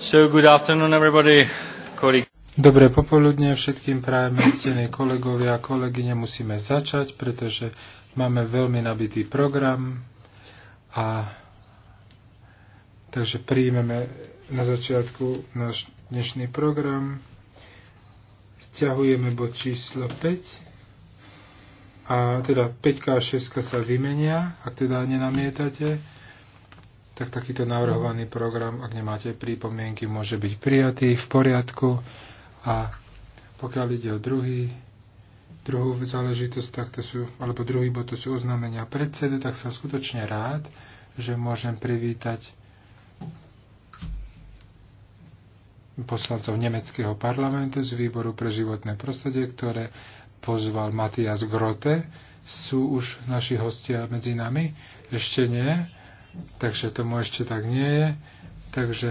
So good afternoon everybody. Kolik. Dobré popoludne všetkým prajem ctení kolegovia a kolegyne. Musíme začať, pretože máme veľmi nabitý program a takže príjmeme na začiatku náš dnešný program. Sťahujeme bod číslo 5 a teda 5 a 6 sa vymenia, ak teda nenamietate tak takýto navrhovaný program, ak nemáte prípomienky, môže byť prijatý v poriadku. A pokiaľ ide o druhý, druhú záležitosť, tak to sú, alebo druhý bod, to sú oznámenia predsedu, tak som skutočne rád, že môžem privítať poslancov nemeckého parlamentu z výboru pre životné prostredie, ktoré pozval Matias Grote. Sú už naši hostia medzi nami? Ešte nie. Takže tomu ešte tak nie je. Takže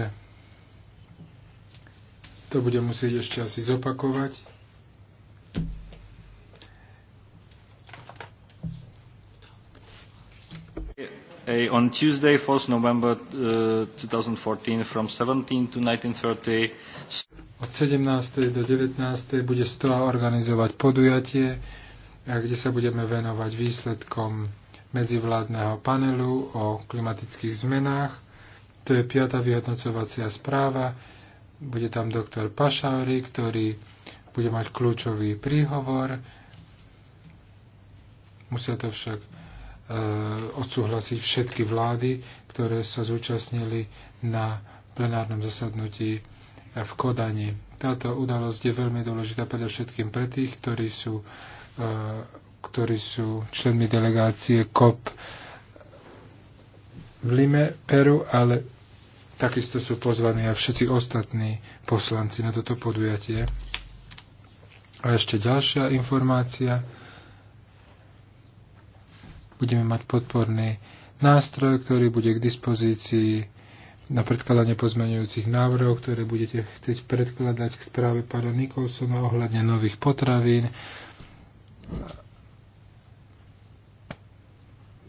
to budem musieť ešte asi zopakovať. On Tuesday, 4th November uh, 2014, from 17 to 19.30. Od 17. do 19. bude STOA organizovať podujatie, kde sa budeme venovať výsledkom medzivládneho panelu o klimatických zmenách. To je piata vyhodnocovacia správa. Bude tam doktor Pašauri, ktorý bude mať kľúčový príhovor. Musia to však e, odsúhlasiť všetky vlády, ktoré sa zúčastnili na plenárnom zasadnutí v Kodani. Táto udalosť je veľmi dôležitá predovšetkým pre tých, ktorí sú e, ktorí sú členmi delegácie COP v Lime, Peru, ale takisto sú pozvaní aj všetci ostatní poslanci na toto podujatie. A ešte ďalšia informácia. Budeme mať podporný nástroj, ktorý bude k dispozícii na predkladanie pozmenujúcich návrhov, ktoré budete chcieť predkladať k správe pána Nikolsona ohľadne nových potravín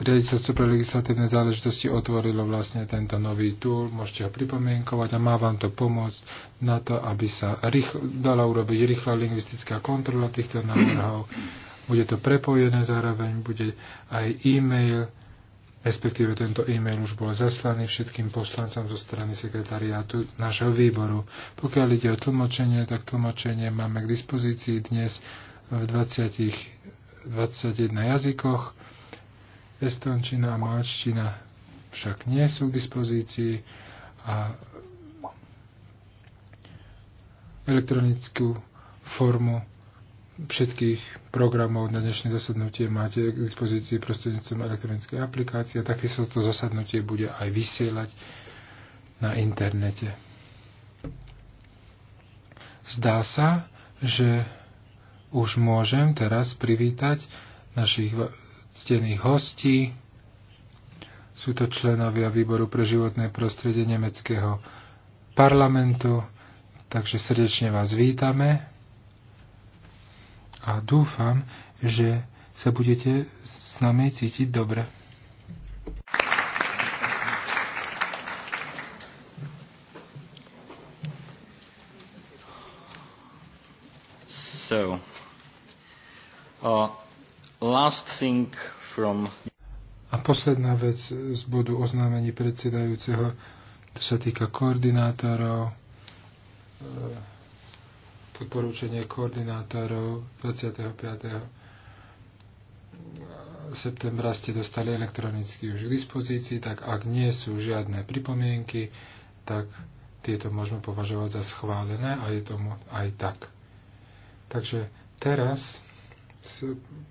Riaditeľstvo pre legislatívne záležitosti otvorilo vlastne tento nový túl, môžete ho pripomienkovať a má vám to pomôcť na to, aby sa rýchlo, dala urobiť rýchla lingvistická kontrola týchto návrhov. Bude to prepojené zároveň, bude aj e-mail, respektíve tento e-mail už bol zaslaný všetkým poslancom zo strany sekretariátu nášho výboru. Pokiaľ ide o tlmočenie, tak tlmočenie máme k dispozícii dnes v 20, 21 jazykoch Estončina a malčtina však nie sú k dispozícii a elektronickú formu všetkých programov na dnešné zasadnutie máte k dispozícii prostredníctvom elektronickej aplikácie a sa to zasadnutie bude aj vysielať na internete. Zdá sa, že už môžem teraz privítať našich ctených hostí. Sú to členovia Výboru pre životné prostredie nemeckého parlamentu, takže srdečne vás vítame a dúfam, že sa budete s nami cítiť dobre. So, uh, from... A posledná vec z bodu oznámení predsedajúceho, to sa týka koordinátorov, e, odporúčanie koordinátorov 25. septembra ste dostali elektronicky už k dispozícii, tak ak nie sú žiadne pripomienky, tak tieto môžeme považovať za schválené a je tomu aj tak. Takže teraz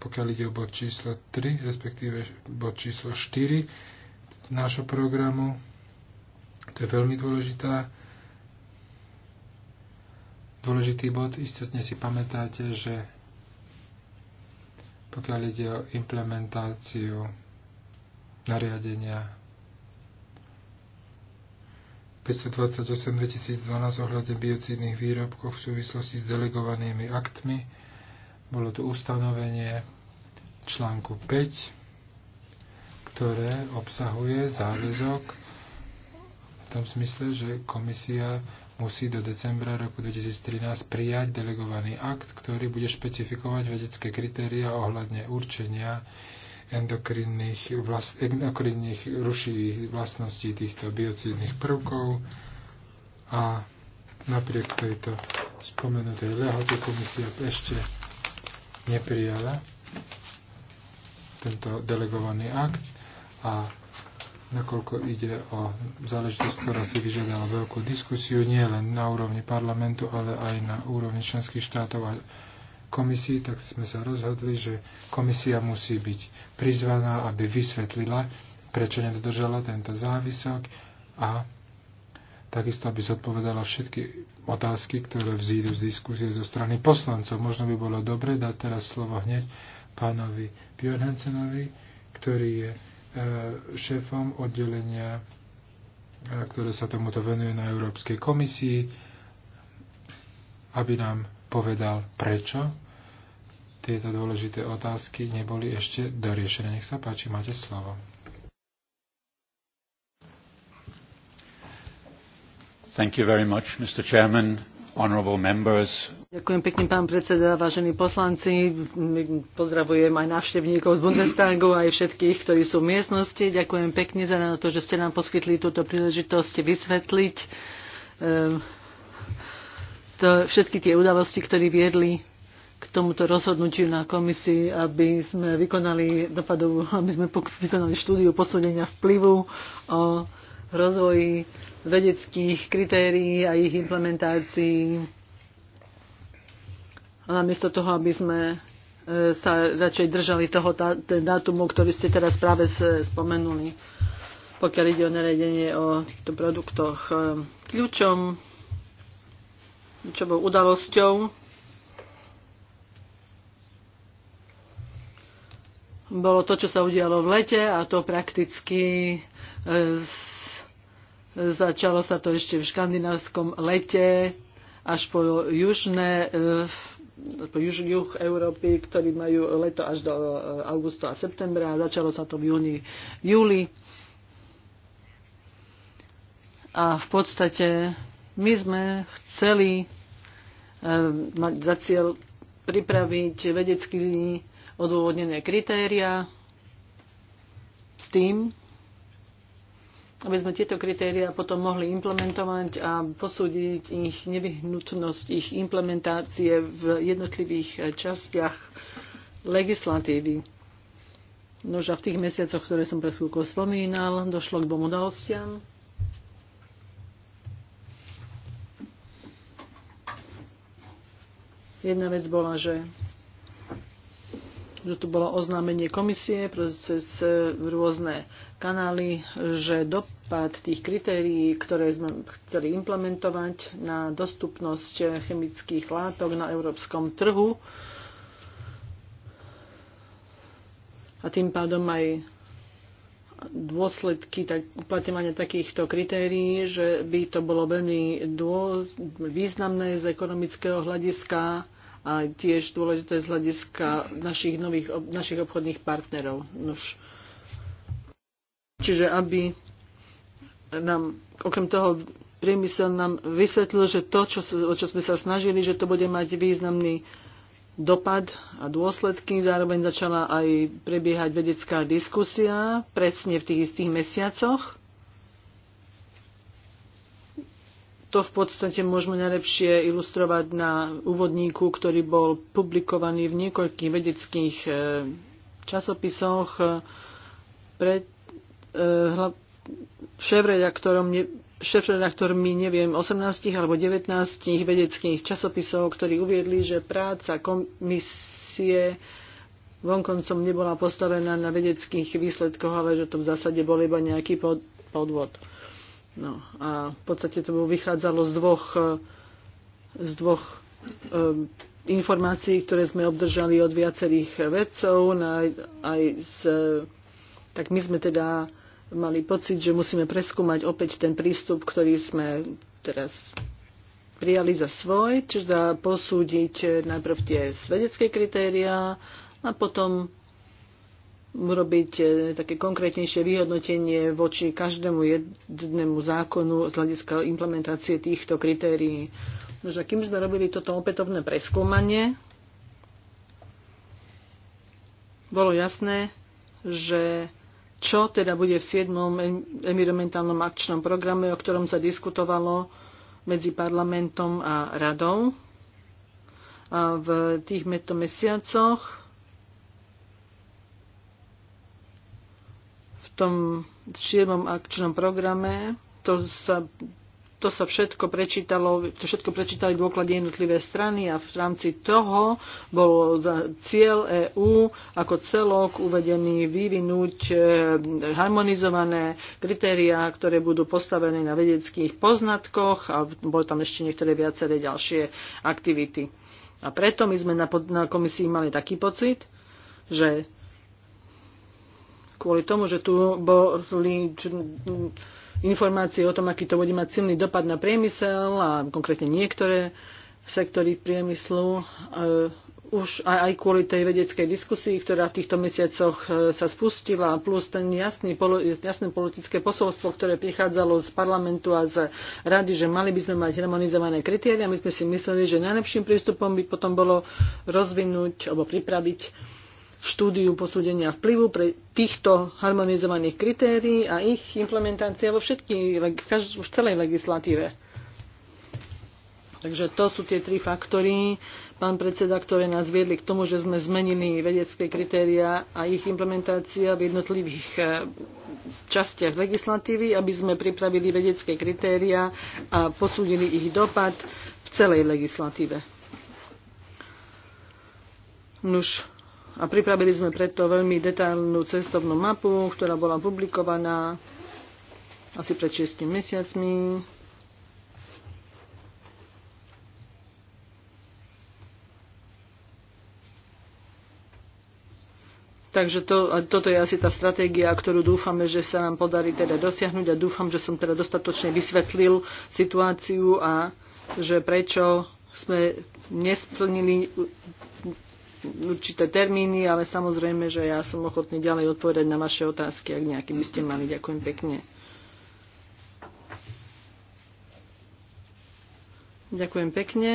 pokiaľ ide o bod číslo 3, respektíve bod číslo 4 nášho programu. To je veľmi dôležitá dôležitý bod. Istotne si pamätáte, že pokiaľ ide o implementáciu nariadenia 528 2012 ohľadne biocídnych výrobkov v súvislosti s delegovanými aktmi, bolo tu ustanovenie článku 5, ktoré obsahuje záväzok v tom smysle, že komisia musí do decembra roku 2013 prijať delegovaný akt, ktorý bude špecifikovať vedecké kritéria ohľadne určenia endokrinných, vlast, endokrinných rušivých vlastností týchto biocídnych prvkov a napriek tejto spomenutej lehoty komisia ešte neprijala tento delegovaný akt a nakoľko ide o záležitosť, ktorá si vyžiadala veľkú diskusiu, nie len na úrovni parlamentu, ale aj na úrovni členských štátov a komisí, tak sme sa rozhodli, že komisia musí byť prizvaná, aby vysvetlila, prečo nedodržala tento závisok a takisto aby zodpovedala všetky otázky, ktoré vzídu z diskusie zo strany poslancov. Možno by bolo dobre dať teraz slovo hneď pánovi Björnhensenovi, ktorý je e, šéfom oddelenia, e, ktoré sa tomuto venuje na Európskej komisii, aby nám povedal, prečo tieto dôležité otázky neboli ešte doriešené. Nech sa páči, máte slovo. Ďakujem pekne, pán predseda, vážení poslanci. Pozdravujem aj návštevníkov z Bundestagu, aj všetkých, ktorí sú v miestnosti. Ďakujem pekne za to, že ste nám poskytli túto príležitosť vysvetliť eh, to, všetky tie udalosti, ktoré viedli k tomuto rozhodnutiu na komisii, aby sme vykonali dopadovú, aby sme vykonali štúdiu posúdenia vplyvu o rozvoji vedeckých kritérií a ich implementácií. A namiesto toho, aby sme e, sa radšej držali toho dátumu, ktorý ste teraz práve spomenuli, pokiaľ ide o naredenie o týchto produktoch. E, kľúčom, kľúčovou udalosťou bolo to, čo sa udialo v lete a to prakticky e, Začalo sa to ešte v škandinávskom lete až po južné eh, po juž, juh Európy, ktorí majú leto až do eh, augusta a septembra. a Začalo sa to v júni, v júli. A v podstate my sme chceli eh, mať za cieľ pripraviť vedecky odôvodnené kritéria s tým, aby sme tieto kritéria potom mohli implementovať a posúdiť ich nevyhnutnosť, ich implementácie v jednotlivých eh, častiach legislatívy. Nož a v tých mesiacoch, ktoré som pred chvíľkou spomínal, došlo k dvom udalostiam. Jedna vec bola, že že tu bolo oznámenie komisie cez eh, rôzne kanály, že dopad tých kritérií, ktoré sme chceli implementovať na dostupnosť chemických látok na európskom trhu a tým pádom aj dôsledky tak, uplatňovania takýchto kritérií, že by to bolo veľmi dô, významné z ekonomického hľadiska a tiež dôležité z hľadiska našich, nových, našich obchodných partnerov. Nož, Čiže aby nám okrem toho priemysel nám vysvetlil, že to, čo, o čo sme sa snažili, že to bude mať významný dopad a dôsledky. Zároveň začala aj prebiehať vedecká diskusia presne v tých istých mesiacoch. To v podstate môžeme najlepšie ilustrovať na úvodníku, ktorý bol publikovaný v niekoľkých vedeckých eh, časopisoch eh, pred Eh, šéf-redaktorom šéf mi neviem, 18 alebo 19 vedeckých časopisov, ktorí uviedli, že práca komisie vonkoncom nebola postavená na vedeckých výsledkoch, ale že to v zásade bol iba nejaký podvod. No a v podstate to vychádzalo z dvoch, eh, z dvoch um, informácií, ktoré sme obdržali od viacerých vedcov, aj, aj z, tak my sme teda mali pocit, že musíme preskúmať opäť ten prístup, ktorý sme teraz prijali za svoj, čiže dá posúdiť najprv tie svedecké kritériá a potom urobiť eh, také konkrétnejšie vyhodnotenie voči každému jednému zákonu z hľadiska implementácie týchto kritérií. No, že kým sme robili toto opätovné preskúmanie, bolo jasné, že čo teda bude v 7. environmentálnom akčnom programe, o ktorom sa diskutovalo medzi parlamentom a radou. A v tých mesiacoch v tom 7. akčnom programe to sa to sa všetko prečítalo, to všetko prečítali dôklady jednotlivé strany a v rámci toho bol za cieľ EÚ ako celok uvedený vyvinúť e, harmonizované kritériá, ktoré budú postavené na vedeckých poznatkoch a boli tam ešte niektoré viaceré ďalšie aktivity. A preto my sme na, na komisii mali taký pocit, že kvôli tomu, že tu boli informácie o tom, aký to bude mať silný dopad na priemysel a konkrétne niektoré sektory priemyslu. E, už aj, aj kvôli tej vedeckej diskusii, ktorá v týchto mesiacoch e, sa spustila, plus ten jasný, jasné politické posolstvo, ktoré prichádzalo z parlamentu a z rady, že mali by sme mať harmonizované kritéria. My sme si mysleli, že najlepším prístupom by potom bolo rozvinúť alebo pripraviť štúdiu posúdenia vplyvu pre týchto harmonizovaných kritérií a ich implementácia vo všetky, v celej legislatíve. Takže to sú tie tri faktory, pán predseda, ktoré nás viedli k tomu, že sme zmenili vedecké kritéria a ich implementácia v jednotlivých e, častiach legislatívy, aby sme pripravili vedecké kritéria a posúdili ich dopad v celej legislatíve. Nuž, a pripravili sme preto veľmi detailnú cestovnú mapu, ktorá bola publikovaná asi pred 6 mesiacmi. Takže to, toto je asi tá stratégia, ktorú dúfame, že sa nám podarí teda dosiahnuť a dúfam, že som teda dostatočne vysvetlil situáciu a že prečo sme nesplnili určité termíny, ale samozrejme, že ja som ochotný ďalej odpovedať na vaše otázky, ak nejaké by ste mali. Ďakujem pekne. Ďakujem pekne.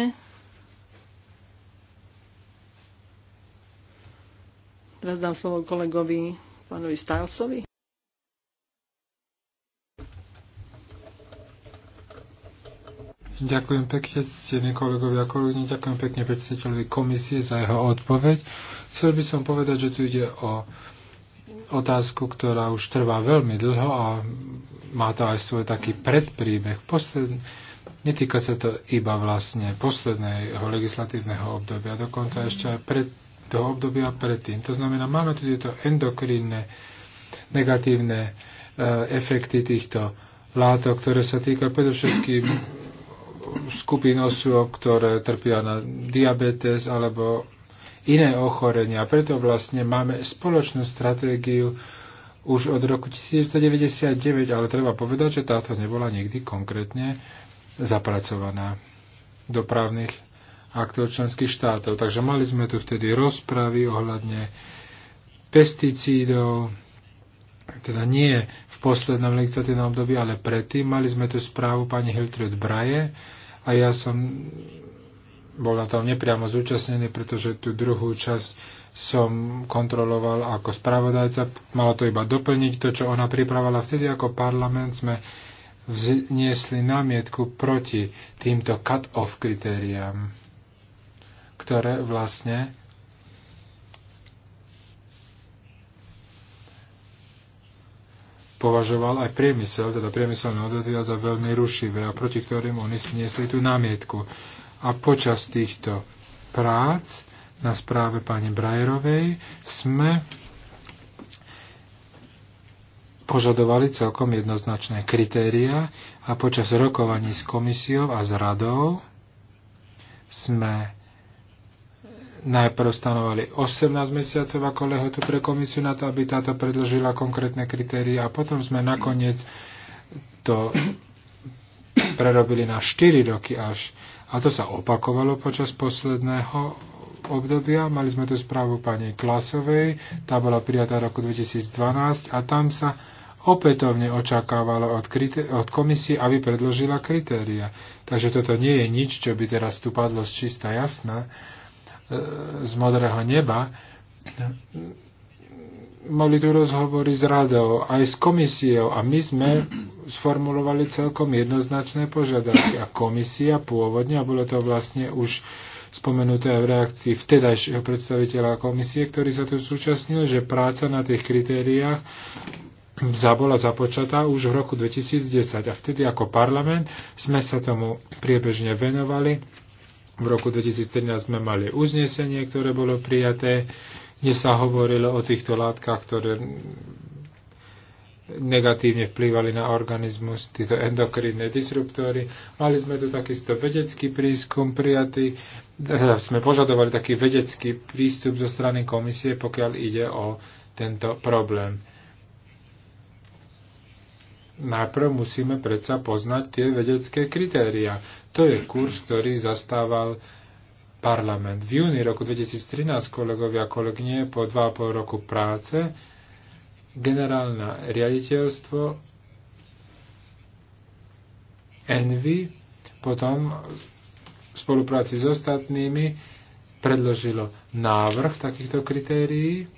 Teraz dám slovo kolegovi, pánovi Stylesovi. Ďakujem pekne, ctení kolegovia a kolegyne, ďakujem pekne predstaviteľovi komisie za jeho odpoveď. Chcel by som povedať, že tu ide o otázku, ktorá už trvá veľmi dlho a má to aj svoj taký predpríbeh. Posledný, netýka sa to iba vlastne posledného legislatívneho obdobia, dokonca ešte aj pred toho obdobia predtým. To znamená, máme tu tieto endokrínne negatívne e, efekty týchto látok, ktoré sa týka predovšetkým skupín osôb, ktoré trpia na diabetes alebo iné ochorenia. Preto vlastne máme spoločnú stratégiu už od roku 1999, ale treba povedať, že táto nebola nikdy konkrétne zapracovaná do právnych aktov členských štátov. Takže mali sme tu vtedy rozpravy ohľadne pesticídov, teda nie poslednom legislatívnom období, ale predtým mali sme tu správu pani Hiltrud Braje a ja som bol na tom nepriamo zúčastnený, pretože tú druhú časť som kontroloval ako spravodajca. Malo to iba doplniť to, čo ona pripravila. Vtedy ako parlament sme vzniesli námietku proti týmto cut-off kritériám, ktoré vlastne považoval aj priemysel, teda priemyselné odvetvia za veľmi rušivé a proti ktorým oni sniesli tú námietku. A počas týchto prác na správe pani Brajerovej sme požadovali celkom jednoznačné kritéria a počas rokovaní s komisiou a s radou sme najprv stanovali 18 mesiacov ako lehotu pre komisiu na to, aby táto predložila konkrétne kritérie a potom sme nakoniec to prerobili na 4 roky až. A to sa opakovalo počas posledného obdobia. Mali sme tu správu pani Klasovej, tá bola prijatá roku 2012 a tam sa opätovne očakávalo od, od komisie, aby predložila kritéria. Takže toto nie je nič, čo by teraz tu padlo z čista jasná z modrého neba, Mali tu rozhovory s radou, aj s komisiou a my sme sformulovali celkom jednoznačné požiadavky. A komisia pôvodne, a bolo to vlastne už spomenuté v reakcii vtedajšieho predstaviteľa komisie, ktorý sa tu súčasnil, že práca na tých kritériách bola započatá už v roku 2010. A vtedy ako parlament sme sa tomu priebežne venovali v roku 2013 sme mali uznesenie, ktoré bolo prijaté, kde sa hovorilo o týchto látkach, ktoré negatívne vplývali na organizmus, títo endokrinné disruptory. Mali sme tu takisto vedecký prískum prijatý, teda sme požadovali taký vedecký prístup zo strany komisie, pokiaľ ide o tento problém. Najprv musíme predsa poznať tie vedecké kritéria. To je kurz, ktorý zastával parlament. V júni roku 2013, kolegovia a kolegyne, po 2,5 roku práce, generálne riaditeľstvo Envy potom v spolupráci s ostatnými predložilo návrh takýchto kritérií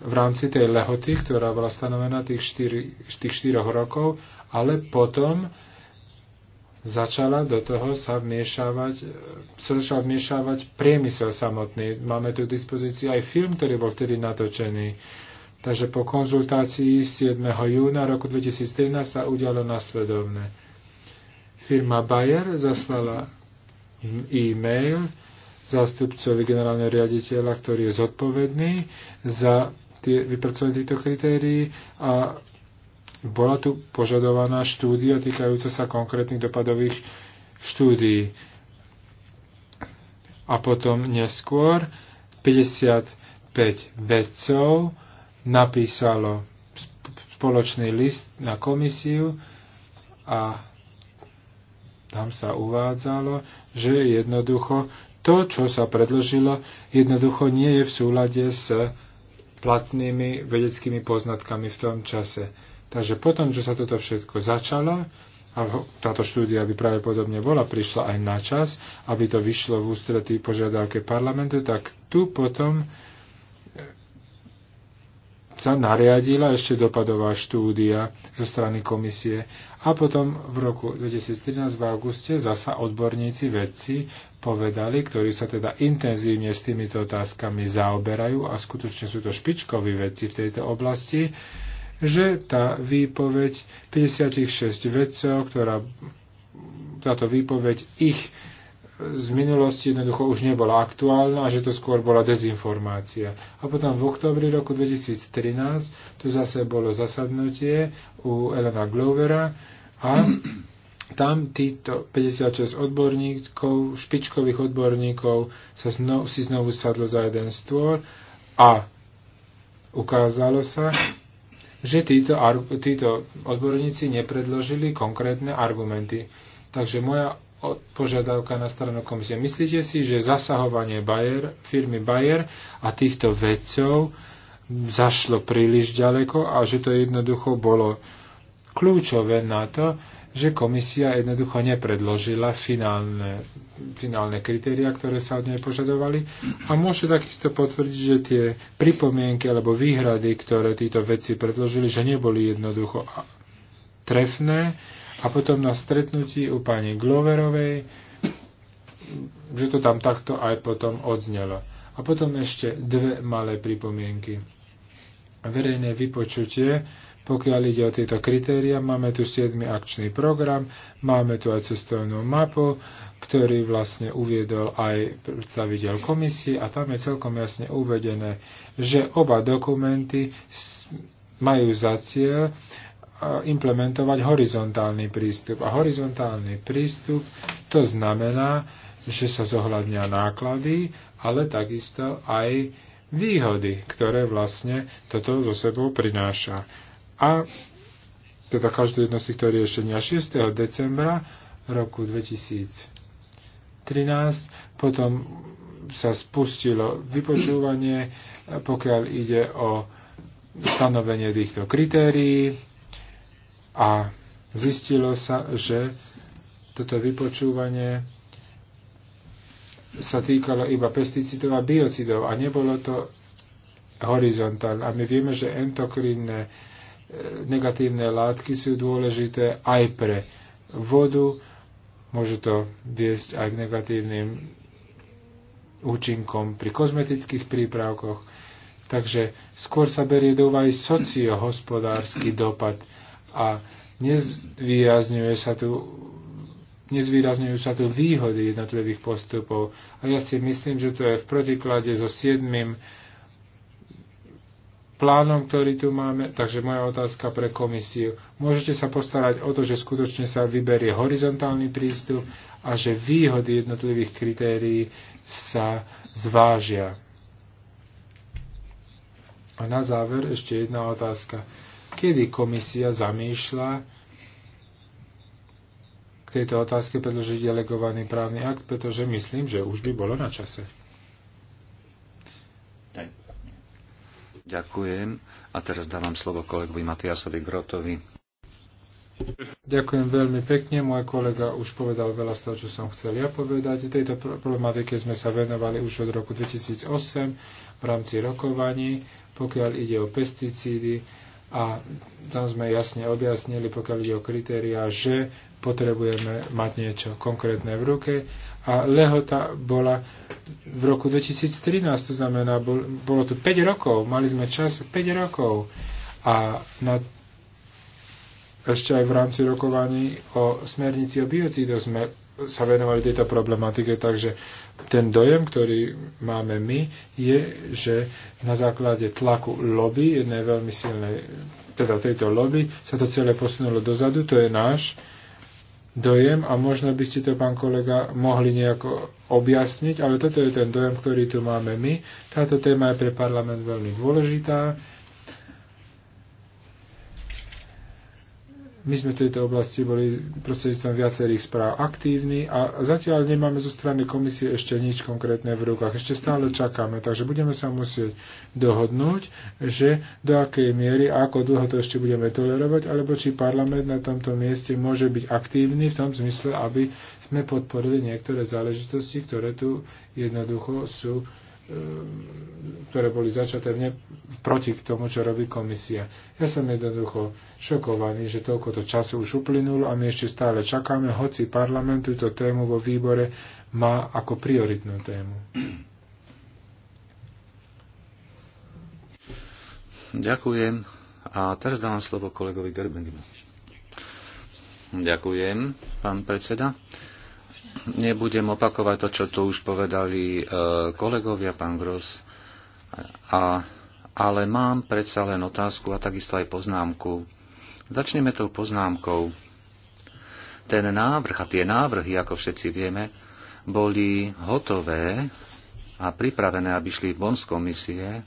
v rámci tej lehoty, ktorá bola stanovená tých, 4, tých štyroch rokov ale potom začala do toho sa vmiešavať, sa začala vmiešavať priemysel samotný. Máme tu v dispozícii aj film, ktorý bol vtedy natočený. Takže po konzultácii 7. júna roku 2013 sa udialo nasledovné. Firma Bayer zaslala e-mail zástupcovi generálneho riaditeľa, ktorý je zodpovedný za tie, vypracovanie týchto kritérií a bola tu požadovaná štúdia týkajúca sa konkrétnych dopadových štúdií. A potom neskôr 55 vedcov napísalo spoločný list na komisiu a tam sa uvádzalo, že jednoducho to, čo sa predložilo, jednoducho nie je v súlade s platnými vedeckými poznatkami v tom čase. Takže potom, čo sa toto všetko začalo, a táto štúdia by pravdepodobne bola, prišla aj na čas, aby to vyšlo v ústretí požiadavke parlamentu, tak tu potom e, sa nariadila ešte dopadová štúdia zo strany komisie a potom v roku 2013 v auguste zasa odborníci, vedci povedali, ktorí sa teda intenzívne s týmito otázkami zaoberajú a skutočne sú to špičkoví vedci v tejto oblasti, že tá výpoveď 56 vedcov, ktorá táto výpoveď ich z minulosti jednoducho už nebola aktuálna a že to skôr bola dezinformácia. A potom v oktobri roku 2013 tu zase bolo zasadnutie u Elena Glovera a tam týchto 56 odborníkov, špičkových odborníkov sa znovu, si znovu sadlo za jeden stôl a ukázalo sa, že títo, títo odborníci nepredložili konkrétne argumenty. Takže moja požiadavka na stranu komisie. Myslíte si, že zasahovanie Bayer, firmy Bayer a týchto vedcov zašlo príliš ďaleko a že to jednoducho bolo kľúčové na to, že komisia jednoducho nepredložila finálne, finálne kritéria, ktoré sa od nej požadovali. A môže takisto potvrdiť, že tie pripomienky alebo výhrady, ktoré títo veci predložili, že neboli jednoducho trefné. A potom na stretnutí u pani Gloverovej, že to tam takto aj potom odznelo. A potom ešte dve malé pripomienky. Verejné vypočutie pokiaľ ide o tieto kritéria, máme tu 7. akčný program, máme tu aj cestovnú mapu, ktorý vlastne uviedol aj predstaviteľ komisie a tam je celkom jasne uvedené, že oba dokumenty majú za cieľ implementovať horizontálny prístup. A horizontálny prístup to znamená, že sa zohľadnia náklady, ale takisto aj výhody, ktoré vlastne toto zo sebou prináša a teda každé jedno z týchto riešenia 6. decembra roku 2013 potom sa spustilo vypočúvanie, pokiaľ ide o stanovenie týchto kritérií a zistilo sa, že toto vypočúvanie sa týkalo iba pesticidov a biocidov a nebolo to horizontálne. A my vieme, že endokrinné negatívne látky sú dôležité aj pre vodu, môže to viesť aj k negatívnym účinkom pri kozmetických prípravkoch. Takže skôr sa berie do úvahy sociohospodársky dopad a nezvýrazňuje sa tu nezvýrazňujú sa tu výhody jednotlivých postupov. A ja si myslím, že to je v protiklade so siedmým plánom, ktorý tu máme. Takže moja otázka pre komisiu. Môžete sa postarať o to, že skutočne sa vyberie horizontálny prístup a že výhody jednotlivých kritérií sa zvážia. A na záver ešte jedna otázka. Kedy komisia zamýšľa k tejto otázke predložiť delegovaný právny akt, pretože myslím, že už by bolo na čase. Ďakujem. A teraz dávam slovo kolegovi Matiasovi Grotovi. Ďakujem veľmi pekne. Môj kolega už povedal veľa z toho, čo som chcel ja povedať. Tejto problematike sme sa venovali už od roku 2008 v rámci rokovaní, pokiaľ ide o pesticídy a tam sme jasne objasnili, pokiaľ ide o kritériá, že potrebujeme mať niečo konkrétne v ruke a lehota bola v roku 2013, to znamená, bol, bolo tu 5 rokov, mali sme čas 5 rokov a na, ešte aj v rámci rokovaní o smernici o biocídoch sme sa venovali tejto problematike, takže ten dojem, ktorý máme my, je, že na základe tlaku lobby, jednej veľmi silnej, teda tejto lobby, sa to celé posunulo dozadu, to je náš dojem a možno by ste to, pán kolega, mohli nejako objasniť, ale toto je ten dojem, ktorý tu máme my. Táto téma je pre parlament veľmi dôležitá My sme v tejto oblasti boli prostredníctvom viacerých správ aktívni a zatiaľ nemáme zo strany komisie ešte nič konkrétne v rukách. Ešte stále čakáme, takže budeme sa musieť dohodnúť, že do akej miery a ako dlho to ešte budeme tolerovať, alebo či parlament na tomto mieste môže byť aktívny v tom zmysle, aby sme podporili niektoré záležitosti, ktoré tu jednoducho sú E, ktoré boli začaté ne, proti k tomu, čo robí komisia. Ja som jednoducho šokovaný, že toľkoto času už uplynulo a my ešte stále čakáme, hoci parlament túto tému vo výbore má ako prioritnú tému. Ďakujem. A teraz dávam slovo kolegovi Gerbengimu. Ďakujem, pán predseda. Nebudem opakovať to, čo tu už povedali e, kolegovia, pán Gros, a, ale mám predsa len otázku a takisto aj poznámku. Začneme tou poznámkou. Ten návrh a tie návrhy, ako všetci vieme, boli hotové a pripravené, aby šli von z komisie e,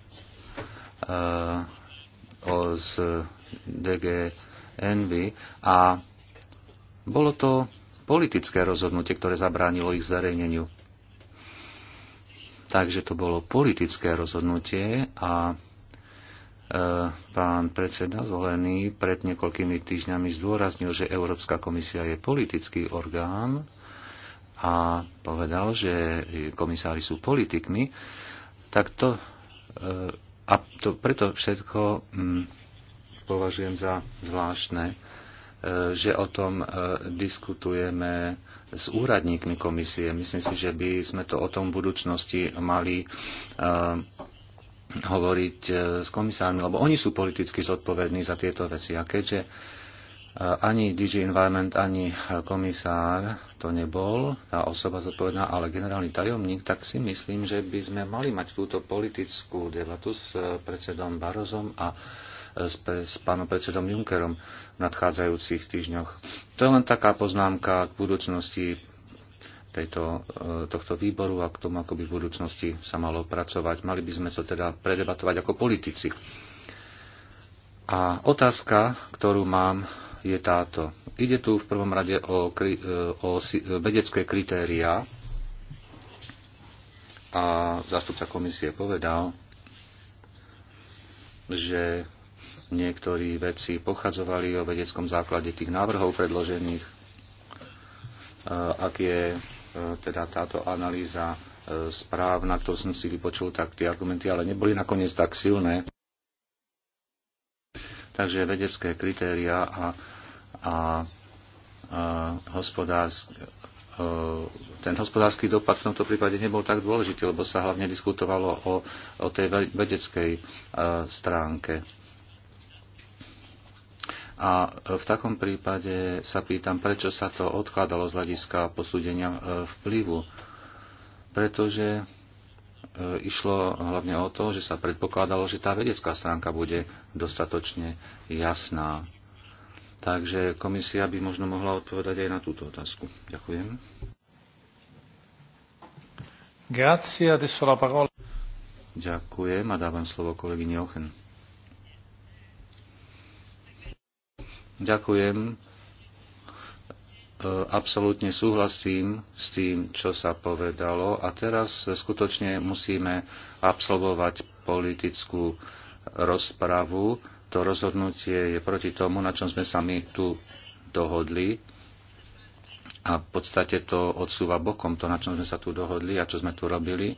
o, z DG Envy a bolo to politické rozhodnutie, ktoré zabránilo ich zverejneniu. Takže to bolo politické rozhodnutie a e, pán predseda zvolený pred niekoľkými týždňami zdôraznil, že Európska komisia je politický orgán a povedal, že komisári sú politikmi, tak to, e, a to preto všetko m, mm, považujem za zvláštne že o tom e, diskutujeme s úradníkmi komisie. Myslím si, že by sme to o tom v budúcnosti mali e, hovoriť e, s komisármi, lebo oni sú politicky zodpovední za tieto veci. A keďže ani DG Environment, ani komisár to nebol, tá osoba zodpovedná, ale generálny tajomník, tak si myslím, že by sme mali mať túto politickú debatu s predsedom Barozom a s, s pánom predsedom Junckerom v nadchádzajúcich týždňoch. To je len taká poznámka k budúcnosti tejto, e, tohto výboru a k tomu, ako by v budúcnosti sa malo pracovať. Mali by sme to teda predebatovať ako politici. A otázka, ktorú mám, je táto. Ide tu v prvom rade o, e, o e, vedecké kritériá a zástupca komisie povedal, že Niektorí vedci pochádzovali o vedeckom základe tých návrhov predložených, eh, ak je eh, teda táto analýza eh, správna, ktorú som si vypočul, tak tie argumenty ale neboli nakoniec tak silné. Takže vedecké kritéria a, a, a hospodársk, ten hospodársky dopad v tomto prípade nebol tak dôležitý, lebo sa hlavne diskutovalo o, o tej vedeckej stránke. A v takom prípade sa pýtam, prečo sa to odkladalo z hľadiska posúdenia e, vplyvu. Pretože e, išlo hlavne o to, že sa predpokladalo, že tá vedecká stránka bude dostatočne jasná. Takže komisia by možno mohla odpovedať aj na túto otázku. Ďakujem. Grazie, adesso la parola. Ďakujem a dávam slovo kolegyne Ochen. Ďakujem. E, absolútne súhlasím s tým, čo sa povedalo a teraz skutočne musíme absolvovať politickú rozpravu. To rozhodnutie je proti tomu, na čom sme sa my tu dohodli a v podstate to odsúva bokom to, na čom sme sa tu dohodli a čo sme tu robili.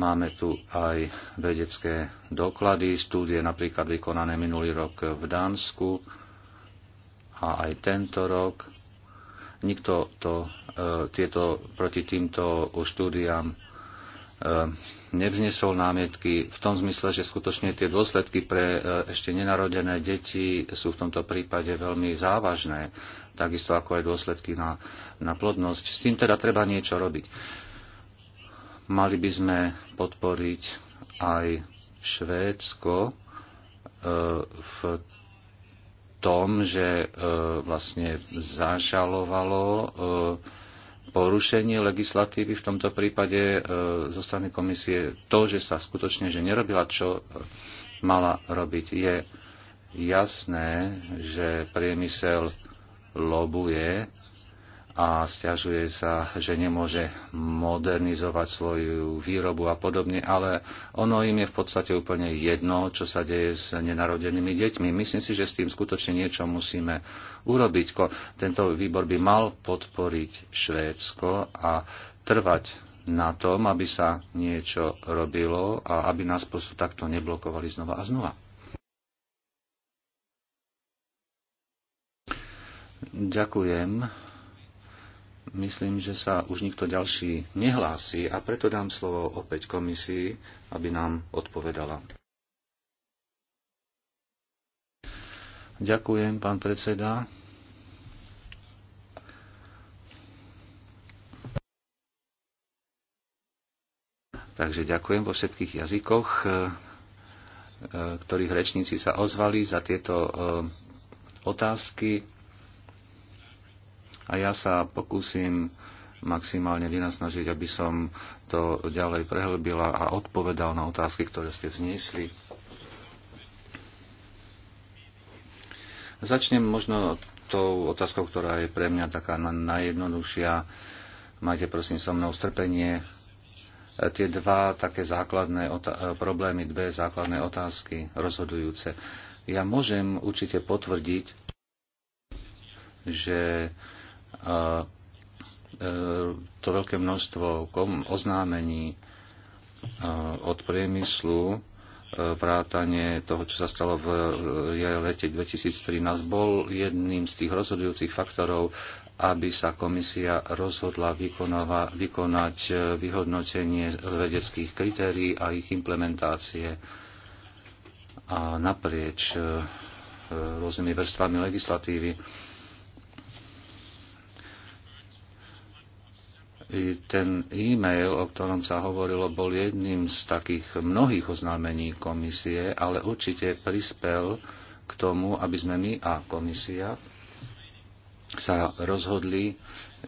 Máme tu aj vedecké doklady, štúdie napríklad vykonané minulý rok v Dánsku a aj tento rok nikto to, e, tieto, proti týmto štúdiám e, nevznesol námietky v tom zmysle, že skutočne tie dôsledky pre e, ešte nenarodené deti sú v tomto prípade veľmi závažné, takisto ako aj dôsledky na, na plodnosť. S tým teda treba niečo robiť. Mali by sme podporiť aj Švédsko v tom, že e, vlastne zažalovalo e, porušenie legislatívy v tomto prípade e, zo strany komisie to, že sa skutočne že nerobila, čo mala robiť. Je jasné, že priemysel lobuje a stiažuje sa, že nemôže modernizovať svoju výrobu a podobne, ale ono im je v podstate úplne jedno, čo sa deje s nenarodenými deťmi. Myslím si, že s tým skutočne niečo musíme urobiť. Tento výbor by mal podporiť Švédsko a trvať na tom, aby sa niečo robilo a aby nás prosto takto neblokovali znova a znova. Ďakujem Myslím, že sa už nikto ďalší nehlási a preto dám slovo opäť komisii, aby nám odpovedala. Ďakujem, pán predseda. Takže ďakujem vo všetkých jazykoch, e, e, ktorých rečníci sa ozvali za tieto e, otázky a ja sa pokúsim maximálne vynasnažiť, aby som to ďalej prehlbila a odpovedal na otázky, ktoré ste vzniesli. Začnem možno tou otázkou, ktorá je pre mňa taká najjednoduchšia. Majte prosím so mnou strpenie. Tie dva také základné problémy, dve základné otázky rozhodujúce. Ja môžem určite potvrdiť, že a e, to veľké množstvo oznámení e, od priemyslu, e, vrátanie toho, čo sa stalo v lete 2013, bol jedným z tých rozhodujúcich faktorov, aby sa komisia rozhodla vykonova, vykonať vyhodnotenie vedeckých kritérií a ich implementácie a naprieč rôznymi vrstvami legislatívy ten e-mail, o ktorom sa hovorilo, bol jedným z takých mnohých oznámení komisie, ale určite prispel k tomu, aby sme my a komisia sa rozhodli,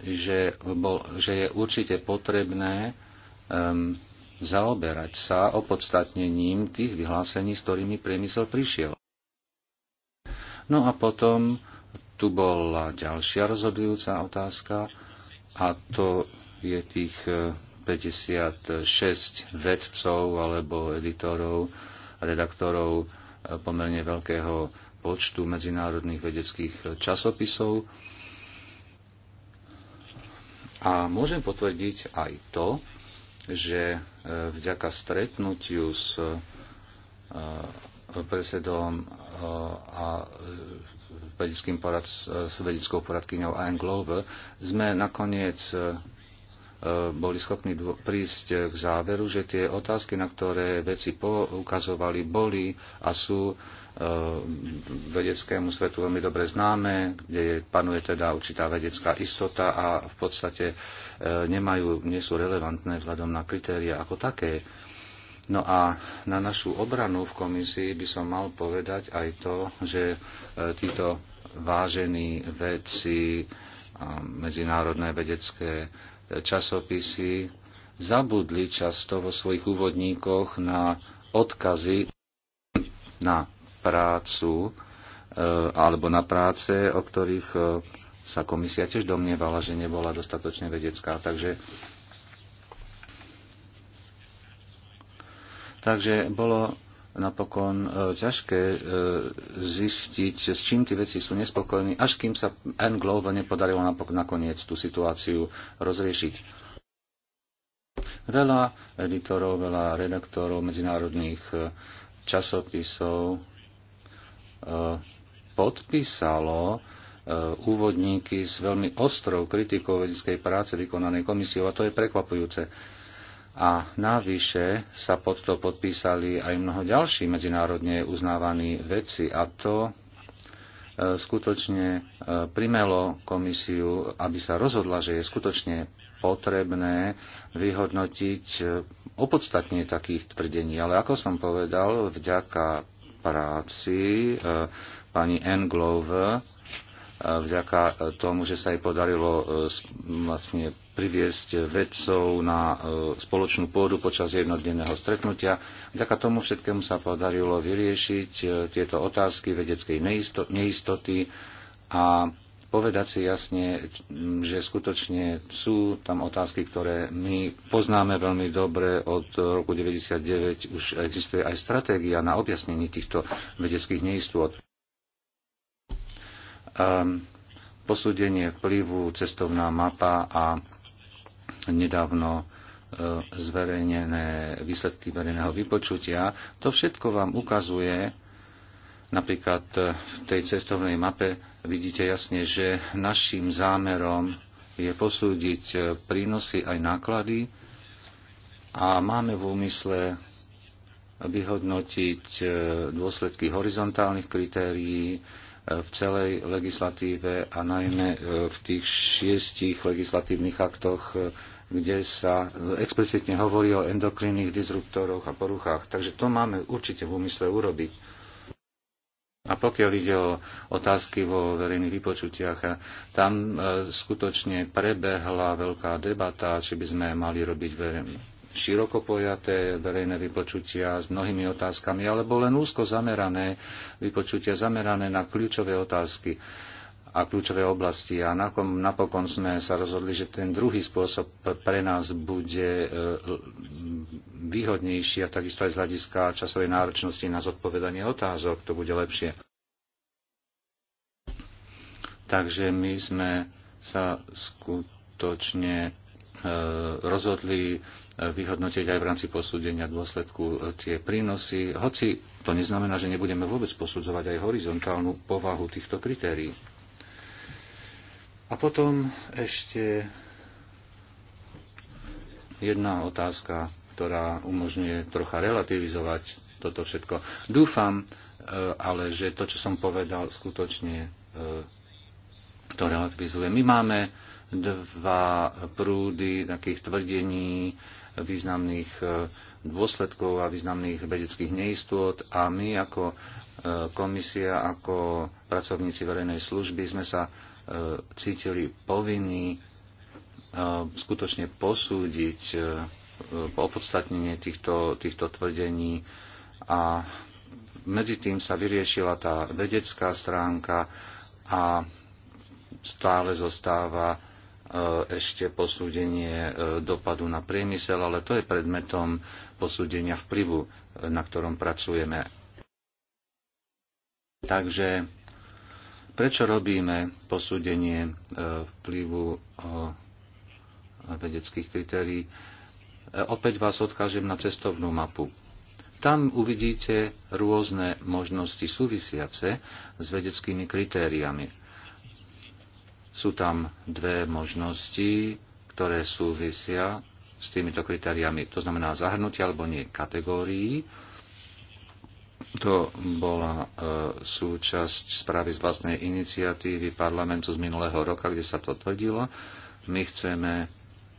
že, bol, že je určite potrebné um, zaoberať sa opodstatnením tých vyhlásení, s ktorými priemysel prišiel. No a potom tu bola ďalšia rozhodujúca otázka, a to je tých 56 e, vedcov alebo editorov, redaktorov e, pomerne veľkého počtu medzinárodných vedeckých časopisov. A môžem potvrdiť aj to, že e, vďaka stretnutiu s predsedom a vedeckým poradc, s vedeckou poradkyňou Anne Glover sme nakoniec boli schopní prísť k záveru, že tie otázky, na ktoré veci poukazovali, boli a sú e, vedeckému svetu veľmi dobre známe, kde panuje teda určitá vedecká istota a v podstate e, nemajú, nie sú relevantné vzhľadom na kritéria ako také. No a na našu obranu v komisii by som mal povedať aj to, že e, títo vážení vedci, medzinárodné vedecké časopisy zabudli často vo svojich úvodníkoch na odkazy na prácu e, alebo na práce, o ktorých e, sa komisia tiež domnievala, že nebola dostatočne vedecká. Takže Takže bolo napokon e, ťažké e, zistiť, s čím tie veci sú nespokojní, až kým sa N. globe nepodarilo napokon nakoniec tú situáciu rozriešiť. Veľa editorov, veľa redaktorov medzinárodných e, časopisov podpísalo úvodníky s veľmi ostrou kritikou vedeckej práce vykonanej komisiou a to je prekvapujúce a navyše sa pod to podpísali aj mnoho ďalší medzinárodne uznávaní veci, a to e, skutočne e, primelo komisiu, aby sa rozhodla, že je skutočne potrebné vyhodnotiť e, opodstatne takých tvrdení. Ale ako som povedal, vďaka práci pani Anne Glover vďaka e, tomu, že sa jej podarilo e, vlastne priviesť vedcov na e, spoločnú pôdu počas jednodenného stretnutia. Vďaka tomu všetkému sa podarilo vyriešiť tieto otázky vedeckej neistoty a povedať si jasne, že skutočne sú tam otázky, ktoré my poznáme veľmi dobre. Od roku 1999 už existuje aj stratégia na objasnenie týchto vedeckých neistôt. Ehm, posúdenie vplyvu, cestovná mapa a nedávno e, zverejnené výsledky verejného vypočutia. To všetko vám ukazuje, napríklad e, v tej cestovnej mape vidíte jasne, že našim zámerom je posúdiť e, prínosy aj náklady a máme v úmysle vyhodnotiť dôsledky horizontálnych kritérií, v celej legislatíve a najmä e, v tých šiestich legislatívnych aktoch, e, kde sa explicitne hovorí o endokrinných disruptoroch a poruchách. Takže to máme určite v úmysle urobiť. A pokiaľ ide o otázky vo verejných vypočutiach, e, tam skutočne prebehla veľká debata, či by sme mali robiť verejné široko pojaté verejné vypočutia s mnohými otázkami, alebo len úzko zamerané vypočutia zamerané na kľúčové otázky a kľúčové oblasti. A napokon sme sa rozhodli, že ten druhý spôsob pre nás bude e, výhodnejší a takisto aj z hľadiska časovej náročnosti na zodpovedanie otázok to bude lepšie. Takže my sme sa skutočne e, rozhodli vyhodnotiť aj v rámci posúdenia dôsledku e, tie prínosy, hoci to neznamená, že nebudeme vôbec posudzovať aj horizontálnu povahu týchto kritérií. A potom ešte jedna otázka, ktorá umožňuje trocha relativizovať toto všetko. Dúfam, e, ale že to, čo som povedal, skutočne e, to relativizuje. My máme dva prúdy takých tvrdení, významných e, dôsledkov a významných vedeckých neistôt a my ako e, komisia, ako pracovníci verejnej služby sme sa e, cítili povinní skutočne posúdiť opodstatnenie týchto, týchto tvrdení a medzi tým sa vyriešila tá vedecká stránka a stále zostáva E, ešte posúdenie e, dopadu na priemysel, ale to je predmetom posúdenia vplyvu, e, na ktorom pracujeme. Takže prečo robíme posúdenie vplyvu vedeckých kritérií? Opäť vás odkážem na cestovnú mapu. Tam uvidíte rôzne možnosti súvisiace s vedeckými kritériami sú tam dve možnosti, ktoré súvisia s týmito kritériami. To znamená zahrnutie alebo nie kategórií. To bola e, súčasť správy z vlastnej iniciatívy parlamentu z minulého roka, kde sa to tvrdilo. My chceme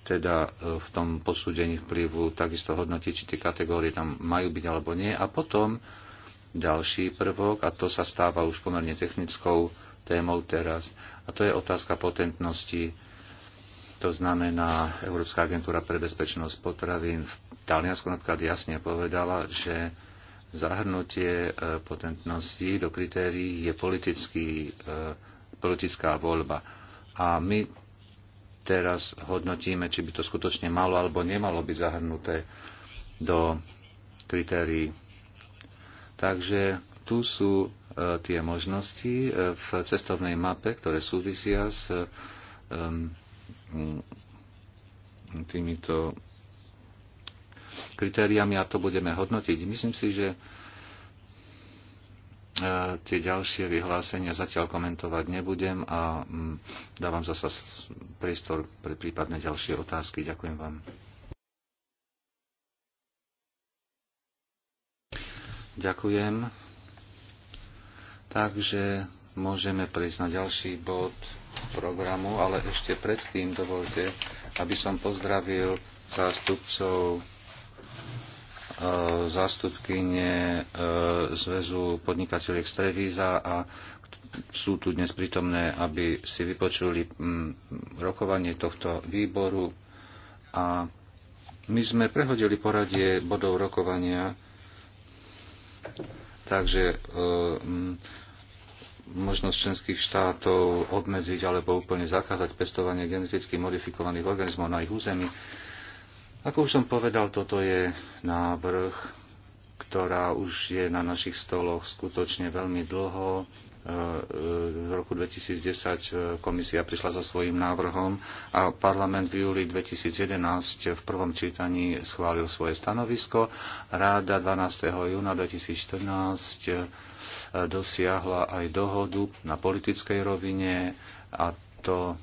teda e, v tom posúdení vplyvu takisto hodnotiť, či tie kategórie tam majú byť alebo nie. A potom ďalší prvok, a to sa stáva už pomerne technickou témou teraz a to je otázka potentnosti. To znamená, Európska agentúra pre bezpečnosť potravín v Taliansku napríklad jasne povedala, že zahrnutie e, potentnosti do kritérií je politický, e, politická voľba. A my teraz hodnotíme, či by to skutočne malo alebo nemalo byť zahrnuté do kritérií. Takže tu sú E, tie možnosti e, v cestovnej mape, ktoré súvisia s e, týmito kritériami a to budeme hodnotiť. Myslím si, že tie ďalšie vyhlásenia zatiaľ komentovať nebudem a dávam zasa priestor pre prípadne ďalšie otázky. Ďakujem vám. Ďakujem. Takže môžeme prejsť na ďalší bod programu, ale ešte predtým dovolte, aby som pozdravil zástupcov e, zástupkyne e, Zväzu podnikateľiek Strevíza a sú tu dnes prítomné, aby si vypočuli rokovanie tohto výboru a my sme prehodili poradie bodov rokovania Takže e, možnosť členských štátov obmedziť alebo úplne zakázať pestovanie geneticky modifikovaných organizmov na ich území. Ako už som povedal, toto je návrh, ktorá už je na našich stoloch skutočne veľmi dlho. Eh, eh, v roku 2010 eh, komisia prišla so svojím návrhom a parlament v júli 2011 v prvom čítaní schválil svoje stanovisko. Ráda 12. júna 2014 dosiahla aj dohodu na politickej rovine a to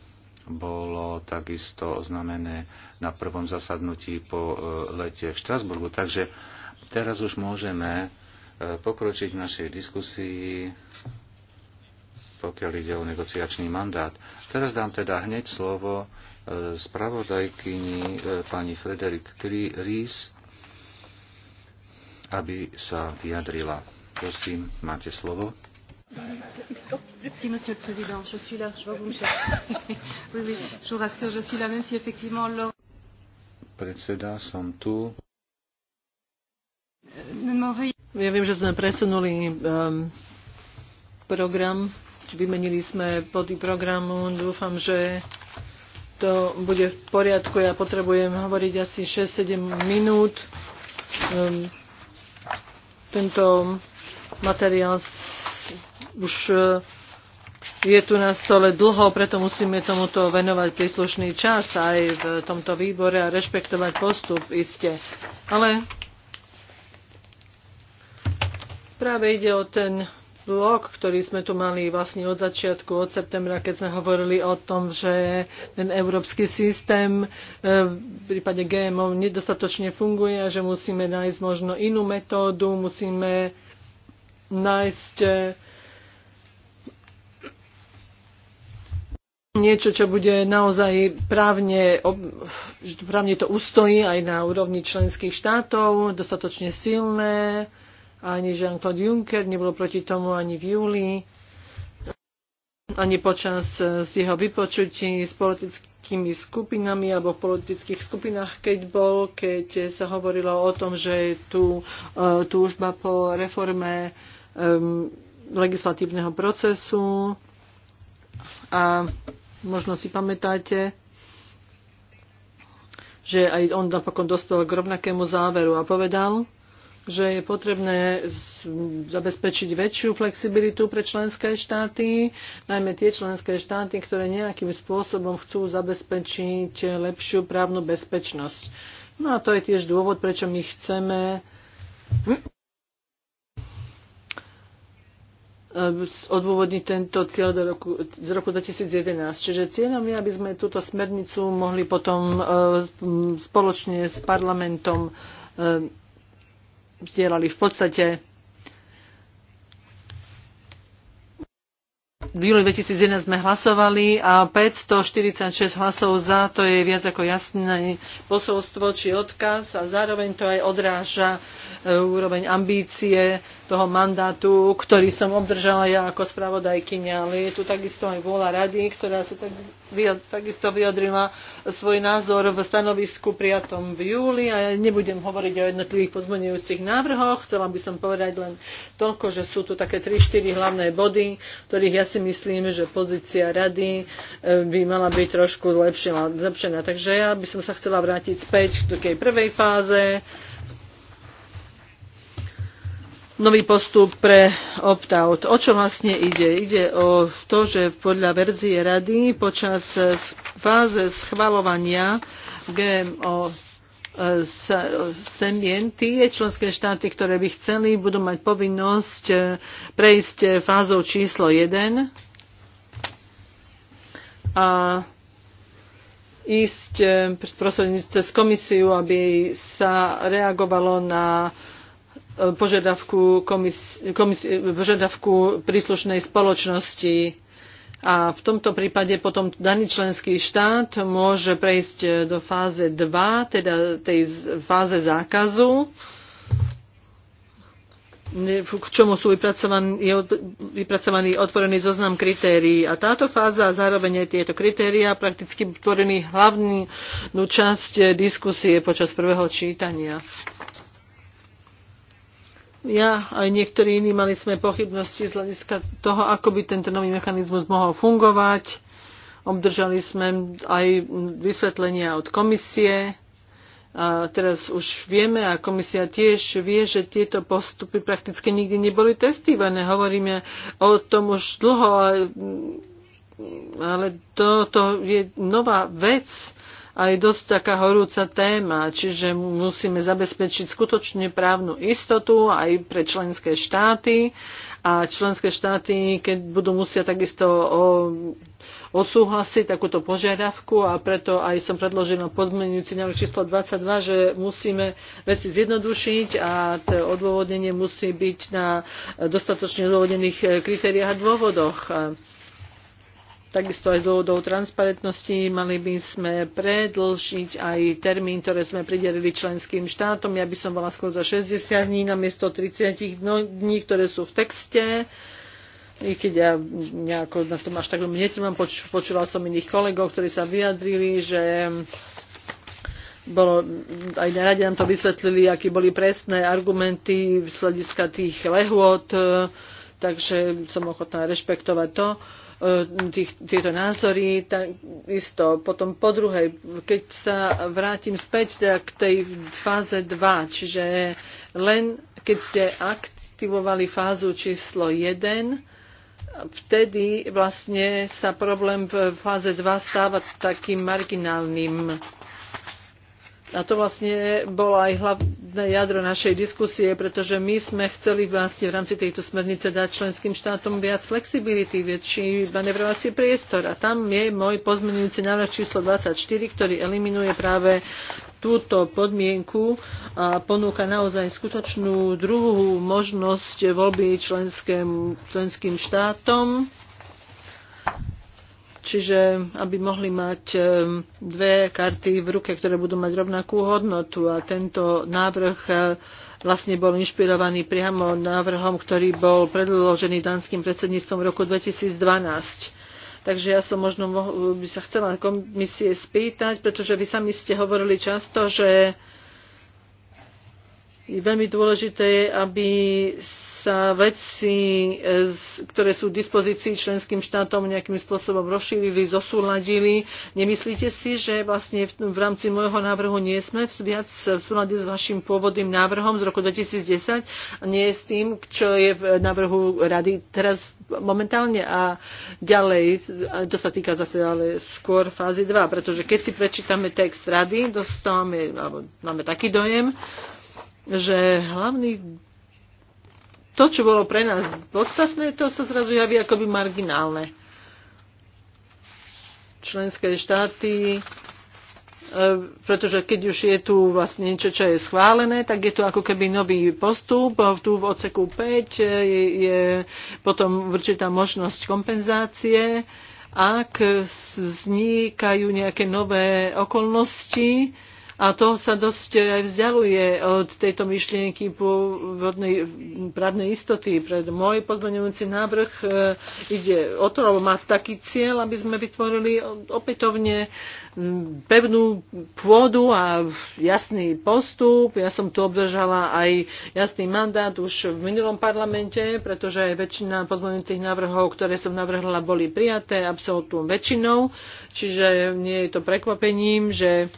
bolo takisto oznamené na prvom zasadnutí po lete v Štrasburgu. Takže teraz už môžeme pokročiť v našej diskusii pokiaľ ide o negociačný mandát. Teraz dám teda hneď slovo e, spravodajkyni e, pani Frederik Ries, aby sa vyjadrila. Prosím, máte slovo. Merci, Monsieur le Président. Je suis là, je vois vous me chercher. oui, oui, je vous rassure, je suis là, même si effectivement... Predseda, som tu. Euh, ja viem, že sme presunuli um, program vymenili sme body programu. Dúfam, že to bude v poriadku. Ja potrebujem hovoriť asi 6-7 minút. Ehm, tento materiál už e, je tu na stole dlho, preto musíme tomuto venovať príslušný čas aj v tomto výbore a rešpektovať postup, iste. Ale práve ide o ten blok, ktorý sme tu mali vlastne od začiatku, od septembra, keď sme hovorili o tom, že ten európsky systém e, v prípade GMO nedostatočne funguje a že musíme nájsť možno inú metódu, musíme nájsť e, niečo, čo bude naozaj právne, právne to ustojí aj na úrovni členských štátov, dostatočne silné, ani Jean-Claude Juncker nebol proti tomu ani v júli, ani počas eh, jeho vypočutí s politickými skupinami alebo v politických skupinách, keď bol, keď sa hovorilo o tom, že je tu eh, túžba po reforme um, legislatívneho procesu. A možno si pamätáte, že aj on napokon dospel k rovnakému záveru a povedal, že je potrebné zabezpečiť väčšiu flexibilitu pre členské štáty, najmä tie členské štáty, ktoré nejakým spôsobom chcú zabezpečiť lepšiu právnu bezpečnosť. No a to je tiež dôvod, prečo my chceme eh, odôvodniť tento cieľ do roku, z roku 2011. Čiže cieľom je, aby sme túto smernicu mohli potom eh, spoločne s parlamentom eh, vzdielali v podstate v júli 2011 sme hlasovali a 546 hlasov za, to je viac ako jasné posolstvo či odkaz a zároveň to aj odráža e, úroveň ambície toho mandátu, ktorý som obdržala ja ako spravodajkyňa, ale je tu takisto aj vôľa rady, ktorá sa tak takisto vyjadrila svoj názor v stanovisku prijatom v júli a ja nebudem hovoriť o jednotlivých pozmenujúcich návrhoch. Chcela by som povedať len toľko, že sú tu také 3-4 hlavné body, ktorých ja si myslím, že pozícia rady e, by mala byť trošku zlepšená. Takže ja by som sa chcela vrátiť späť k tej prvej fáze nový postup pre opt-out. O čo vlastne ide? Ide o to, že podľa verzie rady počas fáze schvalovania GMO e, semien, tie členské štáty, ktoré by chceli, budú mať povinnosť e, prejsť e, fázou číslo 1 a ísť prosím, cez komisiu, aby sa reagovalo na požiadavku, komis, požiadavku príslušnej spoločnosti. A v tomto prípade potom daný členský štát môže prejsť do fáze 2, teda tej fáze zákazu, k čomu sú vypracovaný, je vypracovaný otvorený zoznam kritérií. A táto fáza a zároveň aj tieto kritéria prakticky tvorili hlavnú časť diskusie počas prvého čítania ja aj niektorí iní mali sme pochybnosti z hľadiska toho, ako by tento nový mechanizmus mohol fungovať. Obdržali sme aj vysvetlenia od komisie. A teraz už vieme a komisia tiež vie, že tieto postupy prakticky nikdy neboli testované. Hovoríme o tom už dlho, ale, ale toto to je nová vec a je dosť taká horúca téma, čiže musíme zabezpečiť skutočne právnu istotu aj pre členské štáty a členské štáty, keď budú musia takisto o, osúhlasiť takúto požiadavku a preto aj som predložila pozmeňujúci návrh číslo 22, že musíme veci zjednodušiť a to odôvodnenie musí byť na dostatočne odôvodnených kritériách a dôvodoch. Takisto aj z dôvodov transparentnosti mali by sme predlžiť aj termín, ktoré sme pridelili členským štátom. Ja by som bola skôr za 60 dní namiesto 30 dní, ktoré sú v texte i keď ja nejako na tom až tak veľmi netrvám, počúval som iných kolegov, ktorí sa vyjadrili, že bolo, aj na rade nám to vysvetlili, aké boli presné argumenty z hľadiska tých lehôd, takže som ochotná rešpektovať to. Uh, E, tých, tieto názory. Takisto potom po druhej, keď sa vrátim späť teda k tej fáze 2, čiže len keď ste aktivovali fázu číslo 1, vtedy vlastne sa problém v fáze 2 stáva takým marginálnym a to vlastne bolo aj hlavné jadro našej diskusie, pretože my sme chceli vlastne v rámci tejto smernice dať členským štátom viac flexibility, väčší manevrovací priestor. A tam je môj pozmenujúci návrh číslo 24, ktorý eliminuje práve túto podmienku a ponúka naozaj skutočnú druhú možnosť voľby členským štátom Čiže aby mohli mať eh, dve karty v ruke, ktoré budú mať rovnakú hodnotu. A tento návrh eh, vlastne bol inšpirovaný priamo návrhom, ktorý bol predložený danským predsedníctvom v roku 2012. Takže ja som možno by sa chcela komisie spýtať, pretože vy sami ste hovorili často, že Veľmi dôležité je, aby sa veci, e, ktoré sú v dispozícii členským štátom, nejakým spôsobom rozšírili, zosúladili. Nemyslíte si, že vlastne v, v rámci môjho návrhu nie sme viac v súlade s vašim pôvodným návrhom z roku 2010 a nie s tým, čo je v návrhu rady teraz momentálne a ďalej, to sa týka zase ale skôr fázy 2, pretože keď si prečítame text rady, dostávame, alebo máme taký dojem, že hlavný to, čo bolo pre nás podstatné, to sa zrazu javí akoby marginálne. Členské štáty, e, pretože keď už je tu vlastne niečo, čo je schválené, tak je tu ako keby nový postup. Tu v oceku 5 e, je, je potom určitá možnosť kompenzácie, ak vznikajú nejaké nové okolnosti, a to sa dosť aj vzdialuje od tejto myšlienky pôvodnej právnej istoty. Pred môj pozmeňujúci návrh e, ide o to, alebo má taký cieľ, aby sme vytvorili opätovne pevnú pôdu a jasný postup. Ja som tu obdržala aj jasný mandát už v minulom parlamente, pretože aj väčšina pozmeňujúcich návrhov, ktoré som navrhla, boli prijaté absolútnou väčšinou. Čiže nie je to prekvapením, že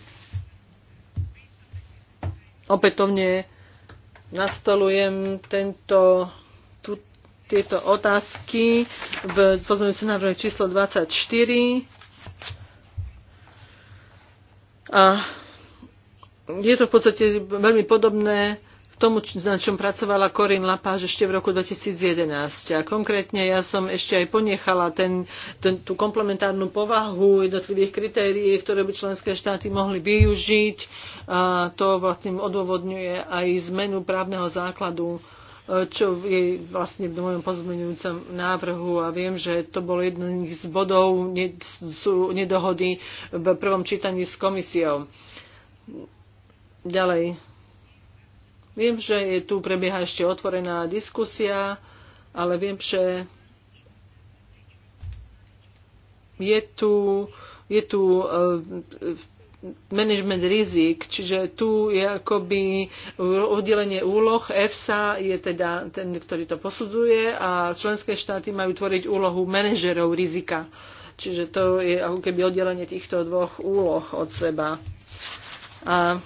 opätovne nastolujem tento, tu, tieto otázky v pozmeňujúcom návrhu číslo 24. A je to v podstate veľmi podobné tomu, na čom pracovala Corinne Lapáž ešte v roku 2011. A konkrétne ja som ešte aj ponechala ten, ten, tú komplementárnu povahu jednotlivých kritérií, ktoré by členské štáty mohli využiť. A to vlastne odôvodňuje aj zmenu právneho základu e, čo je vlastne v mojom pozmeňujúcom návrhu a viem, že to bolo jeden z bodov sú nedohody v prvom čítaní s komisiou. Ďalej, Viem, že je tu prebieha ešte otvorená diskusia, ale viem, že je tu, je tu eh, management rizik, čiže tu je akoby oddelenie úloh. EFSA je teda ten, ktorý to posudzuje a členské štáty majú tvoriť úlohu manažerov rizika. Čiže to je ako keby oddelenie týchto dvoch úloh od seba. A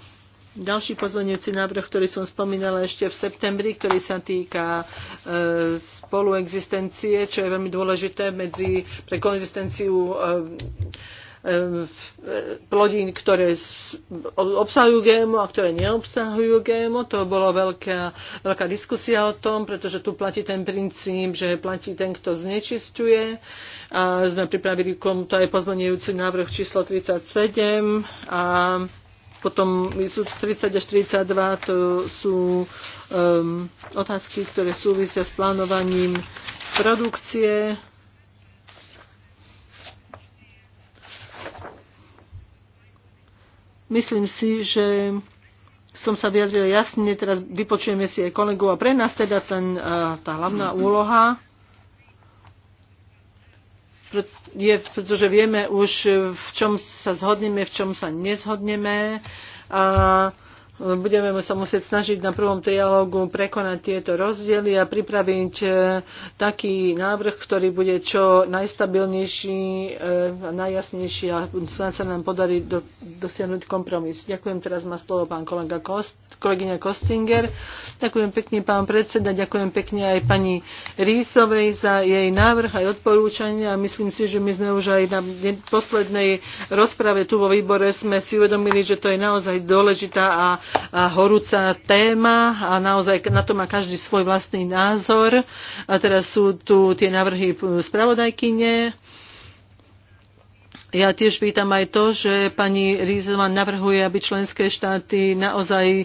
ďalší pozvoňujúci návrh, ktorý som spomínala ešte v septembri, ktorý sa týka e, spoluexistencie, čo je veľmi dôležité medzi, pre konzistenciu e, e plodín, ktoré obsahujú GMO a ktoré neobsahujú GMO. To bolo veľká, veľká diskusia o tom, pretože tu platí ten princíp, že platí ten, kto znečistuje. A sme pripravili to aj pozvoňujúci návrh číslo 37 a potom sú 30 až 32, to sú um, otázky, ktoré súvisia s plánovaním produkcie. Myslím si, že som sa vyjadrila jasne, teraz vypočujeme si aj kolegov a pre nás teda ten, eh, tá hlavná úloha je, pretože vieme už, v čom sa zhodneme, v čom sa nezhodneme. A budeme sa musieť snažiť na prvom trialógu prekonať tieto rozdiely a pripraviť e, taký návrh, ktorý bude čo najstabilnejší e, a najjasnejší a snad sa nám podarí do, dosiahnuť kompromis. Ďakujem, teraz má slovo pán kolega Kost, kolegyňa Kostinger. Ďakujem pekne pán predseda, ďakujem pekne aj pani Rísovej za jej návrh aj odporúčania. Myslím si, že my sme už aj na poslednej rozprave tu vo výbore sme si uvedomili, že to je naozaj dôležitá a a horúca téma a naozaj na to má každý svoj vlastný názor. A teraz sú tu tie návrhy spravodajkyne. Ja tiež vítam aj to, že pani Rízová navrhuje, aby členské štáty naozaj e,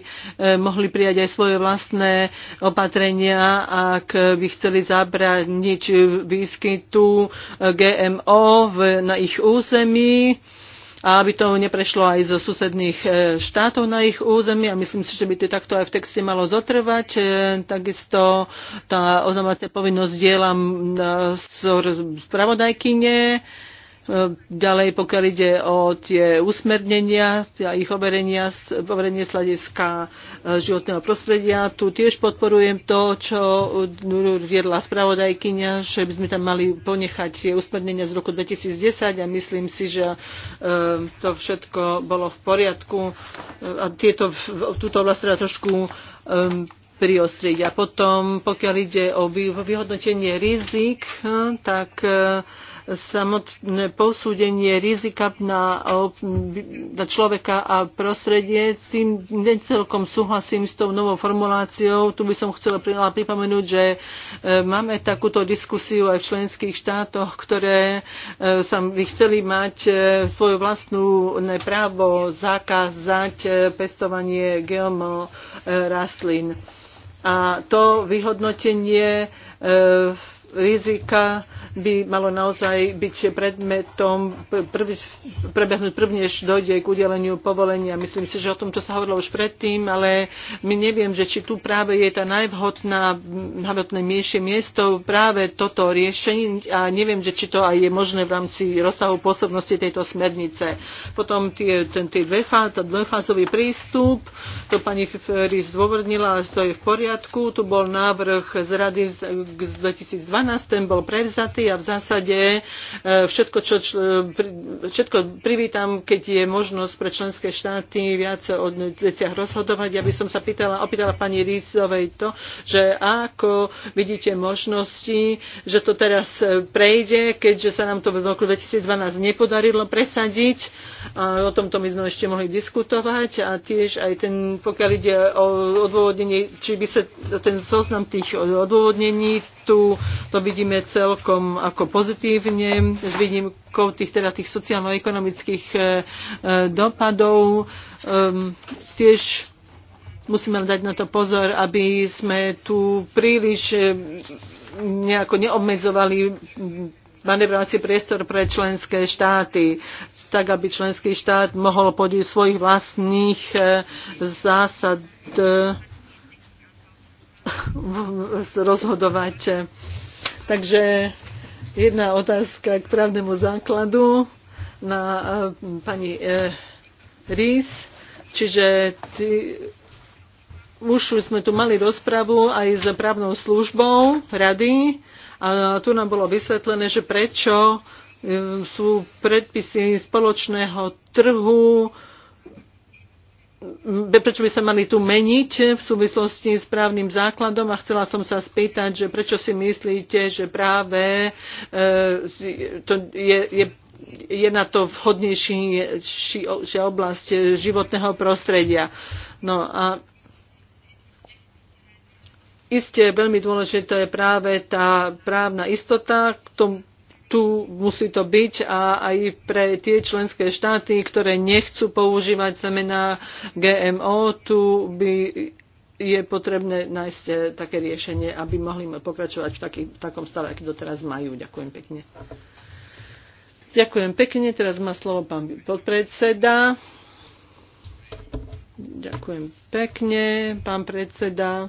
mohli prijať aj svoje vlastné opatrenia, ak by chceli zabrániť výskytu e, GMO na ich území a aby to neprešlo aj zo susedných e, štátov na ich území a myslím si, že by to takto aj v texte malo zotrvať. E, takisto tá oznamovacia povinnosť dielam spravodajkyne. So Ďalej, pokiaľ ide o tie usmernenia, a ich overenia, overenie sladiska e, životného prostredia, tu tiež podporujem to, čo viedla spravodajkyňa, že by sme tam mali ponechať tie usmernenia z roku 2010 a myslím si, že e, to všetko bolo v poriadku. E, a tieto, túto oblast teda trošku priostrieť. A potom, pokiaľ ide o vyhodnotenie rizik, tak samotné posúdenie rizika na, na človeka a prostredie. S tým necelkom súhlasím s tou novou formuláciou. Tu by som chcela pripomenúť, že e, máme takúto diskusiu aj v členských štátoch, ktoré e, sa by chceli mať e, svoju vlastnú právo zakázať pestovanie GMO rastlín. A to vyhodnotenie rizika by malo naozaj byť predmetom prv, prebehnúť prvnež dojde k udeleniu povolenia. Myslím si, že o tom, čo sa hovorilo už predtým, ale my neviem, že či tu práve je tá najvhodná, najvhodné miešie miesto práve toto riešenie a neviem, že či to aj je možné v rámci rozsahu pôsobnosti tejto smernice. Potom tie, ten, tie dvefázový prístup, to pani Ferry zdôvodnila, to je v poriadku. Tu bol návrh z rady z, z 2012 ten bol prevzatý a v zásade e, všetko, čo, e, všetko privítam, keď je možnosť pre členské štáty viac o veciach rozhodovať. Ja by som sa pýtala, opýtala pani Rízovej to, že ako vidíte možnosti, že to teraz e, prejde, keďže sa nám to v roku 2012 nepodarilo presadiť. A o tomto my sme ešte mohli diskutovať a tiež aj ten, pokiaľ ide o odôvodnenie, či by sa ten zoznam tých odôvodnení tu to vidíme celkom ako pozitívne, s výnimkou tých, teda tých sociálno-ekonomických e, e dopadov. E, tiež musíme dať na to pozor, aby sme tu príliš e, nejako neobmedzovali manevrovací priestor pre členské štáty, tak aby členský štát mohol podiť svojich vlastných e, zásad rozhodovať Takže jedna otázka k právnemu základu na eh, pani e, Rís. Čiže ty, už sme tu mali rozpravu aj s právnou službou rady a tu nám bolo vysvetlené, že prečo eh, sú predpisy spoločného trhu prečo by sa mali tu meniť v súvislosti s právnym základom a chcela som sa spýtať, že prečo si myslíte, že práve e, to je, je, je na to vhodnejšia oblasť životného prostredia. No a Isté veľmi dôležité je práve tá právna istota, k tomu tu musí to byť a aj pre tie členské štáty, ktoré nechcú používať semená GMO, tu by je potrebné nájsť eh, také riešenie, aby mohli pokračovať v, taký, v takom stave, aký doteraz majú. Ďakujem pekne. Ďakujem pekne. Teraz má slovo pán podpredseda. Ďakujem pekne, pán predseda.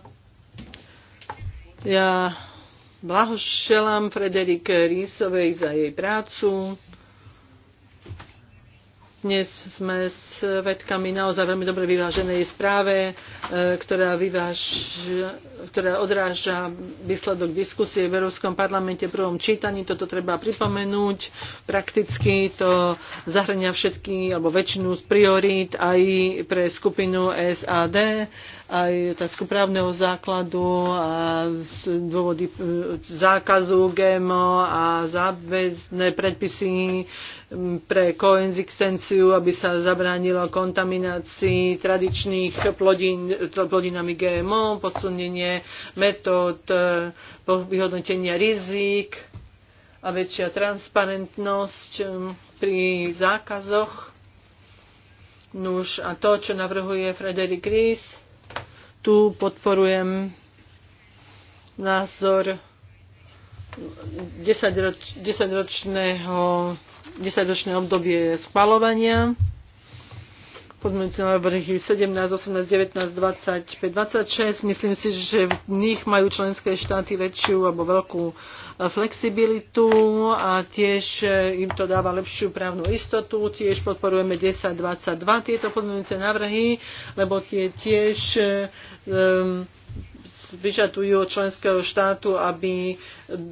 Ja Blahoželám Frederike Rísovej za jej prácu. Dnes sme s vedkami naozaj veľmi dobre vyváženej správe, e, ktorá, vyváž, ktorá odráža výsledok diskusie v Európskom parlamente v prvom čítaní. Toto treba pripomenúť. Prakticky to zahrania všetky alebo väčšinu z priorít aj pre skupinu SAD aj otázku právneho základu a dôvody e, zákazu GMO a záväzné predpisy pre koenzistenciu, aby sa zabránilo kontaminácii tradičných plodín, plodinami GMO, posunenie metód e, vyhodnotenia rizik a väčšia transparentnosť pri zákazoch. Nuž a to, čo navrhuje Frederik Ries, tu podporujem názor desaťročného ročného obdobie schvalovania pozmeňujúce návrhy 17, 18, 19, 25, 26. Myslím si, že v nich majú členské štáty väčšiu alebo veľkú e, flexibilitu a tiež e, im to dáva lepšiu právnu istotu. Tiež podporujeme 10, 22 tieto pozmeňujúce návrhy, lebo tie tiež um, vyžadujú od členského štátu, aby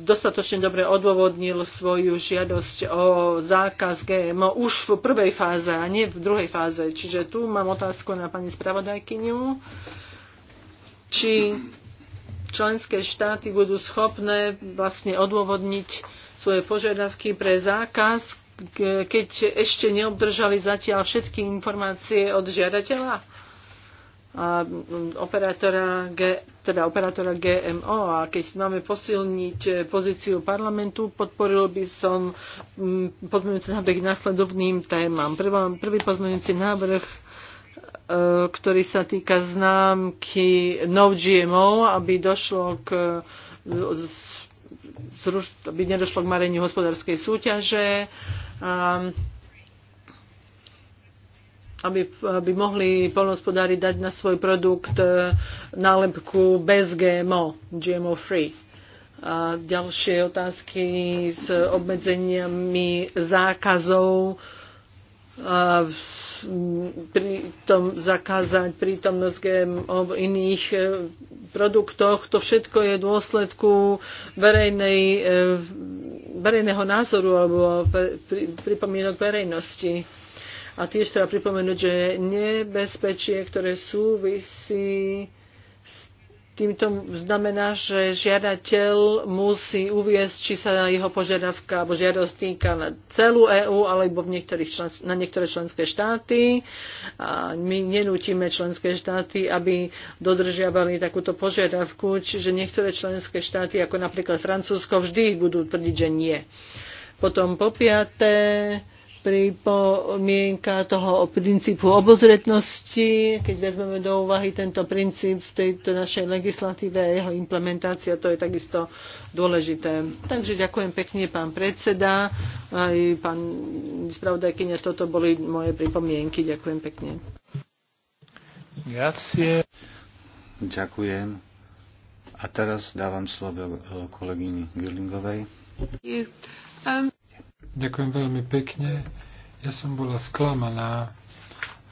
dostatočne dobre odôvodnil svoju žiadosť o zákaz GMO už v prvej fáze a nie v druhej fáze. Čiže tu mám otázku na pani spravodajkyňu, či členské štáty budú schopné vlastne odôvodniť svoje požiadavky pre zákaz, keď ešte neobdržali zatiaľ všetky informácie od žiadateľa? Mm, operátora, G, teda operátora GMO. A keď máme posilniť e, pozíciu parlamentu, podporil by som mm, pozmeňujúci návrh následovným témam. prvý pozmeňujúci návrh e, ktorý sa týka známky No GMO, aby došlo k e, aby nedošlo k mareniu hospodárskej súťaže. A aby, aby mohli polnospodári dať na svoj produkt e, nálepku bez GMO, GMO free. A ďalšie otázky s obmedzeniami zákazov pri tom zakázať prítomnosť GMO v iných e, produktoch. To všetko je dôsledku verejnej, e, verejného názoru alebo pripomienok verejnosti. A tiež treba pripomenúť, že nebezpečie, ktoré súvisí s týmto znamená, že žiadateľ musí uviesť, či sa jeho požiadavka alebo žiadosť týka na celú EÚ alebo v niektorých člen, na niektoré členské štáty. A my nenútime členské štáty, aby dodržiavali takúto požiadavku, čiže niektoré členské štáty, ako napríklad Francúzsko, vždy budú tvrdiť, že nie. Potom po piaté, pripomienka toho princípu obozretnosti, keď vezmeme do úvahy tento princíp v tejto našej legislatíve a jeho implementácia, to je takisto dôležité. Takže ďakujem pekne pán predseda, aj pán spravodajkynia, toto boli moje pripomienky. Ďakujem pekne. Grazie. Ďakujem. A teraz dávam slovo kolegyni Girlingovej. Um... Ďakujem veľmi pekne. Ja som bola sklamaná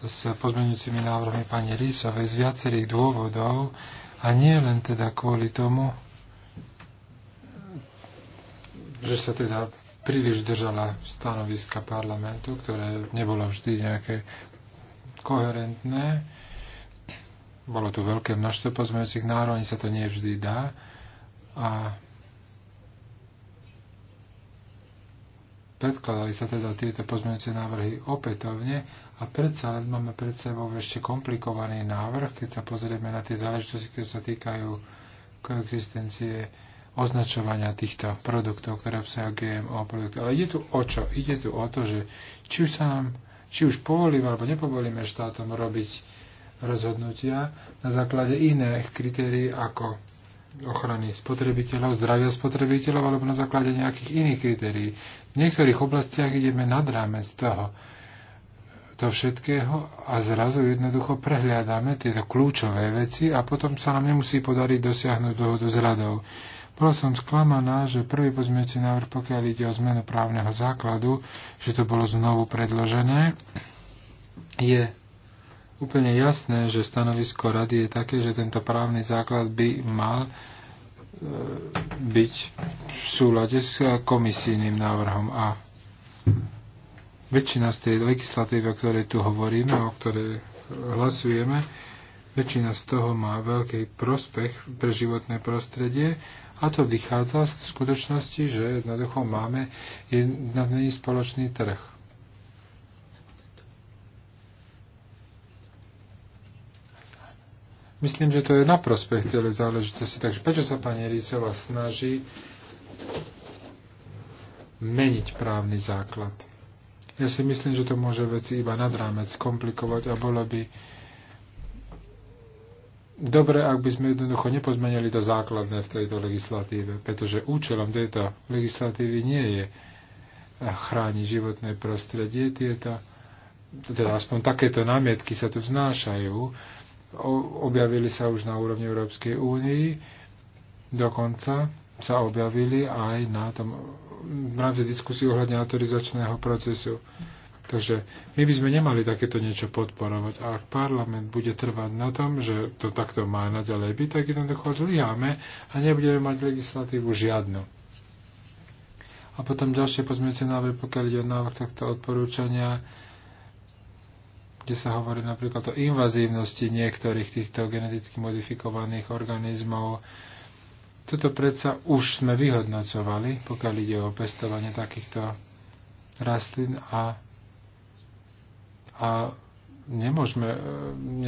s pozmeňujúcimi návrhmi pani Rísovej z viacerých dôvodov a nie len teda kvôli tomu, že sa teda príliš držala stanoviska parlamentu, ktoré nebolo vždy nejaké koherentné. Bolo tu veľké množstvo pozmeňujúcich návrhov, ani sa to nie vždy dá. A Predkladali sa teda tieto pozmeňujúce návrhy opätovne a predsa len máme pred sebou ešte komplikovaný návrh, keď sa pozrieme na tie záležitosti, ktoré sa týkajú koexistencie označovania týchto produktov, ktoré obsahujú GMO produkty. Ale ide tu o čo? Ide tu o to, že či už sa nám, či už povolíme alebo nepovolíme štátom robiť rozhodnutia na základe iných kritérií ako ochrany spotrebiteľov, zdravia spotrebiteľov alebo na základe nejakých iných kritérií. V niektorých oblastiach ideme nad rámec toho, to všetkého a zrazu jednoducho prehliadame tieto kľúčové veci a potom sa nám nemusí podariť dosiahnuť dohodu s radou. Bola som sklamaná, že prvý pozmeňujúci návrh, pokiaľ ide o zmenu právneho základu, že to bolo znovu predložené, je úplne jasné, že stanovisko rady je také, že tento právny základ by mal e, byť v súlade s komisijným návrhom a väčšina z tej legislatívy, o ktorej tu hovoríme, o ktorej hlasujeme, väčšina z toho má veľký prospech pre životné prostredie a to vychádza z skutočnosti, že jednoducho máme jednotný spoločný trh. Myslím, že to je na prospech celej záležitosti. Takže prečo sa pani Rysová snaží meniť právny základ? Ja si myslím, že to môže veci iba nad rámec komplikovať a bolo by dobre, ak by sme jednoducho nepozmenili to základné v tejto legislatíve, pretože účelom tejto legislatívy nie je chrániť životné prostredie, tieto, teda aspoň takéto námietky sa tu vznášajú, objavili sa už na úrovni Európskej únii, dokonca sa objavili aj na tom, v rámci diskusí ohľadne autorizačného procesu. Takže my by sme nemali takéto niečo podporovať. A ak parlament bude trvať na tom, že to takto má naďalej byť, tak jednoducho zlyháme a nebudeme mať legislatívu žiadnu. A potom ďalšie pozmeňujúce návrhy, pokiaľ ide o návrh takto odporúčania, kde sa hovorí napríklad o invazívnosti niektorých týchto geneticky modifikovaných organizmov. Toto predsa už sme vyhodnocovali, pokiaľ ide o pestovanie takýchto rastlín a, a nemôžeme e,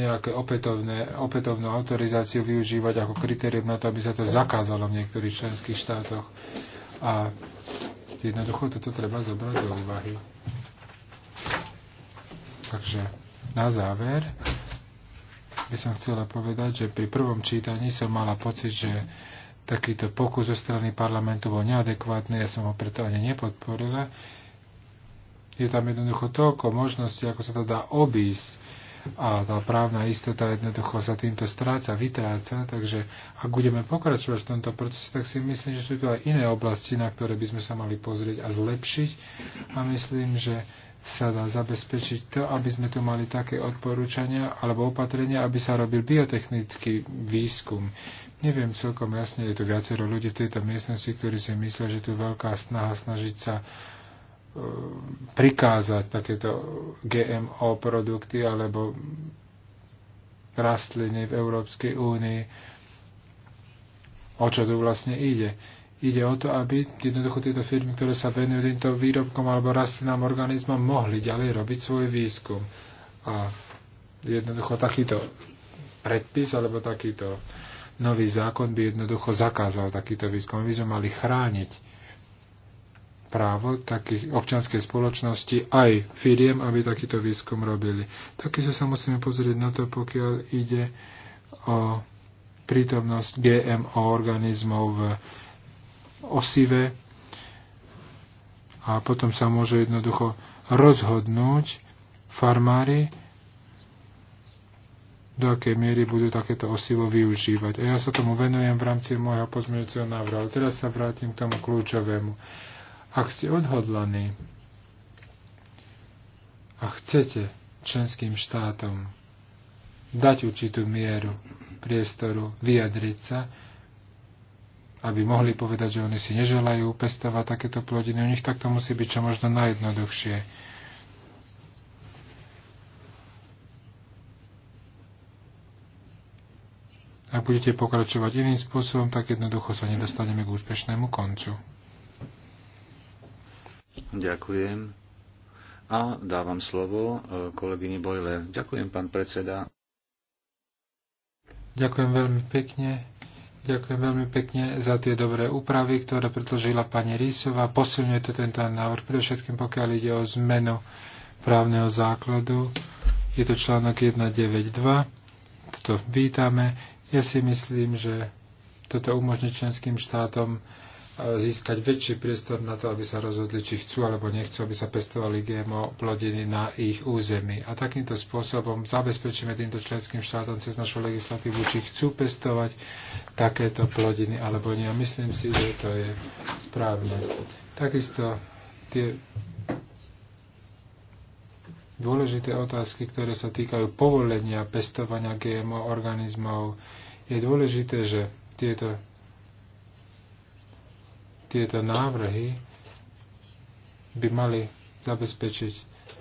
nejaké opätovné, opätovnú autorizáciu využívať ako kritérium na to, aby sa to zakázalo v niektorých členských štátoch. A jednoducho toto treba zobrať do úvahy. Takže na záver by som chcela povedať, že pri prvom čítaní som mala pocit, že takýto pokus zo strany parlamentu bol neadekvátny, ja som ho preto ani nepodporila. Je tam jednoducho toľko možností, ako sa to dá obísť a tá právna istota jednoducho sa týmto stráca, vytráca, takže ak budeme pokračovať v tomto procese, tak si myslím, že sú tu aj iné oblasti, na ktoré by sme sa mali pozrieť a zlepšiť a myslím, že sa dá zabezpečiť to, aby sme tu mali také odporúčania alebo opatrenia, aby sa robil biotechnický výskum. Neviem celkom jasne, je tu viacero ľudí v tejto miestnosti, ktorí si myslia, že tu je veľká snaha snažiť sa e, prikázať takéto GMO produkty alebo rastliny v Európskej únii. O čo tu vlastne ide? Ide o to, aby jednoducho tieto firmy, ktoré sa venujú týmto výrobkom alebo rastlinám organizmom, mohli ďalej robiť svoj výskum. A jednoducho takýto predpis alebo takýto nový zákon by jednoducho zakázal takýto výskum. My sme mali chrániť právo takých občanskej spoločnosti aj firiem, aby takýto výskum robili. Takisto sa musíme pozrieť na to, pokiaľ ide o prítomnosť GMO organizmov v osive a potom sa môže jednoducho rozhodnúť farmári, do akej miery budú takéto osivo využívať. A ja sa tomu venujem v rámci môjho pozmeňujúceho návrhu. teraz sa vrátim k tomu kľúčovému. Ak ste odhodlaní a chcete členským štátom dať určitú mieru priestoru vyjadriť sa, aby mohli povedať, že oni si neželajú pestovať takéto plodiny. U nich takto musí byť čo možno najjednoduchšie. Ak budete pokračovať iným spôsobom, tak jednoducho sa nedostaneme k úspešnému koncu. Ďakujem. A dávam slovo e, kolegyni Bojle. Ďakujem, pán predseda. Ďakujem veľmi pekne. Ďakujem veľmi pekne za tie dobré úpravy, ktoré predložila pani Rísová. Posilňuje to tento návrh, všetkým, pokiaľ ide o zmenu právneho základu. Je to článok 192. Toto vítame. Ja si myslím, že toto umožní členským štátom získať väčší priestor na to, aby sa rozhodli, či chcú alebo nechcú, aby sa pestovali GMO plodiny na ich území. A takýmto spôsobom zabezpečíme týmto členským štátom cez našu legislatívu, či chcú pestovať takéto plodiny alebo nie. A myslím si, že to je správne. Takisto tie dôležité otázky, ktoré sa týkajú povolenia pestovania GMO organizmov, je dôležité, že tieto tieto návrhy by mali zabezpečiť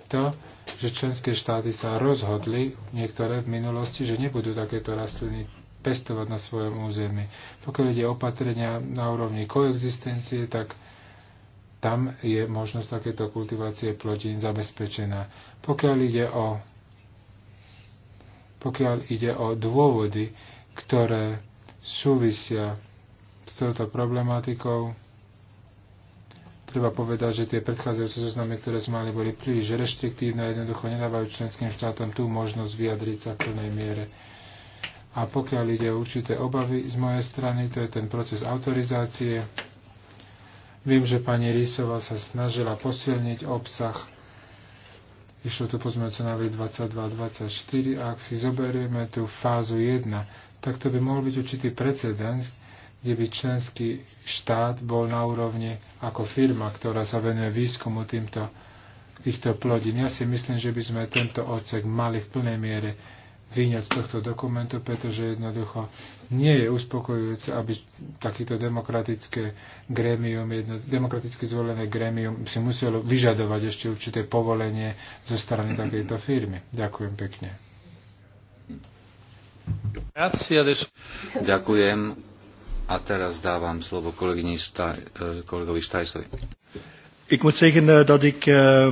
to, že členské štáty sa rozhodli, niektoré v minulosti, že nebudú takéto rastliny pestovať na svojom území. Pokiaľ ide opatrenia na úrovni koexistencie, tak tam je možnosť takéto kultivácie plodín zabezpečená. Pokiaľ ide o, pokiaľ ide o dôvody, ktoré súvisia s touto problematikou, Treba povedať, že tie predchádzajúce zoznamy, ktoré sme mali, boli príliš reštriktívne a jednoducho nedávajú členským štátom tú možnosť vyjadriť sa v plnej miere. A pokiaľ ide o určité obavy z mojej strany, to je ten proces autorizácie. Viem, že pani Rísova sa snažila posilniť obsah. Išlo tu pozmeňujúce návrhy 22 24 a ak si zoberieme tú fázu 1, tak to by mohol byť určitý precedens, kde by členský štát bol na úrovni ako firma, ktorá sa venuje výskumu týmto, týchto plodín. Ja si myslím, že by sme tento odsek mali v plnej miere vyňať z tohto dokumentu, pretože jednoducho nie je uspokojujúce, aby takýto demokratické grémium, jedno, demokraticky zvolené grémium si muselo vyžadovať ešte určité povolenie zo strany takejto firmy. Ďakujem pekne. Ďakujem. A teraz dávam slovo kolegyni Staj, eh, kolegovi Štajsovi. Ik moet zeggen eh, dat ik eh,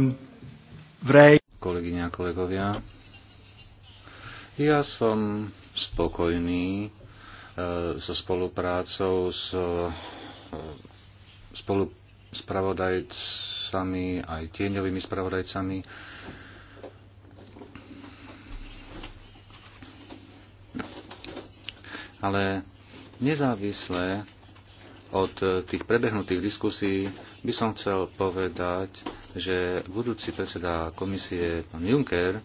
vrij... Kolegyne a kolegovia, ja som spokojný so spoluprácou s spoluspravodajcami, aj tieňovými spravodajcami. Ale Nezávisle od eh, tých prebehnutých diskusí by som chcel povedať, že budúci predseda komisie, pán Juncker, eh,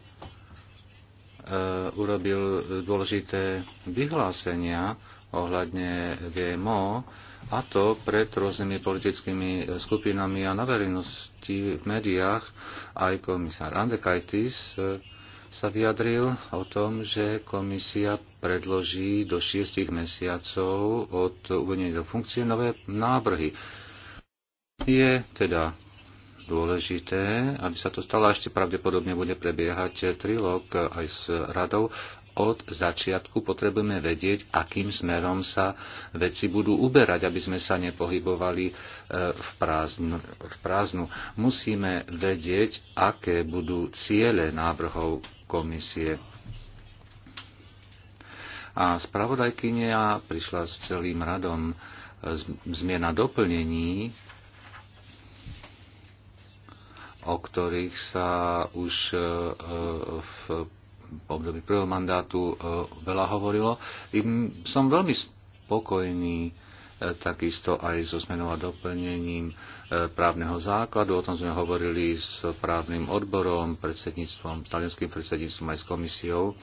urobil dôležité vyhlásenia ohľadne GMO, a to pred rôznymi politickými eh, skupinami a na verejnosti v médiách aj komisár Andekaitis sa vyjadril o tom, že komisia predloží do šiestich mesiacov od uvedenia do funkcie nové návrhy. Je teda dôležité, aby sa to stalo, ešte pravdepodobne bude prebiehať trilog aj s radou. Od začiatku potrebujeme vedieť, akým smerom sa veci budú uberať, aby sme sa nepohybovali e, v prázdnu. V prázdnu. Musíme vedieť, aké budú ciele návrhov komisie. A spravodajkynia prišla s celým radom zmien a doplnení, o ktorých sa už e, e, v období prvého mandátu e, veľa hovorilo. Som veľmi spokojný takisto aj so zmenou a doplnením e, právneho základu. O tom sme hovorili s právnym odborom, predsedníctvom, talianským predsedníctvom aj s komisiou. E,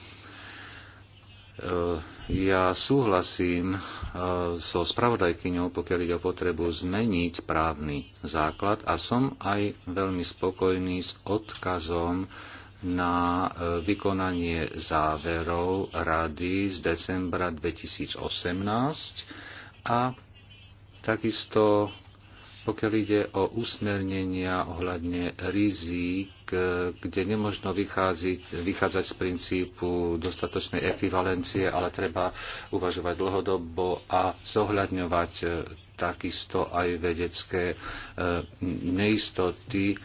ja súhlasím e, so spravodajkyňou, pokiaľ ide o potrebu zmeniť právny základ a som aj veľmi spokojný s odkazom na vykonanie záverov rady z decembra 2018 a Takisto pokiaľ ide o usmernenia ohľadne rizík, kde nemožno vycháziť, vychádzať z princípu dostatočnej ekvivalencie, ale treba uvažovať dlhodobo a zohľadňovať takisto aj vedecké eh, neistoty,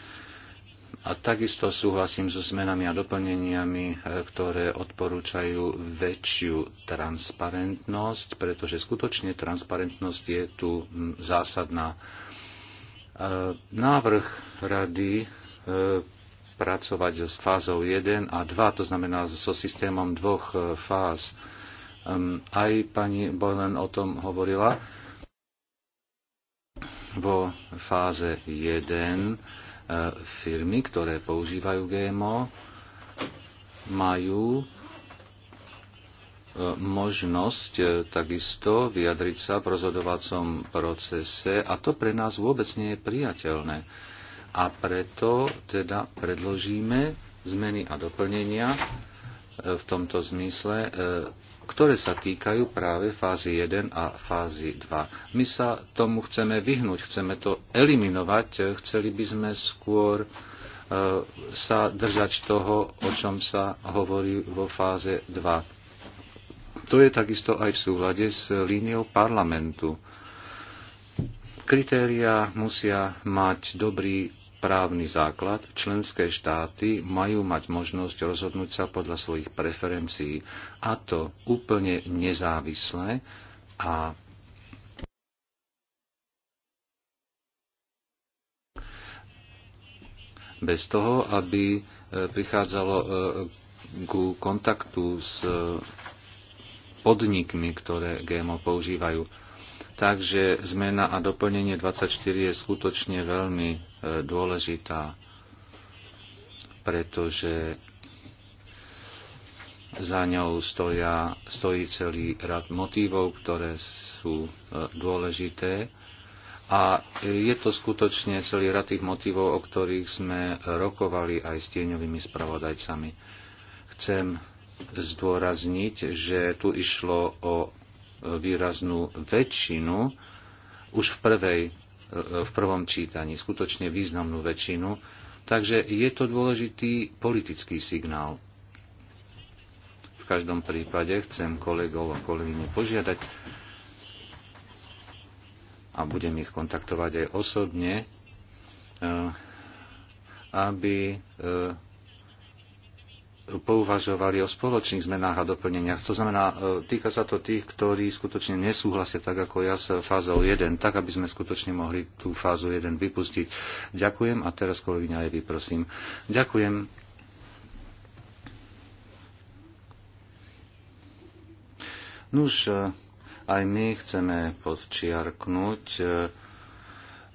a takisto súhlasím so zmenami a doplneniami, e, ktoré odporúčajú väčšiu transparentnosť, pretože skutočne transparentnosť je tu zásadná. E, návrh rady e, pracovať s fázou 1 a 2, to znamená so systémom dvoch fáz. Aj pani Boylen o tom hovorila. Vo fáze 1 E, firmy, ktoré používajú GMO, majú e, možnosť e, takisto vyjadriť sa v rozhodovacom procese a to pre nás vôbec nie je priateľné. A preto teda predložíme zmeny a doplnenia v tomto zmysle ktoré sa týkajú práve fázy 1 a fázy 2. My sa tomu chceme vyhnúť, chceme to eliminovať, chceli by sme skôr e, sa držať toho, o čom sa hovorí vo fáze 2. To je takisto aj v súhľade s líniou parlamentu. Kritéria musia mať dobrý právny základ, členské štáty majú mať možnosť rozhodnúť sa podľa svojich preferencií, a to úplne nezávisle a bez toho, aby e, prichádzalo e, ku kontaktu s e, podnikmi, ktoré GMO používajú. Takže zmena a doplnenie 24 je skutočne veľmi e, dôležitá, pretože za ňou stoja, stojí celý rad motívov, ktoré sú e, dôležité. A je to skutočne celý rad tých motívov, o ktorých sme rokovali aj s tieňovými spravodajcami. Chcem zdôrazniť, že tu išlo o výraznú väčšinu už v, prvej, v prvom čítaní, skutočne významnú väčšinu. Takže je to dôležitý politický signál. V každom prípade chcem kolegov a kolegyne požiadať a budem ich kontaktovať aj osobne, eh, aby eh, pouvažovali o spoločných zmenách a doplneniach. To znamená, e, týka sa to tých, ktorí skutočne nesúhlasia tak ako ja s fázou 1, tak aby sme skutočne mohli tú fázu 1 vypustiť. Ďakujem a teraz kolegyňa aj prosím. Ďakujem. Nuž, e, aj my chceme podčiarknúť, e,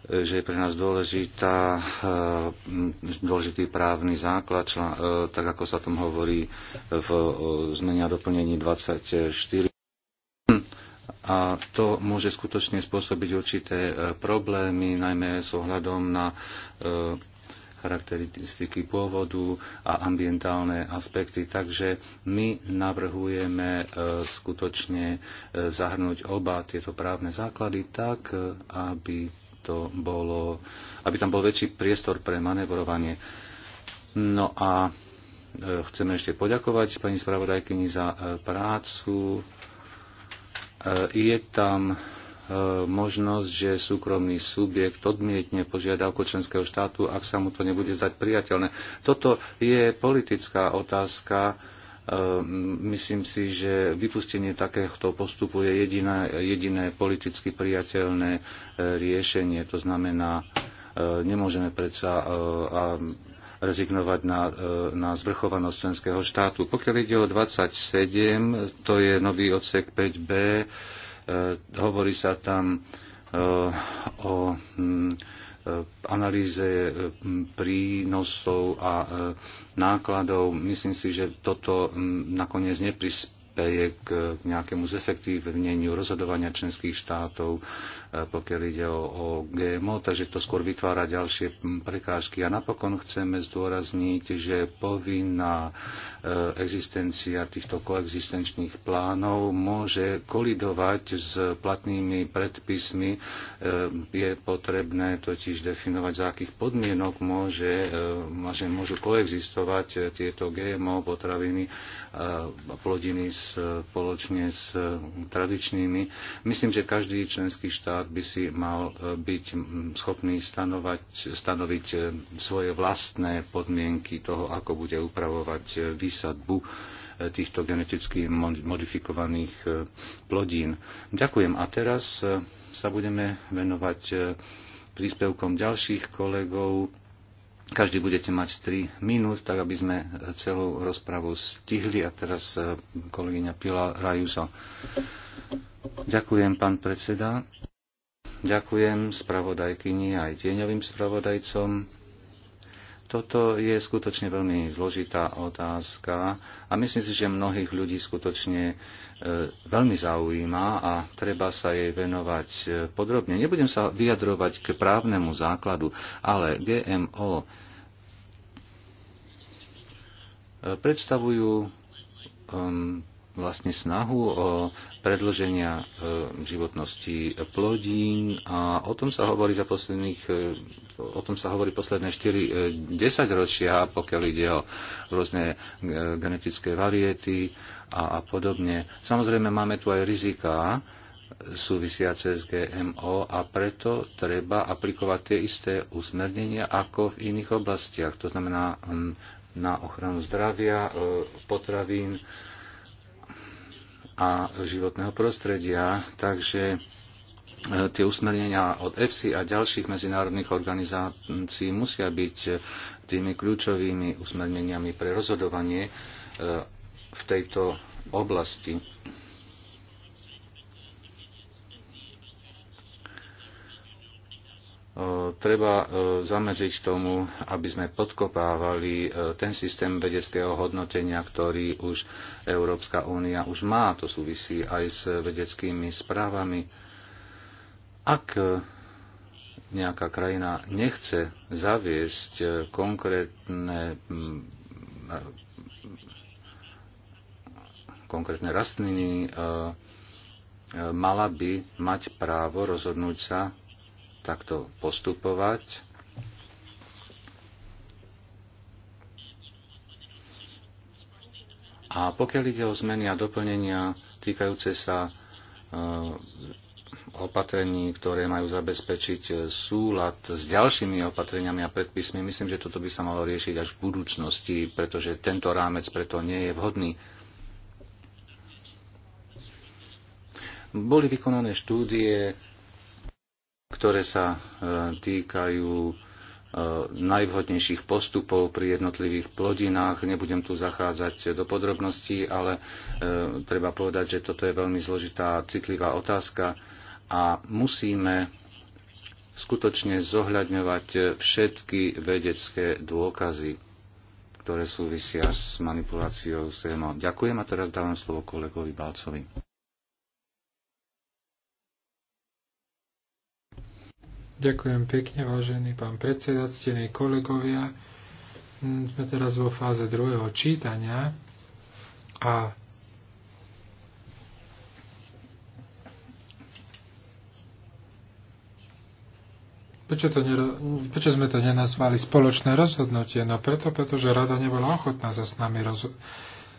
že je pre nás dôležitá, e, dôležitý právny základ, e, tak ako sa tom hovorí v e, zmenia doplnení 24. A to môže skutočne spôsobiť určité problémy, najmä s ohľadom na charakteristiky pôvodu a ambientálne aspekty. Takže my navrhujeme skutočne zahrnúť oba tieto právne základy tak, aby to bolo, aby tam bol väčší priestor pre manevrovanie. No a e, chceme ešte poďakovať pani spravodajkyni za e, prácu. E, je tam možnosť, že súkromný subjekt odmietne požiadavku členského štátu, ak sa mu to nebude zdať priateľné. Toto je politická otázka, Ehm, myslím si, že vypustenie takéhoto postupu je jediné, jediné politicky priateľné e, riešenie. To znamená, e, nemôžeme predsa e, rezignovať na, na zvrchovanosť členského štátu. Pokiaľ ide o 27, to je nový odsek 5b, hovorí sa tam o hm, Eh, analýze eh, prínosov a eh, nákladov. Myslím si, že toto mm, nakoniec neprispieje k nejakému zefektívneniu rozhodovania členských štátov. Eh, pokiaľ ide o, o GMO, takže to skôr vytvára ďalšie prekážky. A napokon chceme zdôrazniť, že povinná eh, existencia týchto koexistenčných plánov môže kolidovať s platnými predpismi. Eh, je potrebné totiž definovať, za akých podmienok môže, že môžu koexistovať tieto GMO potraviny a plodiny spoločne s tradičnými. Myslím, že každý členský štát štát by si mal e, byť schopný stanovať, stanoviť e, svoje vlastné podmienky toho, ako bude upravovať e, výsadbu týchto geneticky modifikovaných plodín. Ďakujem. A teraz sa budeme venovať príspevkom ďalších kolegov. Každý budete mať 3 minút, tak aby sme celú rozpravu stihli. A teraz kolegyňa Pila Rajusa. Ďakujem, pán predseda. Ďakujem spravodajkyni aj tieňovým spravodajcom. Toto je skutočne veľmi zložitá otázka a myslím si, že mnohých ľudí skutočne e, veľmi zaujíma a treba sa jej venovať e, podrobne. Nebudem sa vyjadrovať k právnemu základu, ale GMO e, predstavujú vlastne snahu o predlženia e, životnosti plodín a o tom sa hovorí za posledných, e, o tom sa hovorí posledné 4 10 ročia, pokiaľ ide o rôzne e, genetické variety a, a podobne. Samozrejme máme tu aj riziká, súvisiace s GMO a preto treba aplikovať tie isté usmernenia ako v iných oblastiach. To znamená na ochranu zdravia, potravín, a životného prostredia. Takže e, tie usmernenia od EFSI a ďalších medzinárodných organizácií musia byť e, tými kľúčovými usmerneniami pre rozhodovanie e, v tejto oblasti. treba e, zamedziť tomu, aby sme podkopávali e, ten systém vedeckého hodnotenia, ktorý už Európska únia už má. To súvisí aj s vedeckými správami. Ak e, nejaká krajina nechce zaviesť konkrétne konkrétne rastliny, mala by mať právo rozhodnúť sa takto postupovať. A pokiaľ ide o zmeny a doplnenia týkajúce sa e, opatrení, ktoré majú zabezpečiť e, súlad s ďalšími opatreniami a predpismi, myslím, že toto by sa malo riešiť až v budúcnosti, pretože tento rámec preto nie je vhodný. Boli vykonané štúdie ktoré sa e, týkajú e, najvhodnejších postupov pri jednotlivých plodinách. Nebudem tu zachádzať do podrobností, ale e, treba povedať, že toto je veľmi zložitá, citlivá otázka a musíme skutočne zohľadňovať všetky vedecké dôkazy, ktoré súvisia s manipuláciou s Ďakujem a teraz dávam slovo kolegovi Balcovi. Ďakujem pekne, vážený pán predseda, ctení kolegovia. Hm, sme teraz vo fáze druhého čítania a Prečo, to nero, prečo sme to nenazvali spoločné rozhodnutie? No preto, pretože rada nebola ochotná sa s nami rozhodnúť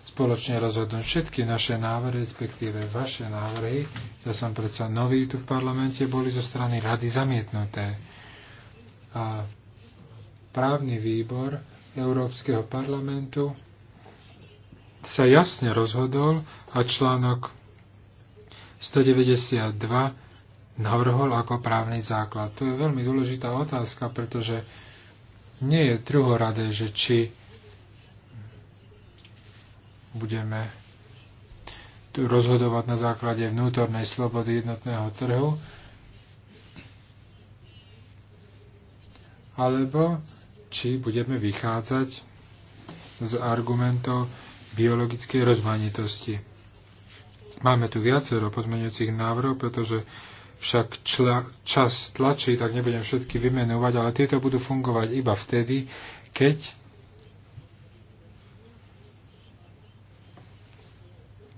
spoločne rozhodnúť všetky naše návrhy, respektíve vaše návrhy, ja som predsa nový tu v parlamente, boli zo strany rady zamietnuté. A právny výbor Európskeho parlamentu sa jasne rozhodol a článok 192 navrhol ako právny základ. To je veľmi dôležitá otázka, pretože nie je druhoradé, že či budeme tu rozhodovať na základe vnútornej slobody jednotného trhu, alebo či budeme vychádzať z argumentov biologickej rozmanitosti. Máme tu viacero pozmeňujúcich návrhov, pretože však čla, čas tlačí, tak nebudem všetky vymenovať, ale tieto budú fungovať iba vtedy, keď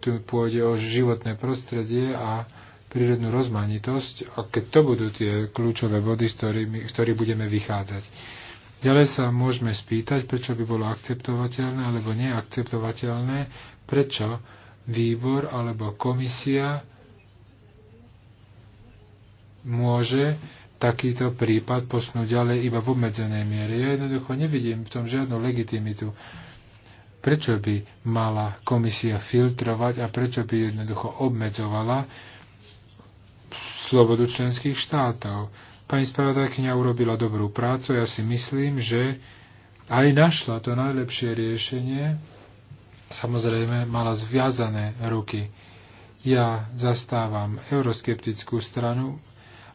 tu pôjde o životné prostredie a prírodnú rozmanitosť a keď to budú tie kľúčové body, z ktorých ktorý budeme vychádzať. Ďalej sa môžeme spýtať, prečo by bolo akceptovateľné alebo neakceptovateľné, prečo výbor alebo komisia môže takýto prípad posunúť ďalej iba v obmedzenej miere. Ja jednoducho nevidím v tom žiadnu legitimitu prečo by mala komisia filtrovať a prečo by jednoducho obmedzovala slobodu členských štátov. Pani spravodajkynia urobila dobrú prácu, ja si myslím, že aj našla to najlepšie riešenie, samozrejme mala zviazané ruky. Ja zastávam euroskeptickú stranu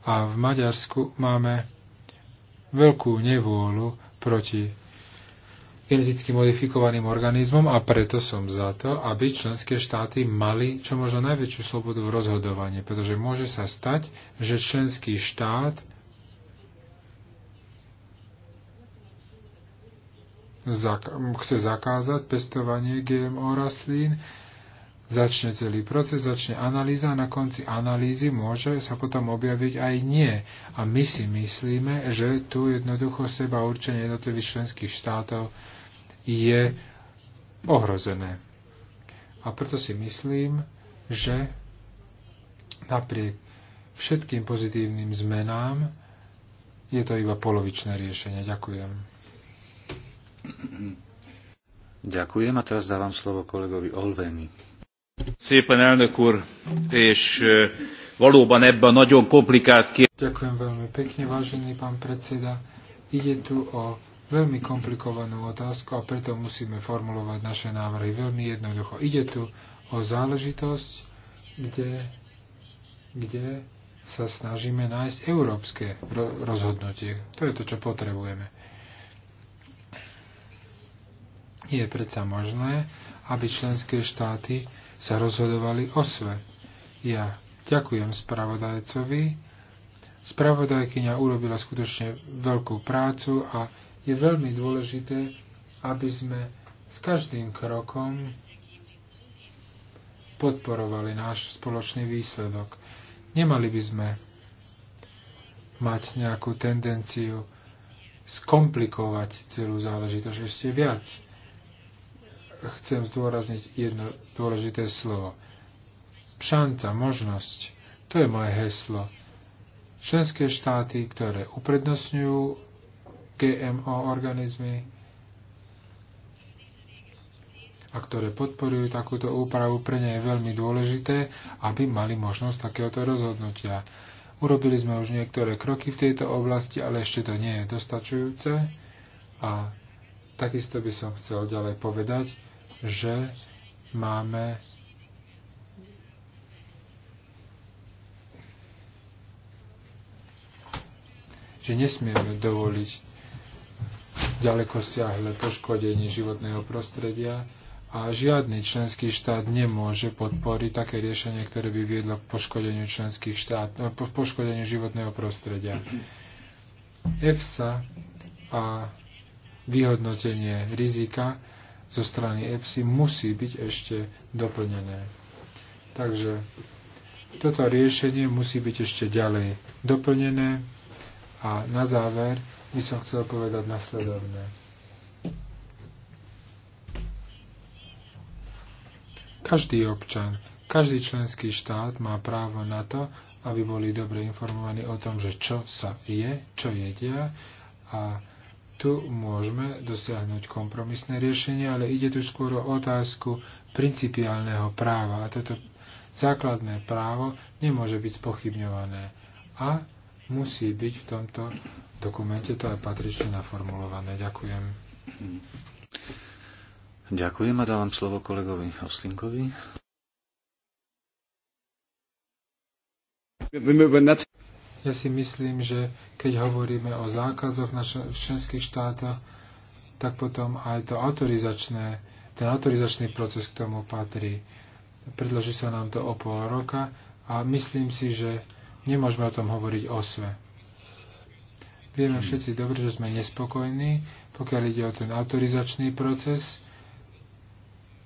a v Maďarsku máme veľkú nevôľu proti geneticky modifikovaným organizmom a preto som za to, aby členské štáty mali čo možno najväčšiu slobodu v rozhodovaní, pretože môže sa stať, že členský štát chce zakázať pestovanie GMO rastlín, začne celý proces, začne analýza a na konci analýzy môže sa potom objaviť aj nie. A my si myslíme, že tu jednoducho seba určenie jednotlivých členských štátov je ohrozené. A preto si myslím, že napriek všetkým pozitívnym zmenám je to iba polovičné riešenie. Ďakujem. Ďakujem a teraz dávam slovo kolegovi Olveni. Szépen elnök úr, és valóban ebben nagyon komplikált kérdés. Ďakujem veľmi pekne, vážený pán predseda. Ide tu o veľmi komplikovanú otázku a preto musíme formulovať naše návrhy veľmi jednoducho. Ide tu o záležitosť, kde, kde sa snažíme nájsť európske rozhodnutie. To je to, čo potrebujeme. Nie je predsa možné, aby členské štáty sa rozhodovali o sve. Ja ďakujem spravodajcovi. Spravodajkyňa urobila skutočne veľkú prácu a je veľmi dôležité, aby sme s každým krokom podporovali náš spoločný výsledok. Nemali by sme mať nejakú tendenciu skomplikovať celú záležitosť ešte viac. Chcem zdôrazniť jedno dôležité slovo. Šanca, možnosť. To je moje heslo. Členské štáty, ktoré uprednostňujú GMO organizmy a ktoré podporujú takúto úpravu, pre ne je veľmi dôležité, aby mali možnosť takéhoto rozhodnutia. Urobili sme už niektoré kroky v tejto oblasti, ale ešte to nie je dostačujúce a takisto by som chcel ďalej povedať, že máme že nesmieme dovoliť ďaleko siahle poškodenie životného prostredia a žiadny členský štát nemôže podporiť také riešenie, ktoré by viedlo k poškodeniu, členských štát, no, po, poškodeniu životného prostredia. EFSA a vyhodnotenie rizika zo strany EFSI musí byť ešte doplnené. Takže toto riešenie musí byť ešte ďalej doplnené a na záver by som chcel povedať nasledovné. Každý občan, každý členský štát má právo na to, aby boli dobre informovaní o tom, že čo sa je, čo jedia a tu môžeme dosiahnuť kompromisné riešenie, ale ide tu skôr o otázku principiálneho práva a toto základné právo nemôže byť spochybňované. A musí byť v tomto dokumente to aj patrične naformulované. Ďakujem. Ďakujem a dávam slovo kolegovi Hostinkovi. Ja si myslím, že keď hovoríme o zákazoch na členských štátoch, tak potom aj to autorizačné, ten autorizačný proces k tomu patrí. Predloží sa nám to o pol roka a myslím si, že Nemôžeme o tom hovoriť o sve. Vieme všetci dobre, že sme nespokojní, pokiaľ ide o ten autorizačný proces.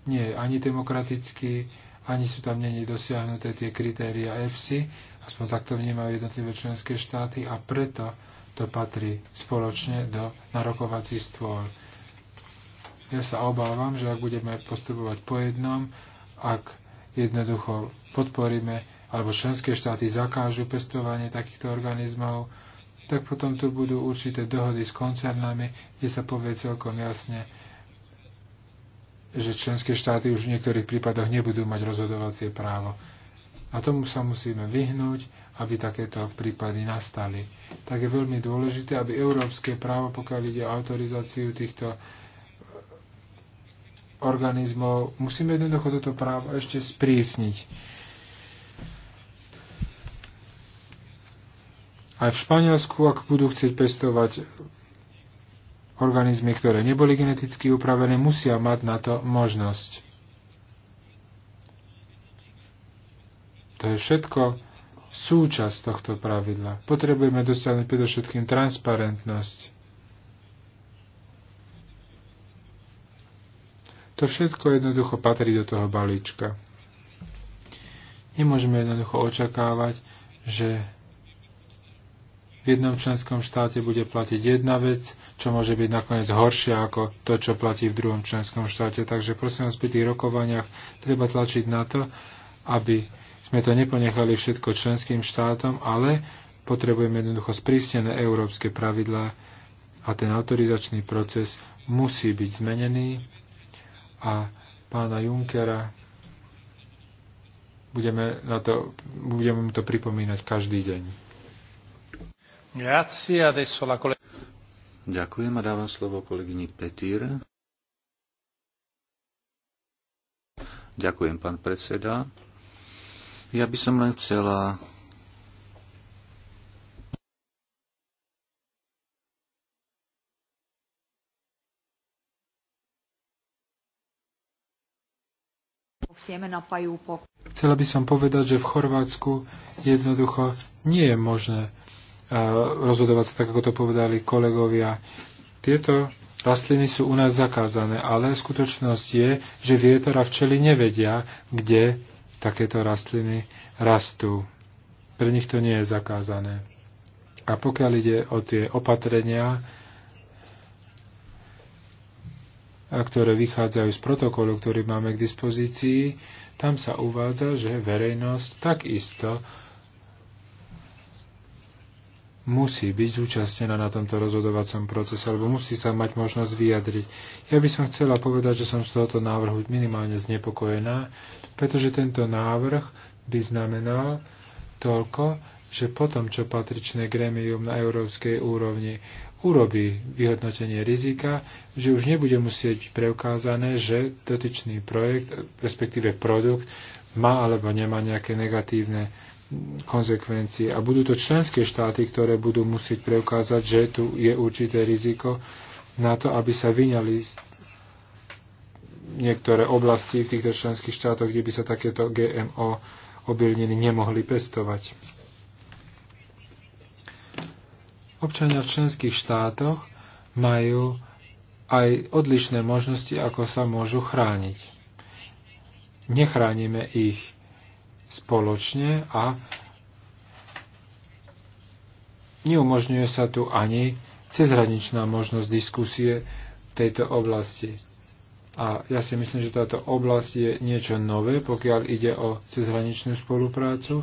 Nie je ani demokratický, ani sú tam není dosiahnuté tie kritéria EFSI, aspoň takto vnímajú jednotlivé členské štáty a preto to patrí spoločne do narokovací stôl. Ja sa obávam, že ak budeme postupovať po jednom, ak jednoducho podporíme alebo členské štáty zakážu pestovanie takýchto organizmov, tak potom tu budú určité dohody s koncernami, kde sa povie celkom jasne, že členské štáty už v niektorých prípadoch nebudú mať rozhodovacie právo. A tomu sa musíme vyhnúť, aby takéto prípady nastali. Tak je veľmi dôležité, aby európske právo, pokiaľ ide o autorizáciu týchto e, organizmov, musíme jednoducho toto právo ešte sprísniť Aj v Španielsku, ak budú chcieť pestovať organizmy, ktoré neboli geneticky upravené, musia mať na to možnosť. To je všetko súčasť tohto pravidla. Potrebujeme dosiahnuť predovšetkým transparentnosť. To všetko jednoducho patrí do toho balíčka. Nemôžeme jednoducho očakávať, že v jednom členskom štáte bude platiť jedna vec, čo môže byť nakoniec horšia ako to, čo platí v druhom členskom štáte. Takže prosím vás, pri tých rokovaniach treba tlačiť na to, aby sme to neponechali všetko členským štátom, ale potrebujeme jednoducho sprísnené európske pravidlá a ten autorizačný proces musí byť zmenený a pána Junkera budeme, na to, budeme mu to pripomínať každý deň. Ďakujem a dávam slovo kolegyni Petír. Ďakujem, pán predseda. Ja by som len chcela Chcela by som povedať, že v Chorvátsku jednoducho nie je možné rozhodovať sa tak, ako to povedali kolegovia. Tieto rastliny sú u nás zakázané, ale skutočnosť je, že vietor a včely nevedia, kde takéto rastliny rastú. Pre nich to nie je zakázané. A pokiaľ ide o tie opatrenia, ktoré vychádzajú z protokolu, ktorý máme k dispozícii, tam sa uvádza, že verejnosť takisto musí byť zúčastnená na tomto rozhodovacom procese, alebo musí sa mať možnosť vyjadriť. Ja by som chcela povedať, že som z tohoto návrhu minimálne znepokojená, pretože tento návrh by znamenal toľko, že potom, čo patričné gremium na európskej úrovni urobí vyhodnotenie rizika, že už nebude musieť byť preukázané, že dotyčný projekt, respektíve produkt, má alebo nemá nejaké negatívne konsekvencie. A budú to členské štáty, ktoré budú musieť preukázať, že tu je určité riziko na to, aby sa vyňali niektoré oblasti v týchto členských štátoch, kde by sa takéto GMO obilniny nemohli pestovať. Občania v členských štátoch majú aj odlišné možnosti, ako sa môžu chrániť. Nechránime ich spoločne a neumožňuje sa tu ani cezhraničná možnosť diskusie v tejto oblasti. A ja si myslím, že táto oblasť je niečo nové, pokiaľ ide o cezhraničnú spoluprácu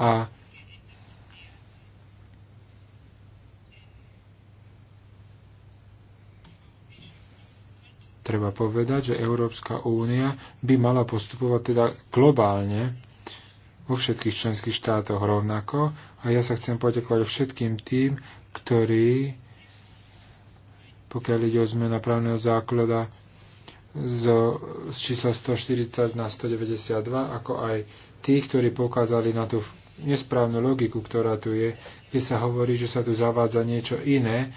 a treba povedať, že Európska únia by mala postupovať teda globálne vo všetkých členských štátoch rovnako a ja sa chcem poďakovať všetkým tým, ktorí, pokiaľ ide o zmena právneho základa zo, z čísla 140 na 192, ako aj tí, ktorí pokázali na tú nesprávnu logiku, ktorá tu je, kde sa hovorí, že sa tu zavádza niečo iné,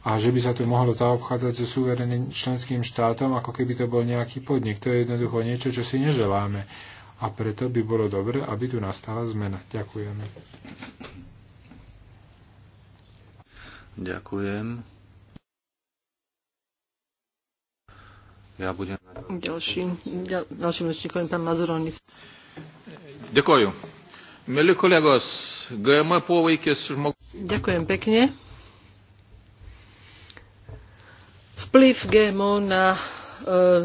a že by sa to mohlo zaobchádzať so suverénnym členským štátom, ako keby to bol nejaký podnik. To je jednoducho niečo, čo si neželáme. A preto by bolo dobre, aby tu nastala zmena. Ďakujeme. Ďakujem. Ja budem... Ďalším, ďalším rečníkom pán Mazuronis. Ďakujem. Milí kolegos, GM poveikis Ďakujem pekne. vplyv GMO na e,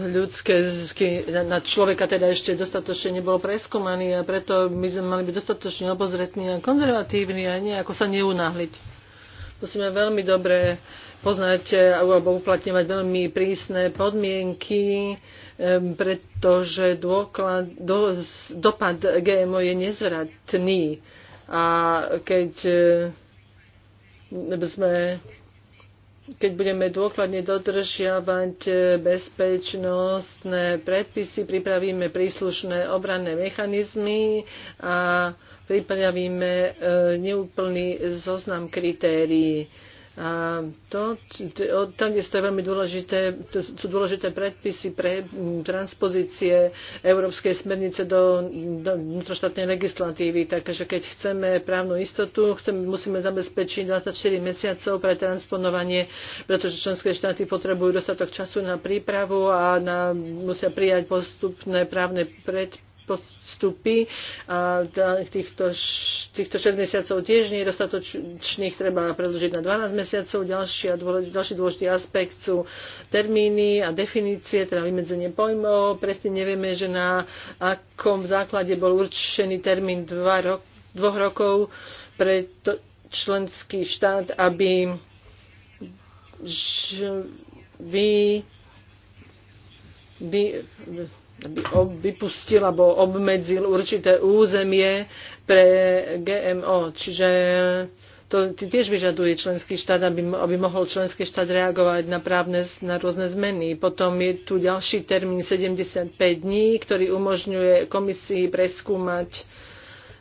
ľudské, na človeka teda ešte dostatočne nebolo preskúmaný a preto my sme mali byť dostatočne obozretní a konzervatívni a nejako sa neunahliť. Musíme veľmi dobre poznať e, alebo uplatňovať veľmi prísne podmienky, e, pretože dôklad, do, dopad GMO je nezvratný. A keď sme keď budeme dôkladne dodržiavať e, bezpečnostné predpisy, pripravíme príslušné obranné mechanizmy a pripravíme e, neúplný zoznam kritérií. A to, tam je veľmi dôležité, to sú dôležité predpisy pre transpozície európskej smernice do, do vnútroštátnej legislatívy. Takže keď chceme právnu istotu, chceme, musíme zabezpečiť 24 mesiacov pre transponovanie, pretože členské štáty potrebujú dostatok času na prípravu a na, musia prijať postupné právne predpisy postupy a týchto, týchto 6 mesiacov tiež nedostatočných treba predlžiť na 12 mesiacov. Ďalšia, ďalší dôležitý aspekt sú termíny a definície, teda vymedzenie pojmov. Presne nevieme, že na akom základe bol určený termín dva rok, dvoch rokov pre to, členský štát, aby vy, vy, vy vypustil alebo obmedzil určité územie pre GMO. Čiže to tiež vyžaduje členský štát, aby, aby mohol členský štát reagovať na, právne, na rôzne zmeny. Potom je tu ďalší termín 75 dní, ktorý umožňuje komisii preskúmať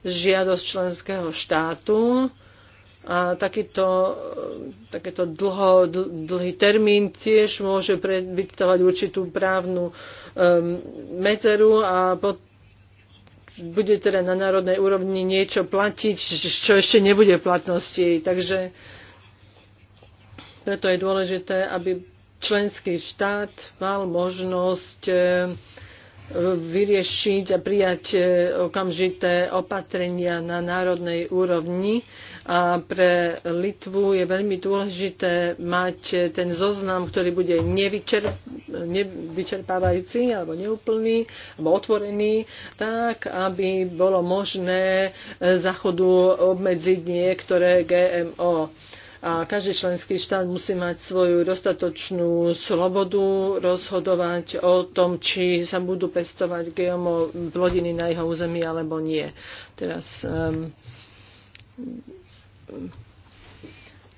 žiadosť členského štátu. A takýto, takéto dlho, dlhý termín tiež môže predviktovať určitú právnu uh, Um, medzeru a potom bude teda na národnej úrovni niečo platiť, čo ešte nebude v platnosti. Takže preto je dôležité, aby členský štát mal možnosť e, vyriešiť a prijať e, okamžité opatrenia na národnej úrovni a pre Litvu je veľmi dôležité mať ten zoznam, ktorý bude nevyčerp, nevyčerpávajúci alebo neúplný alebo otvorený, tak aby bolo možné e, zachodu obmedziť niektoré GMO a každý členský štát musí mať svoju dostatočnú slobodu rozhodovať o tom, či sa budú pestovať GMO plodiny na jeho území alebo nie. Teraz um,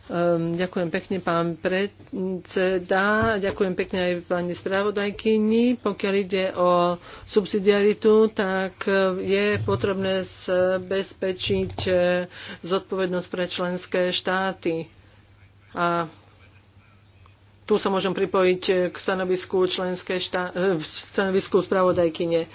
Ehm, ďakujem pekne, pán predseda. Ďakujem pekne aj pani spravodajkyni. Pokiaľ ide o subsidiaritu, tak eh, je potrebné zabezpečiť eh, zodpovednosť pre členské štáty. A tu sa môžem pripojiť eh, k stanovisku, členské štá... stanovisku spravodajkyne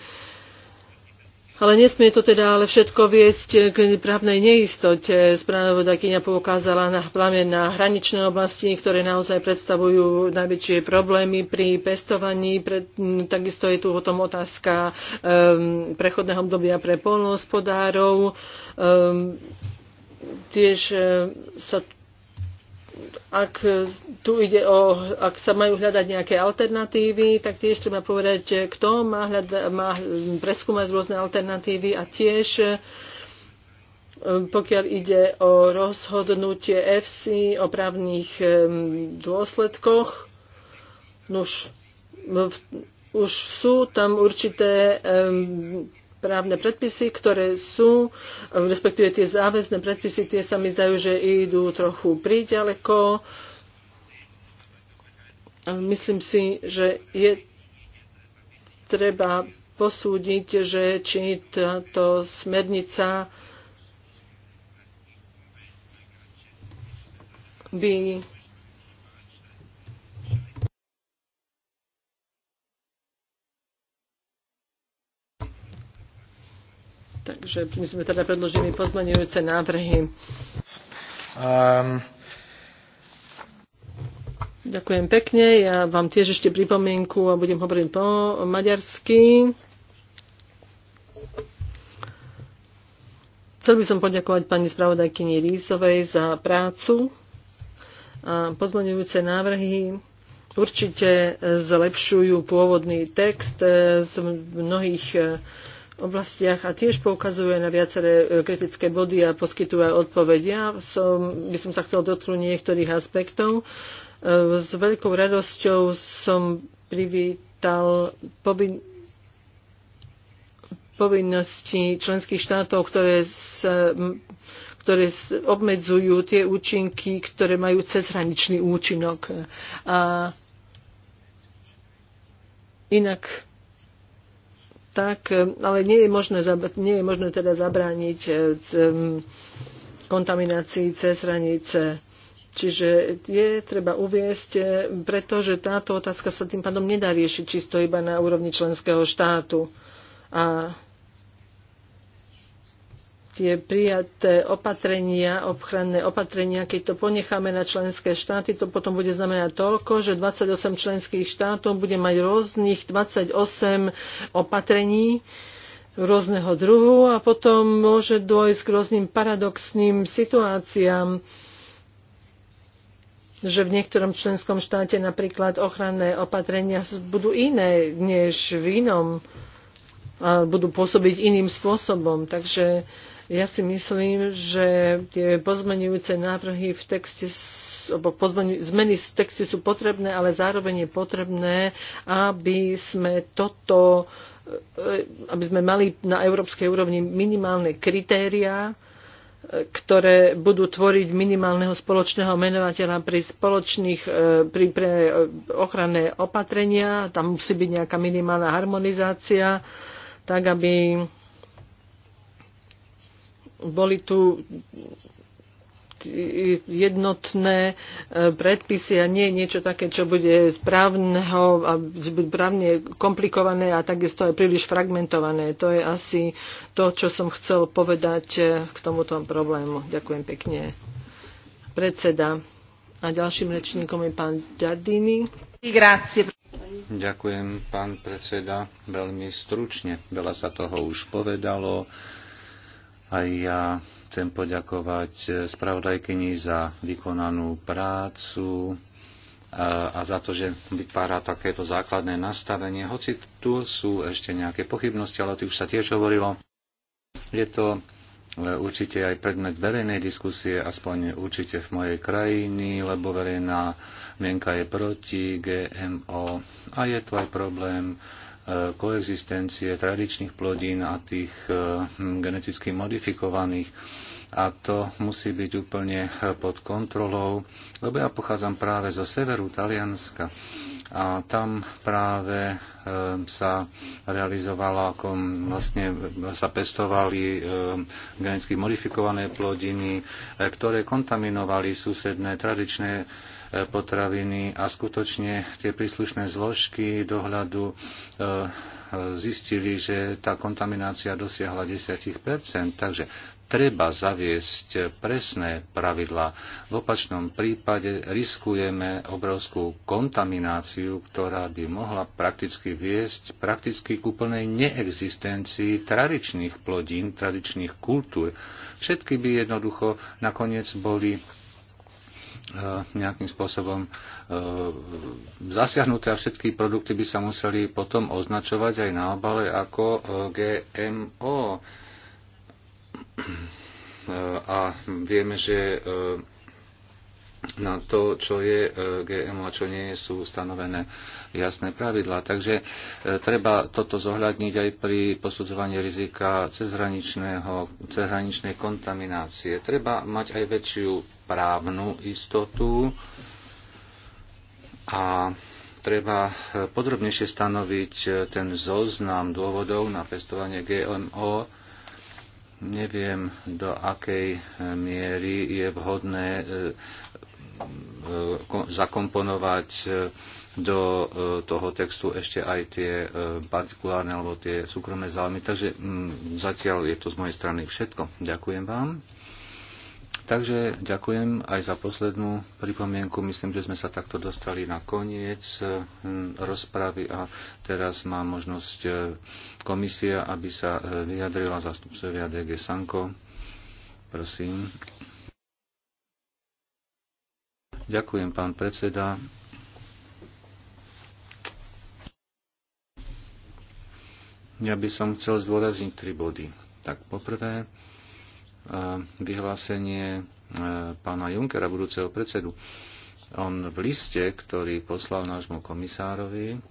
ale nesmie to teda ale všetko viesť k právnej neistote. Správodajkyňa poukázala na plame na hraničné oblasti, ktoré naozaj predstavujú najväčšie problémy pri pestovaní. Pre, takisto je tu o tom otázka um, prechodného obdobia pre polnohospodárov. Um, tiež e, sa ak tu ide o, ak sa majú hľadať nejaké alternatívy, tak tiež treba povedať, kto má, hľada, má preskúmať rôzne alternatívy a tiež e, pokiaľ ide o rozhodnutie FC o právnych e, dôsledkoch, už, už sú tam určité um, právne predpisy, ktoré sú, eh, respektíve tie záväzné predpisy, tie sa mi zdajú, že idú trochu príďaleko. Myslím si, že je treba posúdiť, že či táto smernica by Takže my sme teda predložili pozmaňujúce návrhy. Um. Ďakujem pekne. Ja vám tiež ešte pripomienku a budem hovoriť po maďarsky. Chcel by som poďakovať pani spravodajkyni Rízovej za prácu a pozmaňujúce návrhy určite zlepšujú pôvodný text z mnohých oblastiach a tiež poukazuje na viaceré e, kritické body a poskytuje odpovede. Ja som, by som sa chcel dotknúť niektorých aspektov. E, s veľkou radosťou som privítal povin- povinnosti členských štátov, ktoré, sa, ktoré obmedzujú tie účinky, ktoré majú cezhraničný účinok. A inak tak, ale nie je možné, nie je možné teda zabrániť eh, kontaminácii cez hranice. Čiže je treba uviesť, eh, pretože táto otázka sa tým pádom nedá riešiť čisto iba na úrovni členského štátu. A tie prijaté opatrenia, ochranné opatrenia, keď to ponecháme na členské štáty, to potom bude znamenať toľko, že 28 členských štátov bude mať rôznych 28 opatrení rôzneho druhu a potom môže dôjsť k rôznym paradoxným situáciám že v niektorom členskom štáte napríklad ochranné opatrenia budú iné než v inom a budú pôsobiť iným spôsobom. Takže ja si myslím, že tie pozmenujúce návrhy v texte alebo zmeny v texte sú potrebné, ale zároveň je potrebné, aby sme toto e, e, aby sme mali na európskej úrovni minimálne kritériá, e, ktoré budú tvoriť minimálneho spoločného menovateľa pri spoločných pri, pre ochranné opatrenia. Tam musí byť nejaká minimálna harmonizácia, tak aby boli tu jednotné e, predpisy a nie niečo také, čo bude správneho a právne komplikované a takisto aj príliš fragmentované. To je asi to, čo som chcel povedať e, k tomuto problému. Ďakujem pekne. Predseda. A ďalším rečníkom je pán Ďardini. Ďakujem, pán predseda, veľmi stručne. Veľa sa toho už povedalo. Aj ja chcem poďakovať spravodajkyni za vykonanú prácu a za to, že vytvára takéto základné nastavenie. Hoci tu sú ešte nejaké pochybnosti, ale tu už sa tiež hovorilo. Je to e, určite aj predmet verejnej diskusie, aspoň určite v mojej krajini, lebo verejná mienka je proti GMO a je tu aj problém koexistencie tradičných plodín a tých e, hm, geneticky modifikovaných. A to musí byť úplne e, pod kontrolou, lebo ja pochádzam práve zo severu Talianska a tam práve e, sa realizovala, ako hm, vlastne sa pestovali geneticky modifikované plodiny, ktoré kontaminovali susedné tradičné potraviny a skutočne tie príslušné zložky dohľadu e, zistili, že tá kontaminácia dosiahla 10%, takže treba zaviesť presné pravidlá. V opačnom prípade riskujeme obrovskú kontamináciu, ktorá by mohla prakticky viesť prakticky k úplnej neexistencii tradičných plodín, tradičných kultúr. Všetky by jednoducho nakoniec boli E, nejakým spôsobom e, zasiahnuté a všetky produkty by sa museli potom označovať aj na obale ako e, GMO. A vieme, že na to, čo je e, GMO a čo nie je sú stanovené jasné pravidlá. Takže e, treba toto zohľadniť aj pri posudzovaní rizika cezhraničnej kontaminácie. Treba mať aj väčšiu právnu istotu a treba e, podrobnejšie stanoviť ten zoznam dôvodov na pestovanie GMO neviem, do akej miery je vhodné zakomponovať e, do e, toho textu ešte aj tie e, partikulárne alebo tie súkromné záujmy. Takže mm, zatiaľ je to z mojej strany všetko. Ďakujem vám. Takže ďakujem aj za poslednú pripomienku. Myslím, že sme sa takto dostali na koniec rozpravy a teraz má možnosť komisia, aby sa vyjadrila zastupcovia DG Sanko. Prosím. Ďakujem, pán predseda. Ja by som chcel zdôrazniť tri body. Tak poprvé, vyhlásenie pána Junkera, budúceho predsedu. On v liste, ktorý poslal nášmu komisárovi,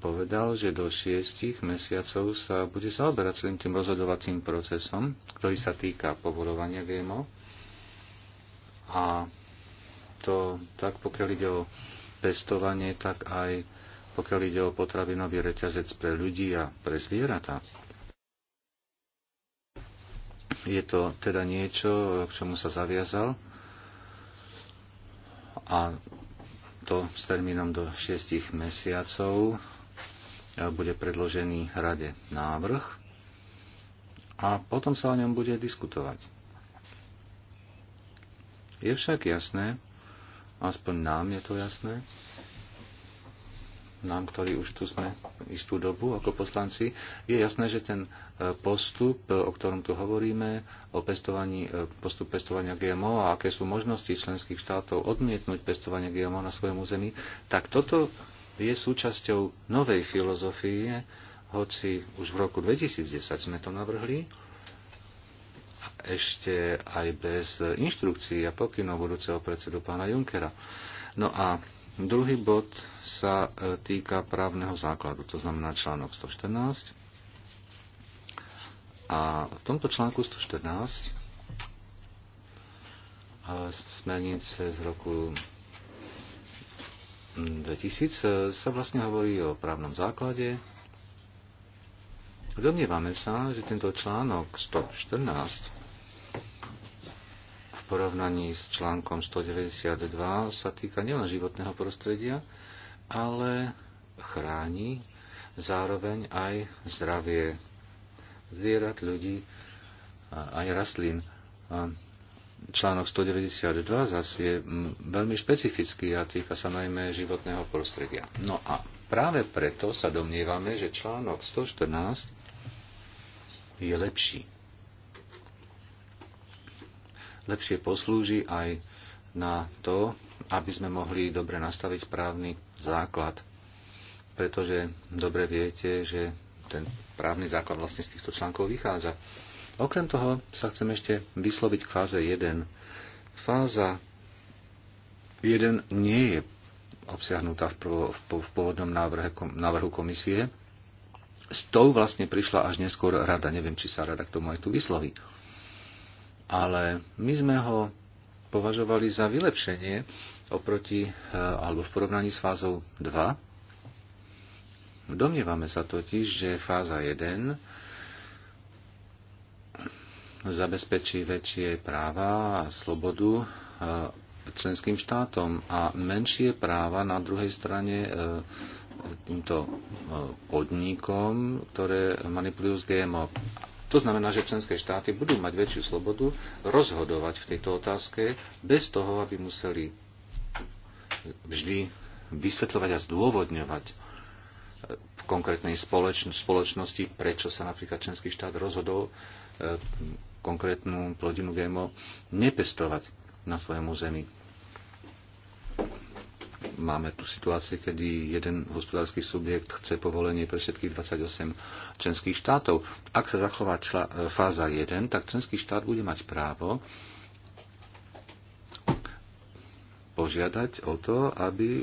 povedal, že do šiestich mesiacov sa bude zaoberať celým tým rozhodovacím procesom, ktorý sa týka povolovania GMO. A to tak, pokiaľ ide o pestovanie, tak aj pokiaľ ide o potravinový reťazec pre ľudí a pre zvieratá. Je to teda niečo, k čomu sa zaviazal a to s termínom do 6 mesiacov bude predložený rade návrh a potom sa o ňom bude diskutovať. Je však jasné, aspoň nám je to jasné, nám, ktorí už tu sme istú dobu ako poslanci, je jasné, že ten e, postup, e, o ktorom tu hovoríme, o pestovaní, e, postup pestovania GMO a aké sú možnosti členských štátov odmietnúť pestovanie GMO na svojom území, tak toto je súčasťou novej filozofie, hoci už v roku 2010 sme to navrhli, ešte aj bez inštrukcií a pokynov budúceho predsedu pána Junkera. No a druhý bod sa e, týka právneho základu, to znamená článok 114. A v tomto článku 114 e, smernice z roku 2000 mm, e, sa vlastne hovorí o právnom základe. Domnievame sa, že tento článok 114 porovnaní s článkom 192 sa týka nielen životného prostredia, ale chráni zároveň aj zdravie zvierat, ľudí, aj rastlín. Článok 192 zase je mm, veľmi špecifický a týka sa najmä životného prostredia. No a práve preto sa domnievame, že článok 114 je lepší lepšie poslúži aj na to, aby sme mohli dobre nastaviť právny základ. Pretože dobre viete, že ten právny základ vlastne z týchto článkov vychádza. Okrem toho sa chcem ešte vysloviť k fáze 1. Fáza 1 nie je obsiahnutá v, prvo, v pôvodnom návrhe, návrhu komisie. S tou vlastne prišla až neskôr rada. Neviem, či sa rada k tomu aj tu vysloví ale my sme ho považovali za vylepšenie oproti e, alebo v porovnaní s fázou 2. Domnievame sa totiž, že fáza 1 zabezpečí väčšie práva a slobodu e, členským štátom a menšie práva na druhej strane e, týmto podnikom, ktoré manipulujú s GMO. To znamená, že členské štáty budú mať väčšiu slobodu rozhodovať v tejto otázke bez toho, aby museli vždy vysvetľovať a zdôvodňovať e, v konkrétnej spoločnosti, prečo sa napríklad členský štát rozhodol e, konkrétnu plodinu GMO nepestovať na svojom území máme tu situácie, kedy jeden hospodársky subjekt chce povolenie pre všetkých 28 členských štátov. Ak sa zachová čla, e, fáza 1, tak členský štát bude mať právo požiadať o to, aby e,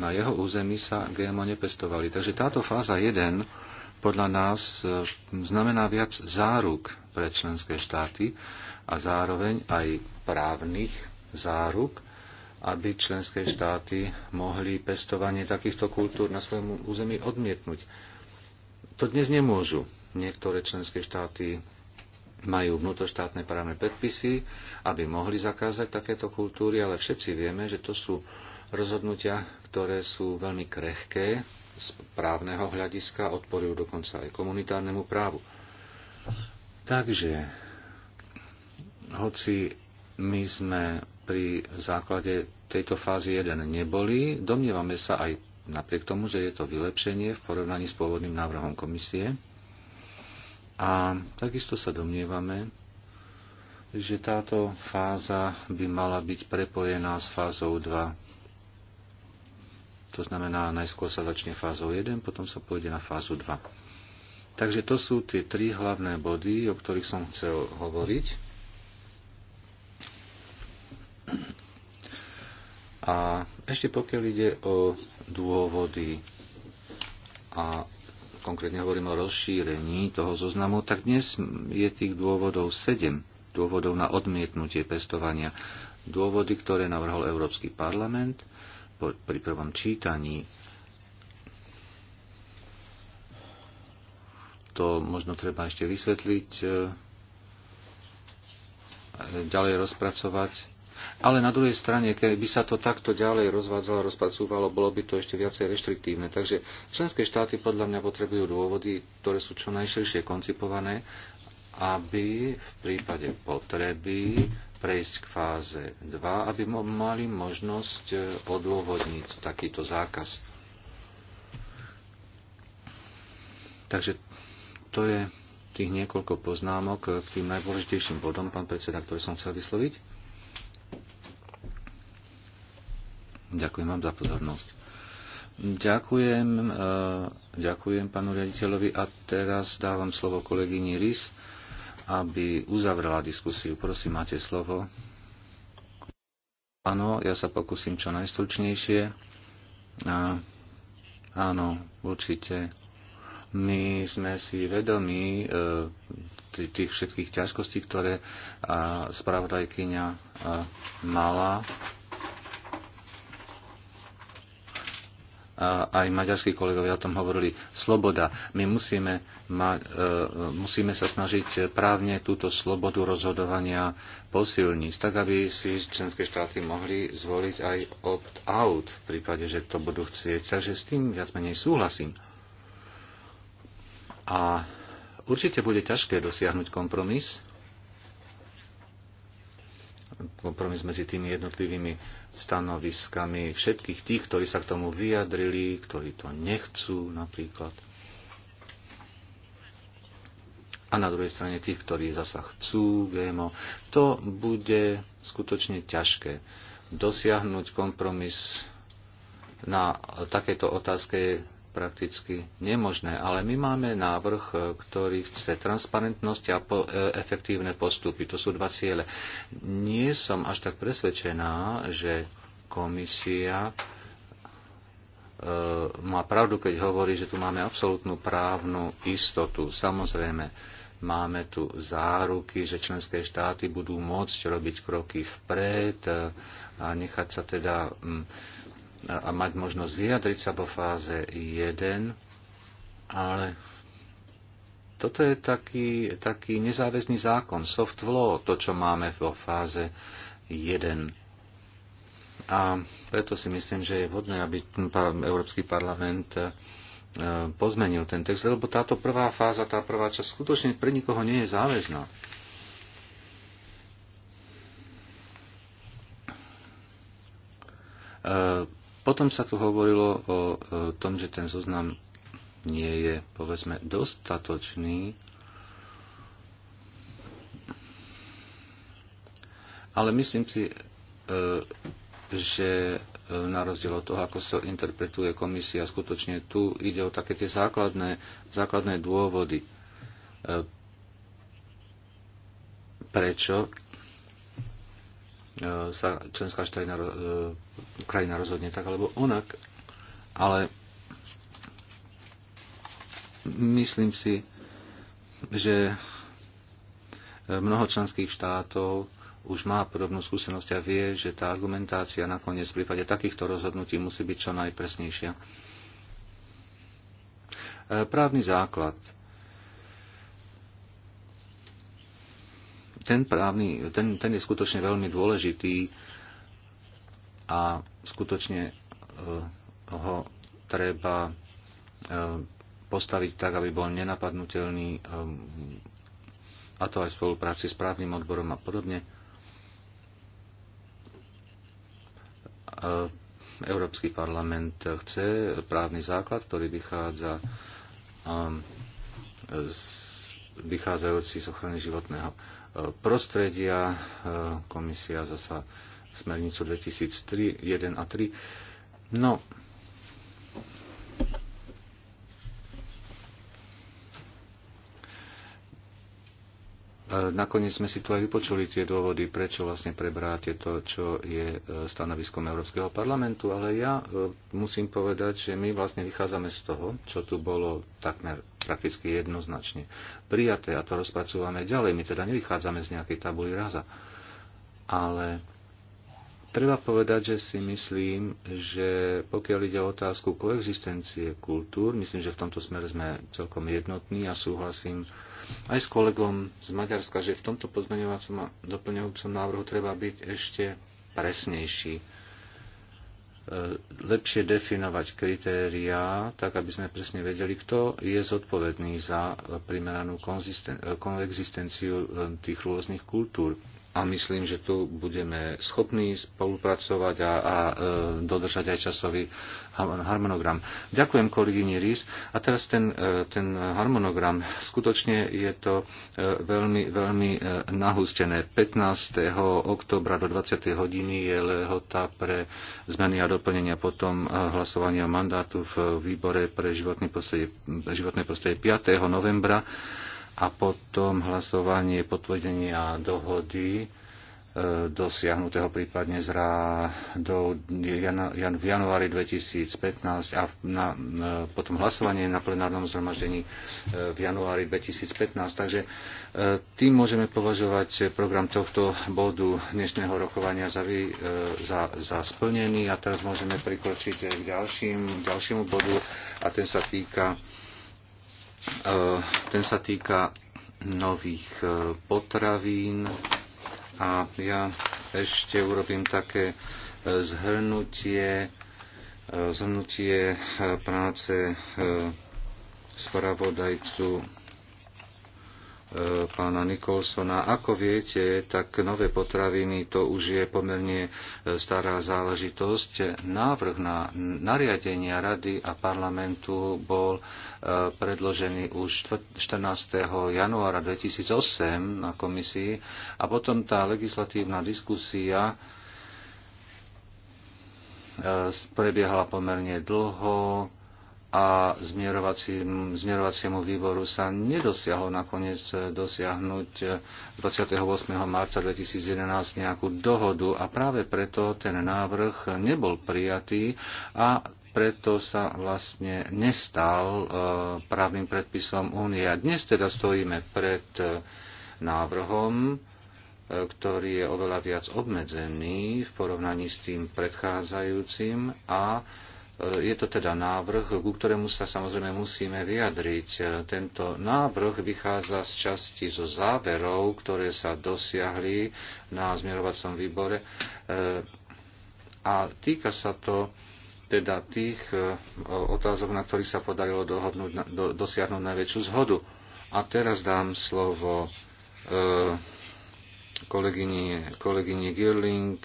na jeho území sa GMO nepestovali. Takže táto fáza 1 podľa nás e, znamená viac záruk pre členské štáty a zároveň aj právnych záruk, aby členské štáty mohli pestovanie takýchto kultúr na svojom území odmietnúť. To dnes nemôžu. Niektoré členské štáty majú vnútroštátne právne predpisy, aby mohli zakázať takéto kultúry, ale všetci vieme, že to sú rozhodnutia, ktoré sú veľmi krehké z právneho hľadiska, odporujú dokonca aj komunitárnemu právu. Takže, hoci my sme pri základe tejto fázy 1 neboli. Domnievame sa aj napriek tomu, že je to vylepšenie v porovnaní s pôvodným návrhom komisie. A takisto sa domnievame, že táto fáza by mala byť prepojená s fázou 2. To znamená, najskôr sa začne fázou 1, potom sa pôjde na fázu 2. Takže to sú tie tri hlavné body, o ktorých som chcel hovoriť. A ešte pokiaľ ide o dôvody a konkrétne hovorím o rozšírení toho zoznamu, tak dnes je tých dôvodov 7 dôvodov na odmietnutie pestovania. Dôvody, ktoré navrhol Európsky parlament pri prvom čítaní to možno treba ešte vysvetliť, e, ďalej rozpracovať. Ale na druhej strane, keby sa to takto ďalej rozvádzalo, rozpracúvalo, bolo by to ešte viacej reštriktívne. Takže členské štáty podľa mňa potrebujú dôvody, ktoré sú čo najširšie koncipované, aby v prípade potreby prejsť k fáze 2, aby mali možnosť e, odôvodniť takýto zákaz. Takže to je tých niekoľko poznámok k tým najdôležitejším bodom, pán predseda, ktoré som chcel vysloviť. Ďakujem vám za pozornosť. Ďakujem, eh, ďakujem pánu riaditeľovi a teraz dávam slovo kolegyni Rys, aby uzavrela diskusiu. Prosím, máte slovo. Áno, ja sa pokúsim čo najstručnejšie. A, áno, určite. My sme si vedomi e, eh, tých všetkých ťažkostí, ktoré a, spravodajkyňa a, eh, mala aj maďarskí kolegovia o tom hovorili, sloboda. My musíme, ma, e, musíme sa snažiť právne túto slobodu rozhodovania posilniť, tak aby si členské štáty mohli zvoliť aj opt-out v prípade, že to budú chcieť. Takže s tým viac menej súhlasím. A určite bude ťažké dosiahnuť kompromis, kompromis medzi tými jednotlivými stanoviskami všetkých tých, ktorí sa k tomu vyjadrili, ktorí to nechcú napríklad. A na druhej strane tých, ktorí zasa chcú GMO. To bude skutočne ťažké dosiahnuť kompromis na takéto otázke prakticky nemožné. Ale my máme návrh, e, ktorý chce transparentnosť a po, e, efektívne postupy. To sú dva ciele. Nie som až tak presvedčená, že komisia e, má pravdu, keď hovorí, že tu máme absolútnu právnu istotu. Samozrejme, máme tu záruky, že členské štáty budú môcť robiť kroky vpred e, a nechať sa teda... M, a mať možnosť vyjadriť sa vo fáze 1, ale toto je taký, taký nezáväzný zákon, soft law, to, čo máme vo fáze 1. A preto si myslím, že je vhodné, aby Európsky parlament e, pozmenil ten text, lebo táto prvá fáza, tá prvá časť skutočne pre nikoho nie je záväzná. E, potom sa tu hovorilo o tom, že ten zoznam nie je, povedzme, dostatočný, ale myslím si, e, že e, na rozdiel od toho, ako sa interpretuje komisia, skutočne tu ide o také tie základné, základné dôvody, e, prečo E, sa členská štajna, e, krajina rozhodne tak alebo onak, ale myslím si, že mnoho členských štátov už má podobnú skúsenosť a vie, že tá argumentácia nakoniec v prípade takýchto rozhodnutí musí byť čo najpresnejšia. E, právny základ ten právny, ten, ten je skutočne veľmi dôležitý a skutočne e, ho treba e, postaviť tak, aby bol nenapadnutelný e, a to aj v spolupráci s právnym odborom a podobne. Európsky parlament chce právny základ, ktorý vychádza z, vychádzajúci z ochrany životného prostredia. E, komisia zasa smernicu 2003, 1 a 3. No, e, Nakoniec sme si tu aj vypočuli tie dôvody, prečo vlastne prebráte to, čo je e, stanoviskom Európskeho parlamentu, ale ja musím povedať, že my vlastne vychádzame z toho, čo tu bolo takmer prakticky jednoznačne prijaté a to rozpracúvame ďalej. My teda nevychádzame z nejakej tabuly raza. Ale treba povedať, že si myslím, že pokiaľ ide o otázku koexistencie kultúr, myslím, že v tomto smere sme celkom jednotní a súhlasím aj s kolegom z Maďarska, že v tomto pozmeňovacom a doplňujúcom návrhu treba byť ešte presnejší E, lepšie definovať kritériá, tak aby sme presne vedeli, kto je zodpovedný za primeranú e, koexistenciu e, tých rôznych kultúr a myslím, že tu budeme schopní spolupracovať a, a e, dodržať aj časový harmonogram. Ďakujem kolegyni Rís. A teraz ten, e, ten harmonogram. Skutočne je to e, veľmi, veľmi e, 15. oktobra do 20. hodiny je lehota pre zmeny a doplnenia potom e, hlasovania mandátu v výbore pre životné prostredie 5. novembra a potom hlasovanie potvrdenia dohody e, dosiahnutého prípadne z rádou v januári 2015 a na, e, potom hlasovanie na plenárnom zhromaždení e, v januári 2015. Takže tým môžeme považovať program tohto bodu dnešného rokovania za, vy, za, za splnený a teraz môžeme prikročiť k ďalším, ďalšiemu bodu a ten sa týka Eh, ten sa týka nových eh, potravín a ja ešte urobím také eh, zhrnutie, zhrnutie práce spravodajcu E, pána Nikolsona. Ako viete, tak nové potraviny to už je pomerne e, stará záležitosť. Návrh na nariadenia Rady a parlamentu bol e, predložený už 14. januára 2008 na komisii a potom tá legislatívna diskusia prebiehala pomerne dlho, a zmierovaciemu výboru sa nedosiahol nakoniec e, dosiahnuť 28. E, marca 2011 nejakú dohodu a práve preto ten návrh nebol prijatý a preto sa vlastne nestal e, právnym predpisom únie. A dnes teda stojíme pred návrhom, ktorý je oveľa viac obmedzený v porovnaní s tým predchádzajúcim a E, je to teda návrh, ku ktorému sa samozrejme musíme vyjadriť. E, tento návrh vychádza z časti zo záverov, ktoré sa dosiahli na zmierovacom výbore e, a týka sa to teda tých otázok, na ktorých sa podarilo dohodnúť, do, dosiahnuť najväčšiu zhodu. A teraz dám slovo kolegyni, kolegyni Girling,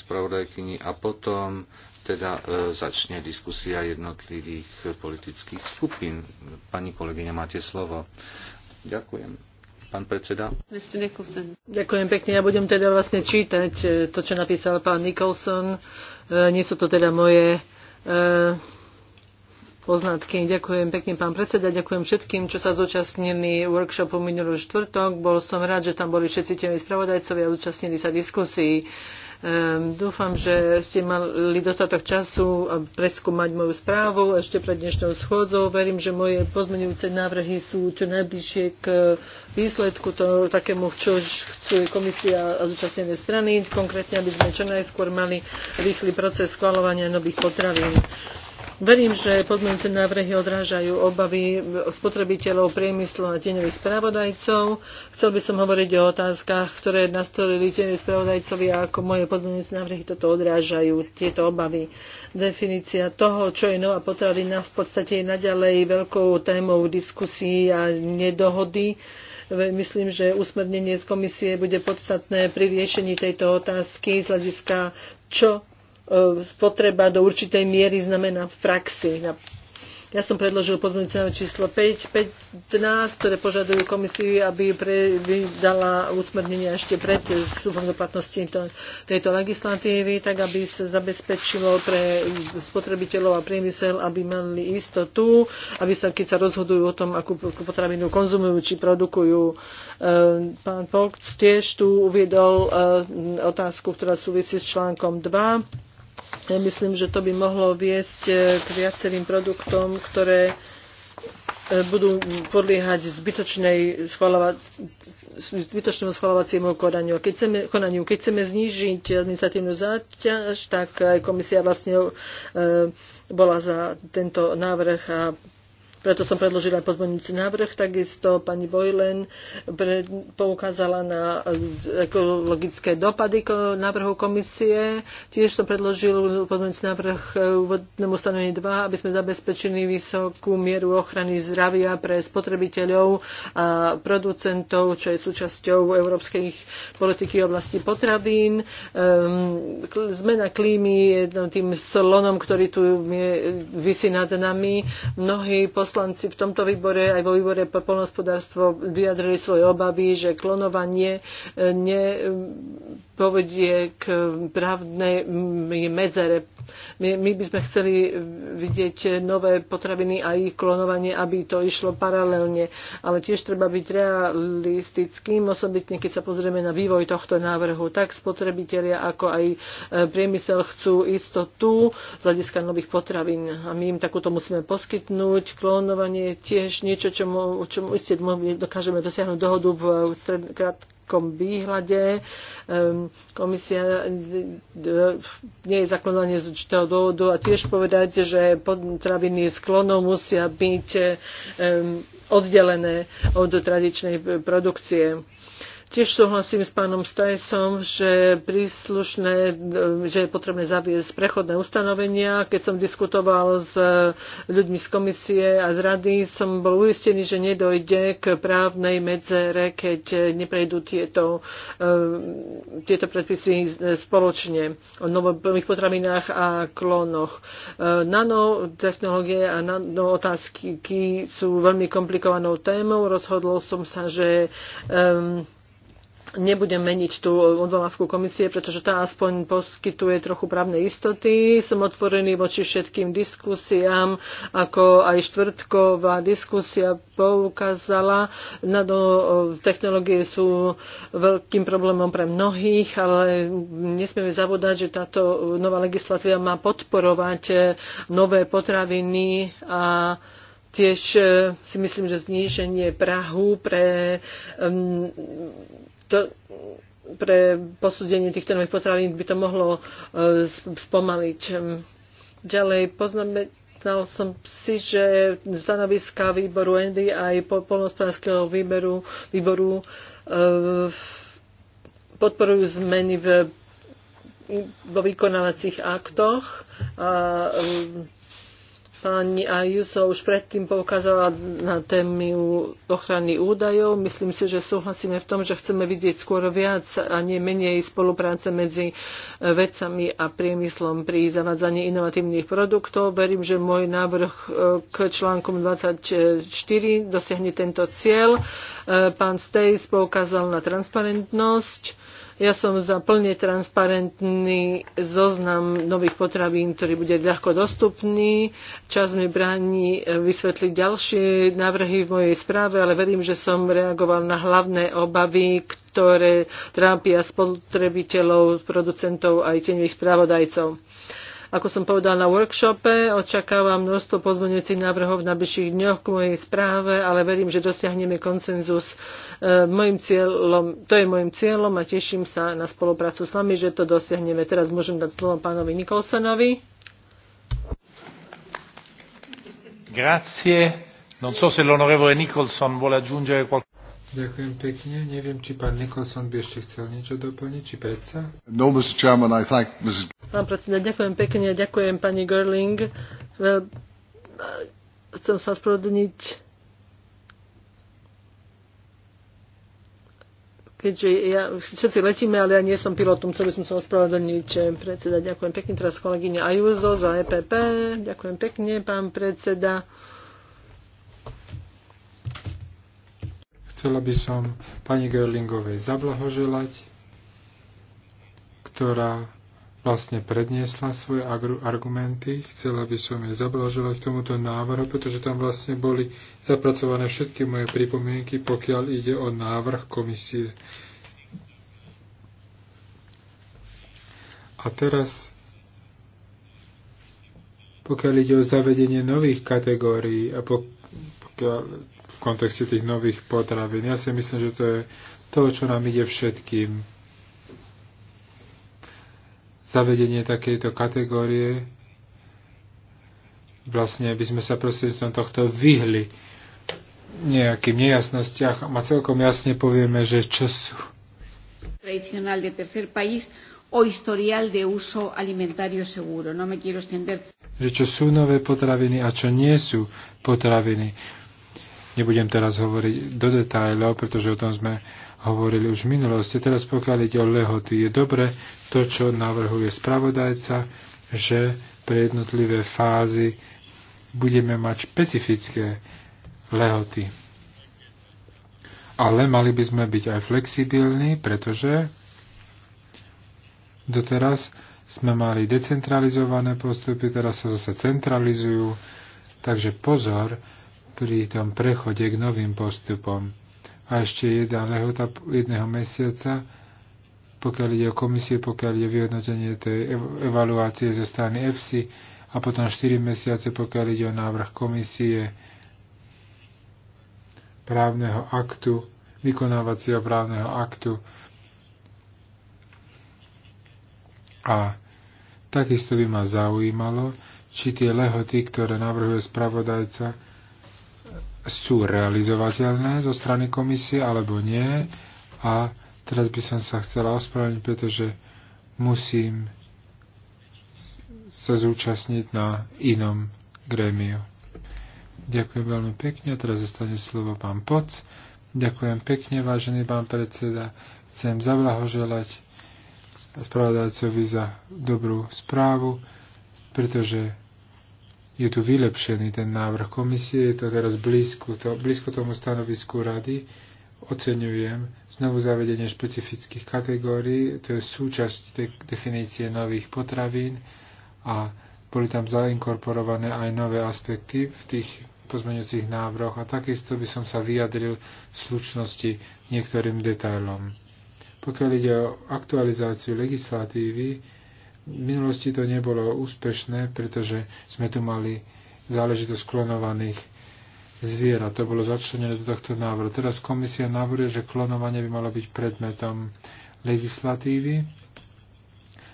spravodajkyni a potom teda e, začne diskusia jednotlivých politických skupín. Pani kolegyňa, máte slovo. Ďakujem pán predseda. Ďakujem pekne. Ja budem teda vlastne čítať e, to, čo napísal pán Nicholson. E, nie sú to teda moje poznatky. Ďakujem pekne, pán predseda. Ďakujem všetkým, čo sa zúčastnili workshopu minulý štvrtok. Bol som rád, že tam boli všetci tie spravodajcovia a zúčastnili sa diskusii. Ehm, dúfam, že ste mali dostatok času preskúmať moju správu ešte pred dnešnou schôdzou. Verím, že moje pozmenujúce návrhy sú čo najbližšie k výsledku to, takému, čo chcú komisia a zúčastnené strany. Konkrétne, aby sme čo najskôr mali rýchly proces schvalovania nových potravín. Verím, že pozmeňujúce návrhy odrážajú obavy spotrebiteľov, priemyslu a tieňových spravodajcov. Chcel by som hovoriť o otázkach, ktoré nastolili tieňoví spravodajcovi a ako moje pozmeňujúce návrhy toto odrážajú, tieto obavy. Definícia toho, čo je nová potravina, v podstate je naďalej veľkou témou diskusí a nedohody myslím, že usmernenie z komisie bude podstatné pri riešení tejto otázky z hľadiska, čo E, spotreba do určitej miery znamená v praxi. Ja som predložil pozmeňujúce návrh číslo 5, 15, ktoré požadujú komisiu, aby pre, vydala usmernenia ešte pred vstupom do platnosti to, tejto legislatívy, tak aby sa zabezpečilo pre spotrebiteľov a priemysel, aby mali istotu, aby sa, keď sa rozhodujú o tom, akú potravinu konzumujú či produkujú. E, pán Polk tiež tu uviedol e, otázku, ktorá súvisí s článkom 2 ja myslím, že to by mohlo viesť e, k viacerým produktom, ktoré e, budú podliehať zbytočnej schvalova- zbytočnému schvalovaciemu konaniu. Keď chceme, konaniu. Keď chceme znížiť administratívnu záťaž, tak aj komisia vlastne e, bola za tento návrh a preto som predložila pozmeňujúci návrh. Takisto pani Bojlen poukázala na e, ekologické dopady návrhu komisie. Tiež som predložil pozmeňujúci návrh e, úvodnému stanovení 2, aby sme zabezpečili vysokú mieru ochrany zdravia pre spotrebiteľov a producentov, čo je súčasťou európskej politiky v oblasti potravín. Ehm, zmena klímy je tým slonom, ktorý tu vysí nad nami. Mnohí post- poslanci v tomto výbore aj vo výbore pre poľnohospodárstvo vyjadrili svoje obavy, že klonovanie eh, ne povedie k právnej medzere. My, my by sme chceli vidieť nové potraviny a ich klonovanie, aby to išlo paralelne. Ale tiež treba byť realistickým, osobitne keď sa pozrieme na vývoj tohto návrhu. Tak spotrebitelia ako aj e, priemysel chcú istotu z hľadiska nových potravín. A my im takúto musíme poskytnúť. Klonovanie je tiež niečo, čo, čomu iste dokážeme dosiahnuť dohodu v stred, krát, krátkom výhľade komisia eh, nie je zakonanie z určitého dôvodu a tiež povedať, že potraviny sklonov musia byť oddelené od tradičnej produkcie. Tiež súhlasím s pánom Stajsom, že, príslušné, že je potrebné zaviesť prechodné ustanovenia. Keď som diskutoval s ľuďmi z komisie a z rady, som bol uistený, že nedojde k právnej medzere, keď neprejdú tieto, eh, tieto predpisy spoločne o nových potravinách a klónoch. Eh, nanotechnológie a nanootázky sú veľmi komplikovanou témou. Rozhodol som sa, že Nebudem meniť tú odvolávku komisie, pretože tá aspoň poskytuje trochu právnej istoty. Som otvorený voči všetkým diskusiám, ako aj štvrtková diskusia poukázala. Na do, e, technológie sú veľkým problémom pre mnohých, ale nesmieme zabúdať, že táto nová legislatíva má podporovať e, nové potraviny a tiež e, si myslím, že zníženie Prahu pre um, to, pre posúdenie týchto nových potravín by to mohlo e, spomaliť. Ďalej poznáme Znal som si, že stanoviska výboru Endy aj polnospodárskeho výboru, e, výboru podporujú zmeny v, vo vykonávacích aktoch a e, Pani Ajuso už predtým poukázala na tému ochrany údajov. Myslím si, že súhlasíme v tom, že chceme vidieť skôr viac a nie menej spolupráce medzi e, vedcami a priemyslom pri zavádzaní inovatívnych produktov. Verím, že môj návrh e, k článkom 24 dosiahne tento cieľ. E, pán Stejs poukázal na transparentnosť ja som za plne transparentný zoznam nových potravín, ktorý bude ľahko dostupný. Čas mi bráni vysvetliť ďalšie návrhy v mojej správe, ale verím, že som reagoval na hlavné obavy, ktoré trápia spotrebiteľov, producentov aj tenových správodajcov. Ako som povedal na workshope, očakávam množstvo pozmeňujúcich návrhov v najbližších dňoch k mojej správe, ale verím, že dosiahneme konsenzus. E, mojim cieľom, to je môjim cieľom a teším sa na spoluprácu s vami, že to dosiahneme. Teraz môžem dať slovo pánovi Nikolsonovi. Grazie. Non so se l'onorevole Nicholson vuole aggiungere qualcosa. Ďakujem pekne. Neviem, či pán Nikolson by ešte chcel niečo doplniť, či predsa? No, Mr. Chairman, I thank Mrs. Pán predseda, ďakujem pekne. Ďakujem pani Gerling. Chcem sa sprodniť. keďže ja, všetci letíme, ale ja nie som pilotom, chcel by som sa ospravedlniť. Eh, predseda, ďakujem pekne. Teraz kolegyňa Ajuzo za EPP. Ďakujem pekne, pán predseda. Chcela by som pani Gerlingovej zablahoželať, ktorá vlastne predniesla svoje argumenty. Chcela by som jej zablahoželať k tomuto návrhu, pretože tam vlastne boli zapracované všetky moje pripomienky, pokiaľ ide o návrh komisie. A teraz, pokiaľ ide o zavedenie nových kategórií a pokiaľ kontexte tých nových potravín. Ja si myslím, že to je to, čo nám ide všetkým. Zavedenie takejto kategórie vlastne by sme sa prostredníctvom tohto vyhli nejakým nejasnostiach a celkom jasne povieme, že čo sú. Tradicional de tercer país o historial de uso alimentario seguro. No me quiero extender. Že čo sú nové potraviny a čo nie sú potraviny Nebudem teraz hovoriť do detajlov, pretože o tom sme hovorili už v minulosti. Teraz pokiaľ ide o lehoty, je dobre to, čo navrhuje spravodajca, že pre jednotlivé fázy budeme mať špecifické lehoty. Ale mali by sme byť aj flexibilní, pretože doteraz sme mali decentralizované postupy, teraz sa zase centralizujú. Takže pozor, pri tom prechode k novým postupom. A ešte jedna lehota jedného mesiaca, pokiaľ ide o komisie, pokiaľ ide o vyhodnotenie tej evaluácie zo strany EFSI a potom 4 mesiace, pokiaľ ide o návrh komisie právneho aktu, vykonávacieho právneho aktu. A takisto by ma zaujímalo, či tie lehoty, ktoré navrhuje spravodajca, sú realizovateľné zo strany komisie alebo nie. A teraz by som sa chcela ospravedlniť, pretože musím sa zúčastniť na inom grémiu. Ďakujem veľmi pekne. teraz zostane slovo pán Poc. Ďakujem pekne, vážený pán predseda. Chcem zablahoželať spravodajcovi za dobrú správu, pretože je tu vylepšený ten návrh komisie, je to teraz blízko, to, blízko tomu stanovisku rady. Oceňujem znovu zavedenie špecifických kategórií, to je súčasť tej definície nových potravín a boli tam zainkorporované aj nové aspekty v tých pozmeňujúcich návrhoch a takisto by som sa vyjadril v slučnosti niektorým detailom. Pokiaľ ide o aktualizáciu legislatívy, v minulosti to nebolo úspešné, pretože sme tu mali záležitosť klonovaných zvierat. To bolo začlenené do tohto návrhu. Teraz komisia navrhuje, že klonovanie by malo byť predmetom legislatívy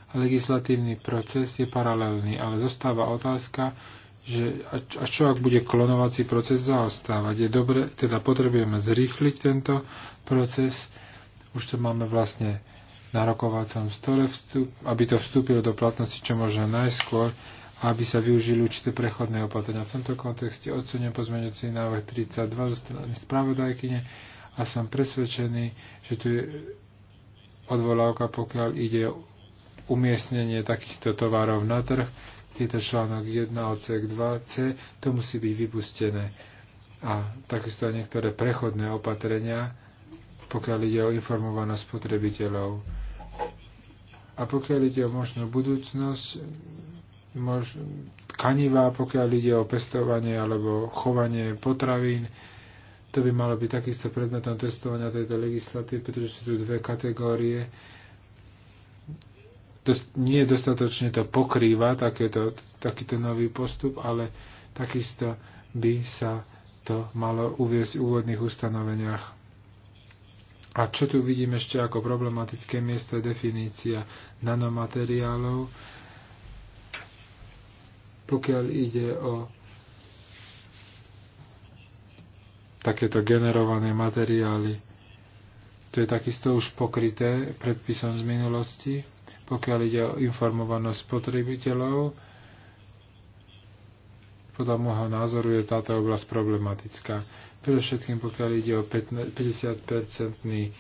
a legislatívny proces je paralelný, ale zostáva otázka, že a čo ak bude klonovací proces zaostávať? Je dobre, teda potrebujeme zrýchliť tento proces, už to máme vlastne na rokovacom stole, vstup, aby to vstúpilo do platnosti čo možno najskôr, aby sa využili určité prechodné opatrenia. V tomto kontexte ocenujem pozmeňujúci návrh 32 zo strany spravodajkyne a som presvedčený, že tu je odvolávka, pokiaľ ide o umiestnenie takýchto tovarov na trh. Je to článok 1 odsek 2c, to musí byť vypustené. A takisto aj niektoré prechodné opatrenia, pokiaľ ide o informovanosť spotrebiteľov a pokiaľ ide o možnú budúcnosť, mož, kanivá, pokiaľ ide o pestovanie alebo chovanie potravín, to by malo byť takisto predmetom testovania tejto legislatívy, pretože sú tu dve kategórie. Dos, nie dostatočne to pokrýva takéto, takýto nový postup, ale takisto by sa to malo uviezť v úvodných ustanoveniach a čo tu vidím ešte ako problematické miesto je definícia nanomateriálov. Pokiaľ ide o takéto generované materiály, to je takisto už pokryté predpisom z minulosti. Pokiaľ ide o informovanosť spotrebiteľov, podľa môjho názoru je táto oblasť problematická Predovšetkým pokiaľ ide o 50-percentný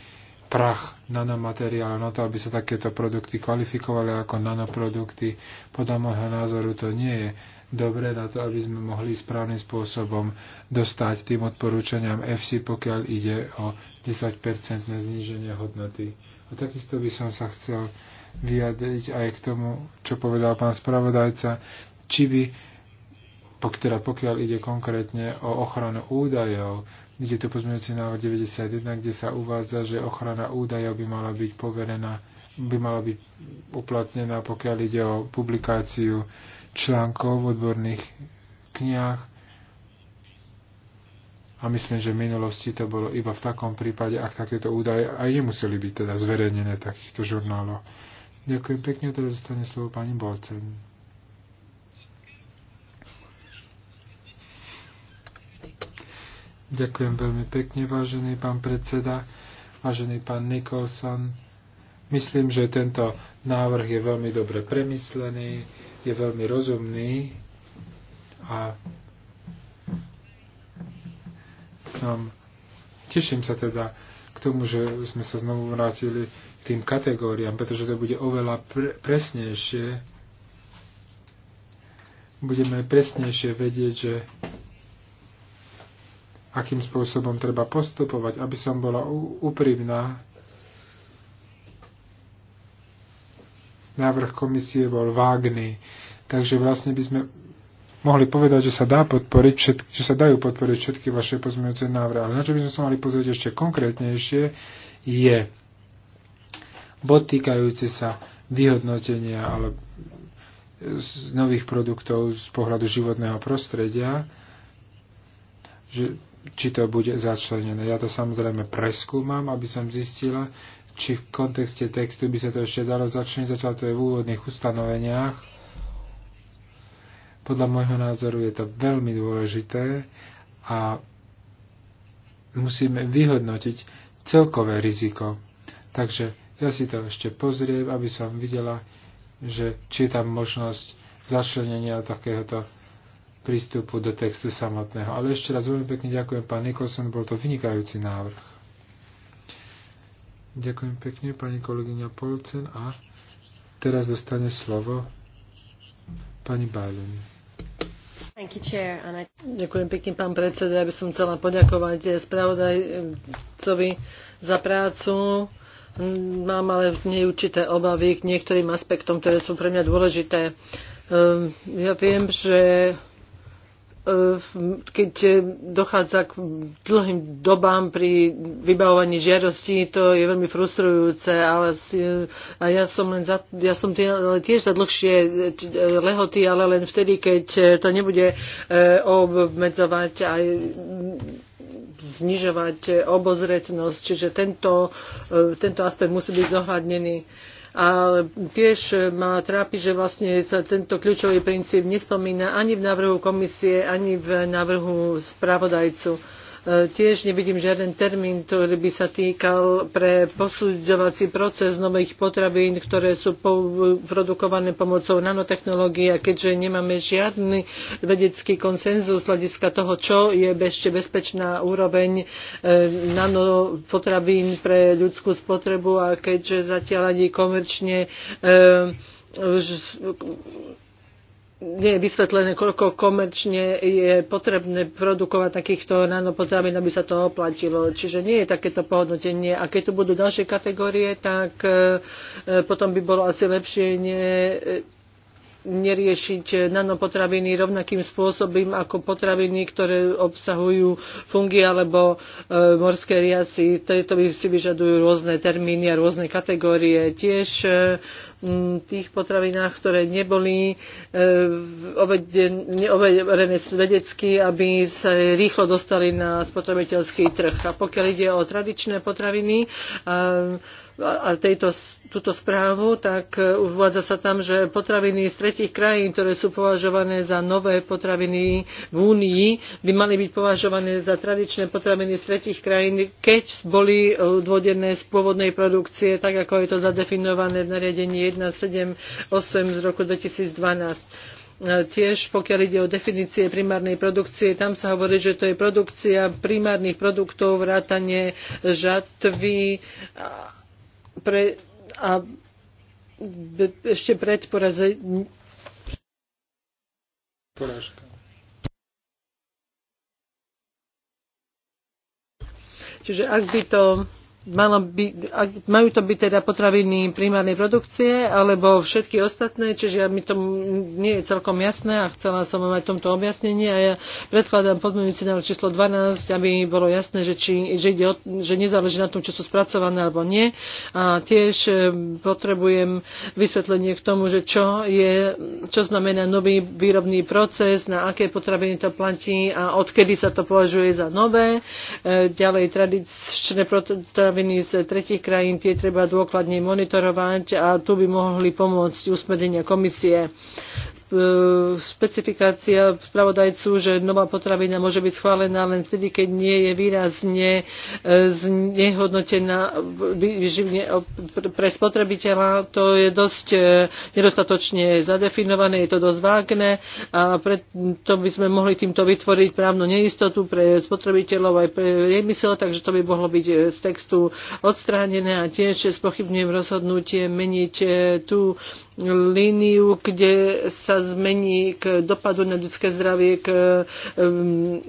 prach nanomateriálu na to, aby sa takéto produkty kvalifikovali ako nanoprodukty. Podľa môjho názoru to nie je dobre na to, aby sme mohli správnym spôsobom dostať tým odporúčaniam FC, pokiaľ ide o 10% zníženie hodnoty. A takisto by som sa chcel vyjadriť aj k tomu, čo povedal pán spravodajca, či by teda pokiaľ ide konkrétne o ochranu údajov, ide tu pozmeňujúci návrh 91, kde sa uvádza, že ochrana údajov by mala byť poverená, by mala byť uplatnená, pokiaľ ide o publikáciu článkov v odborných knihách. A myslím, že v minulosti to bolo iba v takom prípade, ak takéto údaje aj nemuseli byť teda zverejnené v takýchto žurnáloch. Ďakujem pekne, teraz zostane slovo pani Bolcen. Ďakujem veľmi pekne, vážený pán predseda, vážený pán Nicholson. Myslím, že tento návrh je veľmi dobre premyslený, je veľmi rozumný a som, teším sa teda k tomu, že sme sa znovu vrátili k tým kategóriám, pretože to bude oveľa pre, presnejšie. Budeme presnejšie vedieť, že akým spôsobom treba postupovať, aby som bola úprimná. Návrh komisie bol vágný, takže vlastne by sme mohli povedať, že sa, dá podporiť všetky, že sa dajú podporiť všetky vaše pozmeňujúce návrhy. Ale na čo by sme sa mali pozrieť ešte konkrétnejšie, je bod týkajúci sa vyhodnotenia ale z nových produktov z pohľadu životného prostredia, že či to bude začlenené. Ja to samozrejme preskúmam, aby som zistila, či v kontexte textu by sa to ešte dalo začleniť. Zatiaľ to je v úvodných ustanoveniach. Podľa môjho názoru je to veľmi dôležité a musíme vyhodnotiť celkové riziko. Takže ja si to ešte pozriem, aby som videla, že či je tam možnosť začlenenia takéhoto prístupu do textu samotného. Ale ešte raz veľmi pekne ďakujem, pán Nikolson, bol to vynikajúci návrh. Ďakujem pekne, pani kolegyňa Polcen. A teraz dostane slovo pani Bajlen. Ďakujem pekne, pán predseda. Ja by som chcela poďakovať eh, spravodajcovi za prácu. Mám ale neurčité obavy k niektorým aspektom, ktoré sú pre mňa dôležité. Ehm, ja viem, že E, keď dochádza k dlhým dobám pri vybavovaní žiarostí, to je veľmi frustrujúce, ale a ja som, len za, ja som tiež za dlhšie e, e, lehoty, ale len vtedy, keď to nebude obmedzovať aj znižovať obozretnosť, čiže tento, tento aspekt musí byť zohľadnený. A tiež ma trápi, že vlastne sa tento kľúčový princíp nespomína ani v návrhu komisie, ani v návrhu spravodajcu. Tiež nevidím žiaden termín, ktorý by sa týkal pre posúďovací proces nových potravín, ktoré sú produkované pomocou nanotechnológií a keďže nemáme žiadny vedecký konsenzus hľadiska toho, čo je ešte bezpečná úroveň e, nanopotravín pre ľudskú spotrebu a keďže zatiaľ ani komerčne e, už nie je vysvetlené, koľko komerčne je potrebné produkovať takýchto nanopotravín, aby sa to oplatilo. Čiže nie je takéto pohodnotenie. A keď tu budú ďalšie kategórie, tak eh, potom by bolo asi lepšie nie neriešiť nanopotraviny rovnakým spôsobom ako potraviny, ktoré obsahujú fungy alebo e, morské riasy. Tieto si vyžadujú rôzne termíny a rôzne kategórie. Tiež e, tých potravinách, ktoré neboli e, overené vedecky, aby sa rýchlo dostali na spotrebiteľský trh. A pokiaľ ide o tradičné potraviny, a tejto, túto správu, tak e, uvádza sa tam, že potraviny z tretich krajín, ktoré sú považované za nové potraviny v Únii, by mali byť považované za tradičné potraviny z tretich krajín, keď boli e, odvodené z pôvodnej produkcie, tak ako je to zadefinované v nariadení 178 z roku 2012 e, tiež pokiaľ ide o definície primárnej produkcie, tam sa hovorí, že to je produkcia primárnych produktov, vrátanie žatvy pre, a be, ešte pred porazením porážka. Čiže ak by to malo by, majú to byť teda potraviny primárnej produkcie alebo všetky ostatné, čiže ja mi to nie je celkom jasné a chcela som mať tomto objasnenie a ja predkladám podmienujúci návrh číslo 12, aby bolo jasné, že, či, že, ide o, že nezáleží na tom, čo sú spracované alebo nie. A tiež e, potrebujem vysvetlenie k tomu, že čo, je, čo znamená nový výrobný proces, na aké potraviny to platí a odkedy sa to považuje za nové. E, ďalej tradičné potraviny potraviny z tretich krajín, tie treba dôkladne monitorovať a tu by mohli pomôcť usmernenia komisie. E, specifikácia spravodajcu, že nová potravina môže byť schválená len vtedy, keď nie je výrazne e, znehodnotená pre spotrebiteľa. To je dosť e, nedostatočne zadefinované, je to dosť vágne a preto by sme mohli týmto vytvoriť právnu neistotu pre spotrebiteľov aj pre remysel, takže to by mohlo byť z textu odstránené a tiež spochybňujem rozhodnutie meniť tú líniu, kde sa zmení k dopadu na ľudské zdravie, k um,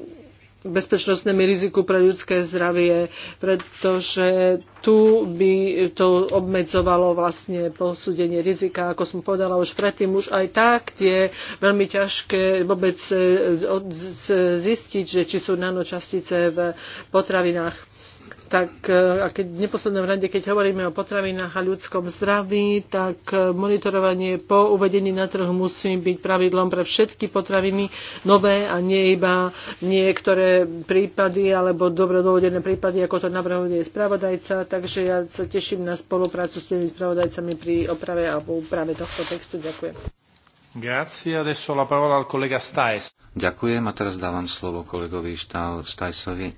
bezpečnostnému riziku pre ľudské zdravie, pretože tu by to obmedzovalo vlastne posúdenie rizika, ako som povedala už predtým, už aj tak je veľmi ťažké vôbec eh, zistiť, že či sú nanočastice v potravinách tak e, a keď v neposlednom rade, keď hovoríme o potravinách a ľudskom zdraví, tak e, monitorovanie po uvedení na trhu musí byť pravidlom pre všetky potraviny nové a nie iba niektoré prípady alebo dobrodôvodené prípady, ako to navrhuje spravodajca. Takže ja sa teším na spoluprácu s tými spravodajcami pri oprave a úprave tohto textu. Ďakujem. Ďakujem a teraz dávam slovo kolegovi Stajsovi.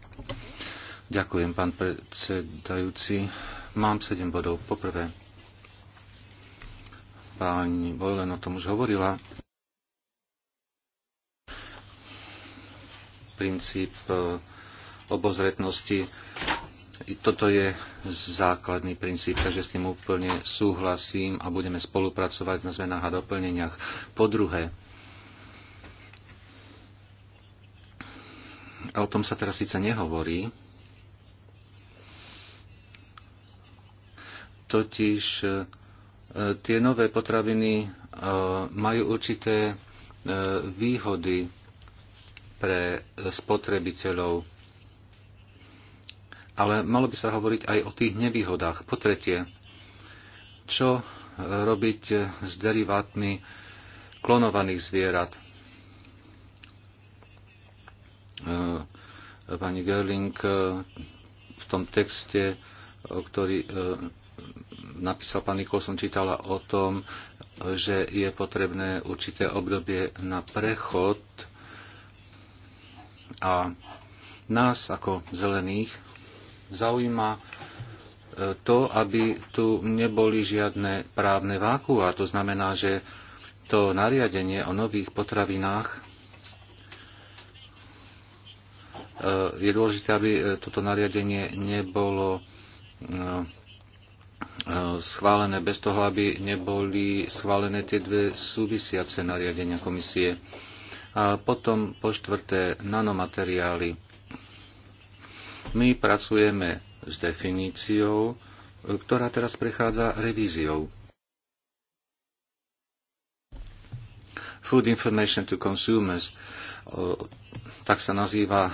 Ďakujem, pán predsedajúci. Mám 7 bodov. Poprvé, pani Bojlen o tom už hovorila. Princíp e, obozretnosti. Toto je základný princíp, takže s tým úplne súhlasím a budeme spolupracovať na zmenách a doplneniach. Po druhé, o tom sa teraz síce nehovorí, Totiž e, tie nové potraviny e, majú určité e, výhody pre spotrebiteľov. Ale malo by sa hovoriť aj o tých nevýhodách. Po tretie, čo robiť s derivátmi klonovaných zvierat? Pani Gerling v tom texte, ktorý napísal pán Nikol, som čítala o tom, že je potrebné určité obdobie na prechod a nás ako zelených zaujíma e, to, aby tu neboli žiadne právne a To znamená, že to nariadenie o nových potravinách e, je dôležité, aby e, toto nariadenie nebolo Eh, schválené bez toho, aby neboli schválené tie dve súvisiace nariadenia komisie. A potom po štvrté nanomateriály. My pracujeme s definíciou, eh, ktorá teraz prechádza revíziou. Food Information to Consumers, eh, tak sa nazýva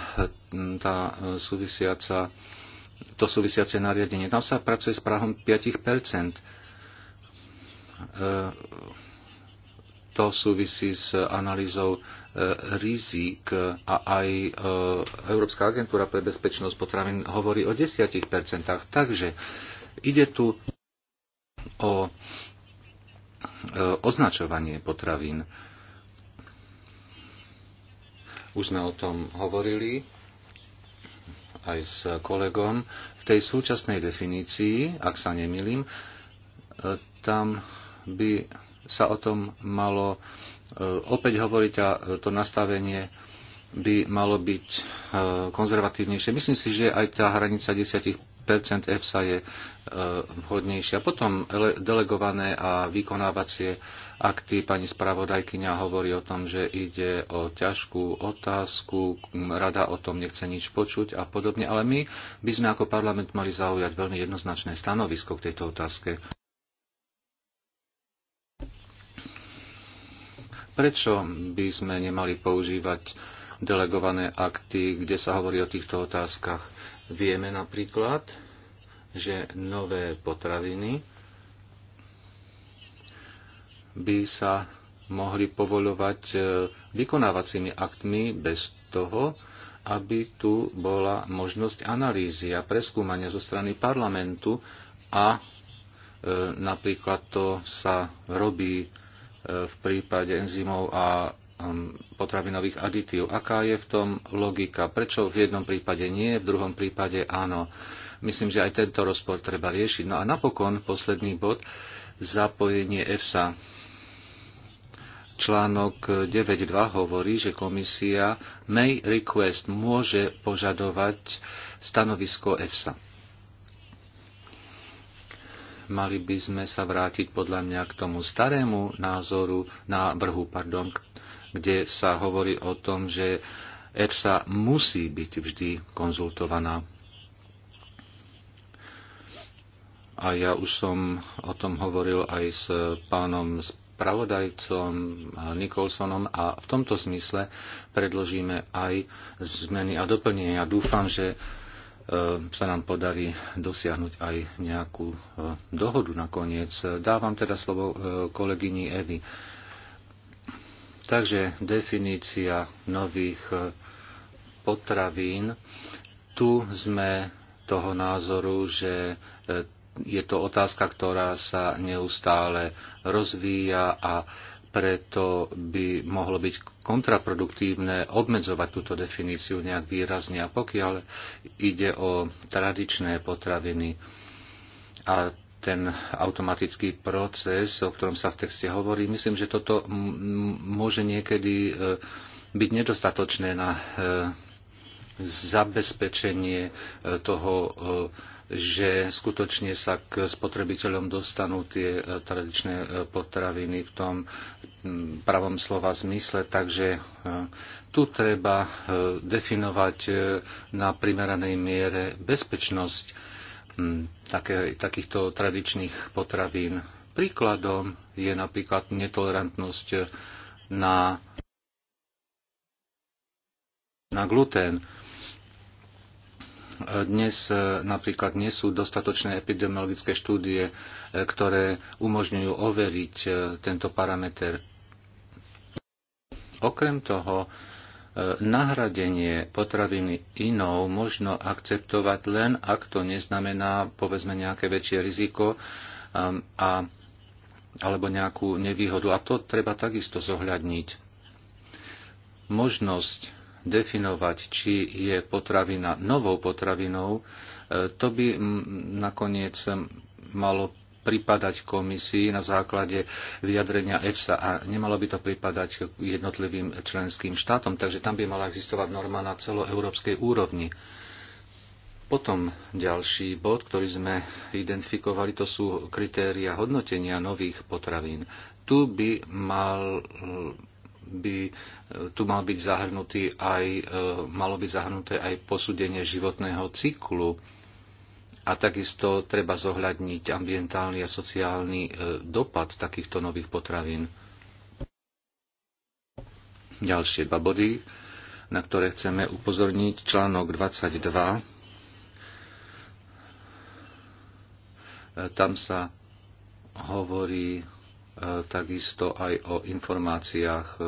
hm, tá súvisiaca to súvisiace nariadenie. Tam sa pracuje s prahom 5 e, To súvisí s analýzou e, rizik a aj e, Európska agentúra pre bezpečnosť potravín hovorí o 10 Takže ide tu o označovanie potravín. Už sme o tom hovorili aj s kolegom. V tej súčasnej definícii, ak sa nemilím, e, tam by sa o tom malo e, opäť hovoriť a to nastavenie by malo byť e, konzervatívnejšie. Myslím si, že aj tá hranica Percent EFSA je eh, vhodnejšia. Potom delegované a vykonávacie akty. Pani spravodajkyňa hovorí o tom, že ide o ťažkú otázku, rada o tom nechce nič počuť a podobne, ale my by sme ako parlament mali zaujať veľmi jednoznačné stanovisko k tejto otázke. Prečo by sme nemali používať delegované akty, kde sa hovorí o týchto otázkach? Vieme napríklad, že nové potraviny by sa mohli povoľovať e, vykonávacími aktmi bez toho, aby tu bola možnosť analýzy a preskúmania zo strany parlamentu a e, napríklad to sa robí e, v prípade enzymov a Um, potravinových aditív. Aká je v tom logika? Prečo v jednom prípade nie, v druhom prípade áno? Myslím, že aj tento rozpor treba riešiť. No a napokon posledný bod, zapojenie EFSA. Článok 9.2 hovorí, že komisia may request môže požadovať stanovisko EFSA. Mali by sme sa vrátiť podľa mňa k tomu starému názoru, návrhu, pardon, kde sa hovorí o tom, že EPSA musí byť vždy konzultovaná. A ja už som o tom hovoril aj s pánom spravodajcom Nikolsonom a v tomto zmysle predložíme aj zmeny a doplnenia. Dúfam, že e, sa nám podarí dosiahnuť aj nejakú e, dohodu nakoniec. Dávam teda slovo e, kolegyni Evi. Takže definícia nových e, potravín. Tu sme toho názoru, že e, je to otázka, ktorá sa neustále rozvíja a preto by mohlo byť kontraproduktívne obmedzovať túto definíciu nejak výrazne. A pokiaľ ide o tradičné potraviny, a ten automatický proces, o ktorom sa v texte hovorí, myslím, že toto môže niekedy e, byť nedostatočné na e, zabezpečenie e, toho, že skutočne sa k spotrebiteľom dostanú tie tradičné potraviny v tom pravom slova zmysle. Takže tu treba definovať na primeranej miere bezpečnosť Mm, také, takýchto tradičných potravín. Príkladom je napríklad netolerantnosť na, na glutén. Dnes e, napríklad nie sú dostatočné epidemiologické štúdie, e, ktoré umožňujú overiť e, tento parameter. Okrem toho, E, nahradenie potraviny inou možno akceptovať len, ak to neznamená, povedzme, nejaké väčšie riziko e, a, alebo nejakú nevýhodu. A to treba takisto zohľadniť. Možnosť definovať, či je potravina novou potravinou, e, to by nakoniec malo pripadať komisii na základe vyjadrenia EFSA a nemalo by to pripadať jednotlivým členským štátom, takže tam by mala existovať norma na celoeurópskej úrovni. Potom ďalší bod, ktorý sme identifikovali, to sú kritéria hodnotenia nových potravín. Tu by mal by tu mal byť zahrnutý aj, e, malo byť zahrnuté aj posúdenie životného cyklu a takisto treba zohľadniť ambientálny a sociálny e, dopad takýchto nových potravín. Ďalšie dva body, na ktoré chceme upozorniť, článok 22 e, Tam sa hovorí e, takisto aj o informáciách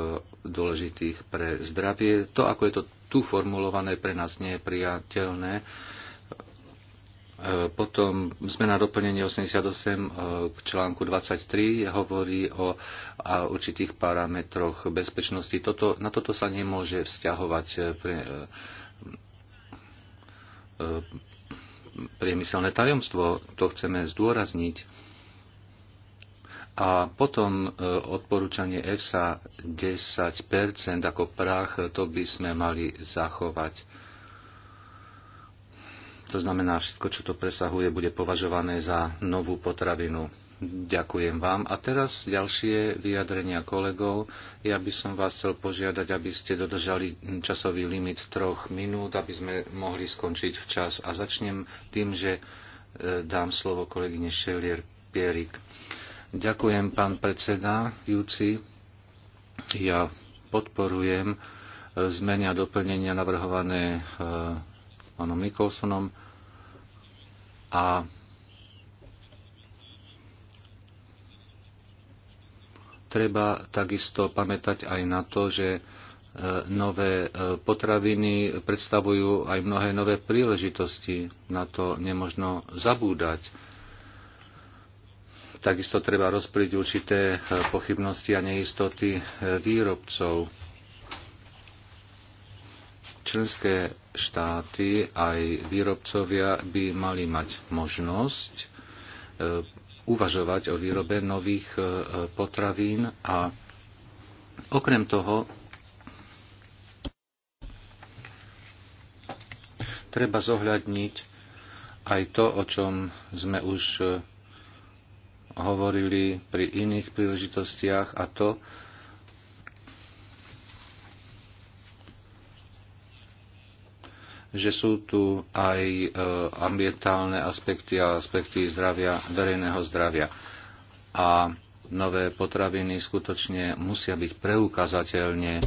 dôležitých pre zdravie. To, ako je to tu formulované, pre nás nie je priateľné. E, potom zmena doplnenie 88 e, k článku 23 hovorí o určitých parametroch bezpečnosti. Toto, na toto sa nemôže vzťahovať e, pre, priemyselné tajomstvo. To chceme zdôrazniť. A potom odporúčanie EFSA 10% ako prach, to by sme mali zachovať to znamená, všetko, čo to presahuje, bude považované za novú potravinu. Ďakujem vám. A teraz ďalšie vyjadrenia kolegov. Ja by som vás chcel požiadať, aby ste dodržali časový limit troch minút, aby sme mohli skončiť včas. A začnem tým, že e, dám slovo kolegyne Šelier Pierik. Ďakujem, pán predseda Júci. Ja podporujem e, zmenia a doplnenia navrhované e, pánom Nikolsonom a treba takisto pamätať aj na to, že e, nové e, potraviny predstavujú aj mnohé nové príležitosti. Na to nemožno zabúdať. Takisto treba rozpriť určité e, pochybnosti a neistoty výrobcov Členské štáty aj výrobcovia by mali mať možnosť e, uvažovať o výrobe nových e, potravín a okrem toho treba zohľadniť aj to, o čom sme už e, hovorili pri iných príležitostiach a to, že sú tu aj e, ambientálne aspekty a aspekty zdravia, verejného zdravia. A nové potraviny skutočne musia byť preukazateľne e,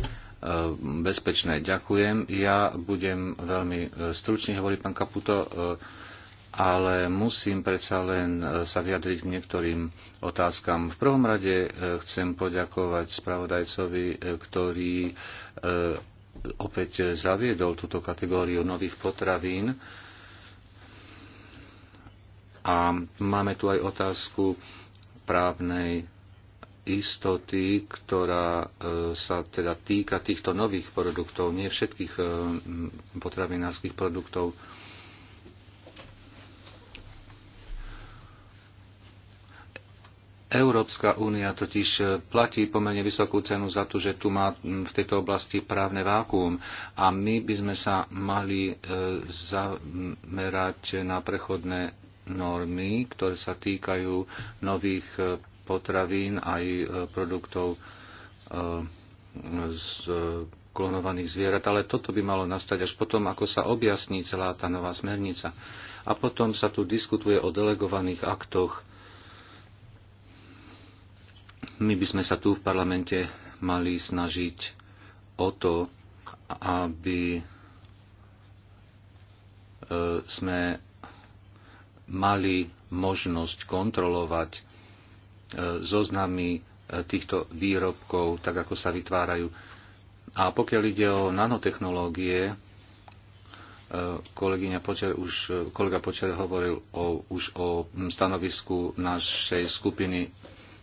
bezpečné. Ďakujem. Ja budem veľmi e, stručný, hovorí pán Kaputo, ale musím predsa len sa vyjadriť k niektorým otázkam. V prvom rade chcem poďakovať spravodajcovi, ktorý opäť zaviedol túto kategóriu nových potravín. A máme tu aj otázku právnej istoty, ktorá e, sa teda týka týchto nových produktov, nie všetkých e, potravinárskych produktov. Európska únia totiž e, platí pomerne vysokú cenu za to, že tu má v tejto oblasti právne vákuum a my by sme sa mali e, zamerať na prechodné normy, ktoré sa týkajú nových e, potravín aj produktov z klonovaných zvierat, ale toto by malo nastať až potom, ako sa objasní celá tá nová smernica. A potom sa tu diskutuje o delegovaných aktoch my by sme sa tu v parlamente mali snažiť o to, aby e, sme mali možnosť kontrolovať e, zoznamy e, týchto výrobkov, tak ako sa vytvárajú. A pokiaľ ide o nanotechnológie, kolegyňa Počer, už, kolega Počer hovoril o, už o stanovisku našej skupiny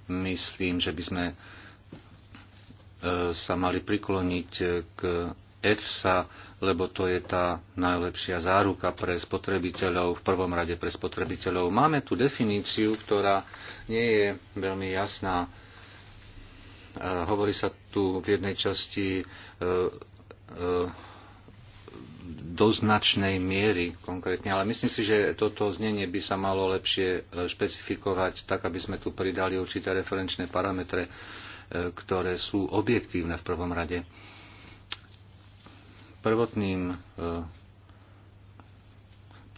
myslím, že by sme e, sa mali prikloniť e, k EFSA, lebo to je tá najlepšia záruka pre spotrebiteľov, v prvom rade pre spotrebiteľov. Máme tu definíciu, ktorá nie je veľmi jasná. E, hovorí sa tu v jednej časti do značnej miery konkrétne, ale myslím si, že toto znenie by sa malo lepšie e, špecifikovať tak, aby sme tu pridali určité referenčné parametre, e, ktoré sú objektívne v prvom rade. Prvotným e,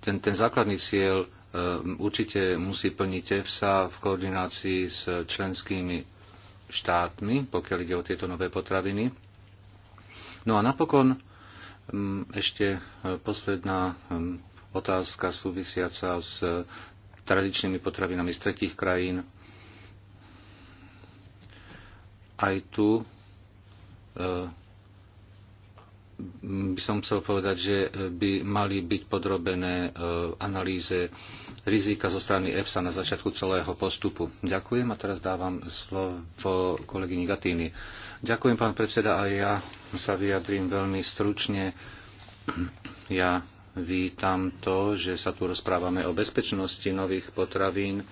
ten, ten základný cieľ určite musí plniť EFSA v koordinácii s členskými štátmi, pokiaľ ide o tieto nové potraviny. No a napokon Mm, ešte e, posledná mm, otázka súvisiaca s e, tradičnými potravinami z tretich krajín. Aj tu e, mm, by som chcel povedať, že by mali byť podrobené analýze rizika zo strany EPSA na začiatku celého postupu. Ďakujem a teraz dávam slovo kolegyni Gatíny. Ďakujem, pán predseda, a ja sa vyjadrím veľmi stručne. Ja vítam to, že sa tu rozprávame o bezpečnosti nových potravín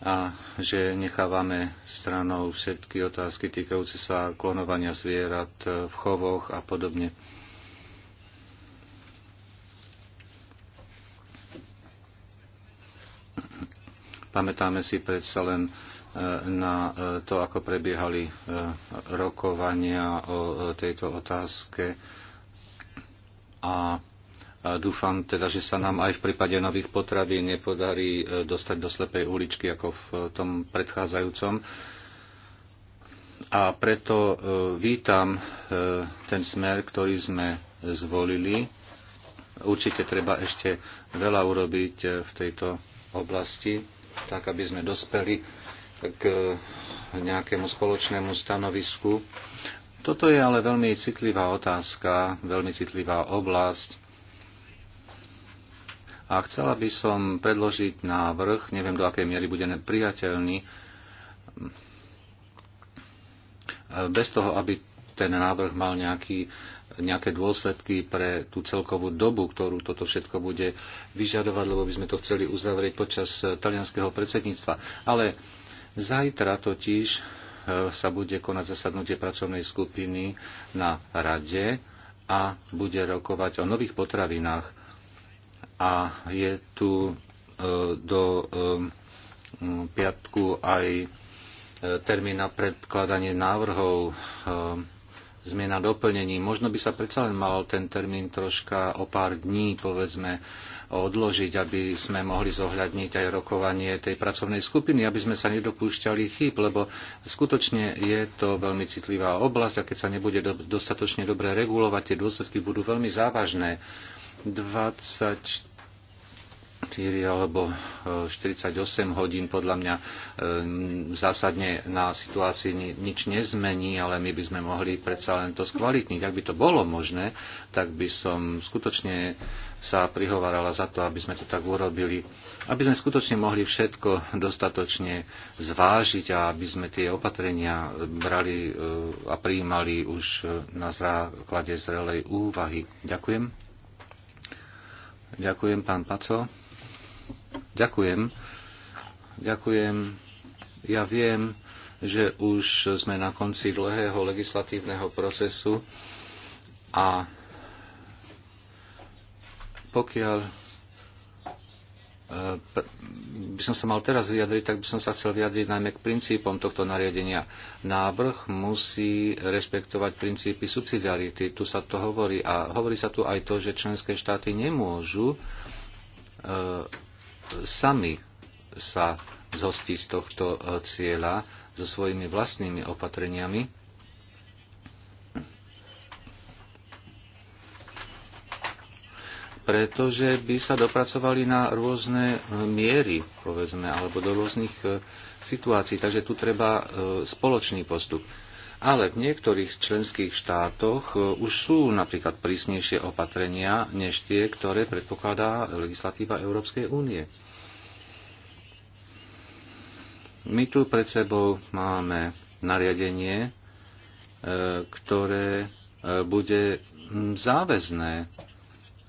a že nechávame stranou všetky otázky týkajúce sa klonovania zvierat v chovoch a podobne. Pamätáme si predsa len na eh, to, ako prebiehali eh, rokovania o eh, tejto otázke. A dúfam teda, že sa nám aj v prípade nových potravín nepodarí dostať do slepej uličky ako v tom predchádzajúcom. A preto vítam ten smer, ktorý sme zvolili. Určite treba ešte veľa urobiť v tejto oblasti, tak aby sme dospeli k nejakému spoločnému stanovisku. Toto je ale veľmi citlivá otázka, veľmi citlivá oblasť. A chcela by som predložiť návrh, neviem do akej miery bude priateľný, bez toho, aby ten návrh mal nejaký, nejaké dôsledky pre tú celkovú dobu, ktorú toto všetko bude vyžadovať, lebo by sme to chceli uzavrieť počas talianského predsedníctva. Ale Zajtra totiž e, sa bude konať zasadnutie pracovnej skupiny na rade a bude rokovať o nových potravinách. A je tu e, do e, piatku aj termín na predkladanie návrhov zmiena doplnení. Možno by sa predsa len mal ten termín troška o pár dní, povedzme, odložiť, aby sme mohli zohľadniť aj rokovanie tej pracovnej skupiny, aby sme sa nedopúšťali chýb, lebo skutočne je to veľmi citlivá oblasť a keď sa nebude dostatočne dobre regulovať, tie dôsledky budú veľmi závažné. 24 4 alebo 48 e, hodín podľa mňa e, zásadne na situácii nič nezmení, ale my by sme mohli predsa len to skvalitniť. Ak by to bolo možné, tak by som skutočne sa prihovarala za to, aby sme to tak urobili, aby sme skutočne mohli všetko dostatočne zvážiť a aby sme tie opatrenia brali e, a prijímali už na základe zrelej úvahy. Ďakujem. Ďakujem, pán Paco. Ďakujem. Ďakujem. Ja viem, že už sme na konci dlhého legislatívneho procesu a pokiaľ e, by som sa mal teraz vyjadriť, tak by som sa chcel vyjadriť najmä k princípom tohto nariadenia. Návrh musí rešpektovať princípy subsidiarity. Tu sa to hovorí a hovorí sa tu aj to, že členské štáty nemôžu e, sami sa zhostiť tohto e, cieľa so svojimi vlastnými opatreniami. pretože by sa dopracovali na rôzne e, miery, povedzme, alebo do rôznych e, situácií. Takže tu treba spoločný postup. Ale v niektorých členských štátoch e, už sú napríklad prísnejšie opatrenia než tie, ktoré predpokladá legislatíva Európskej únie. My tu pred sebou máme nariadenie, e, ktoré e, bude záväzné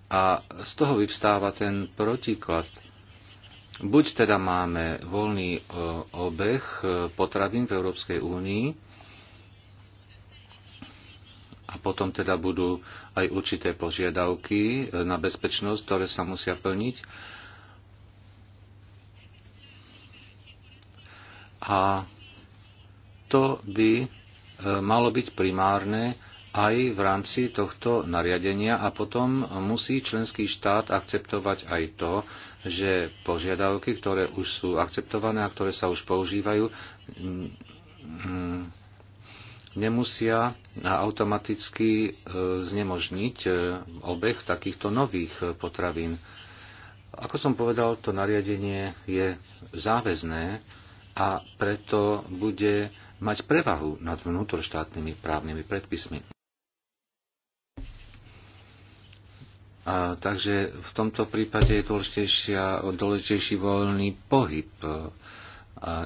a z toho vyvstáva ten protiklad. Buď teda máme voľný obeh potravín v Európskej únii, a potom teda budú aj určité požiadavky e, na bezpečnosť, ktoré sa musia plniť. A to by e, malo byť primárne aj v rámci tohto nariadenia a potom musí členský štát akceptovať aj to, že požiadavky, ktoré už sú akceptované a ktoré sa už používajú, nemusia automaticky e, znemožniť e, obeh takýchto nových e, potravín. Ako som povedal, to nariadenie je záväzné a preto bude mať prevahu nad vnútorštátnymi právnymi predpismi. A, takže v tomto prípade je dôležitejší voľný pohyb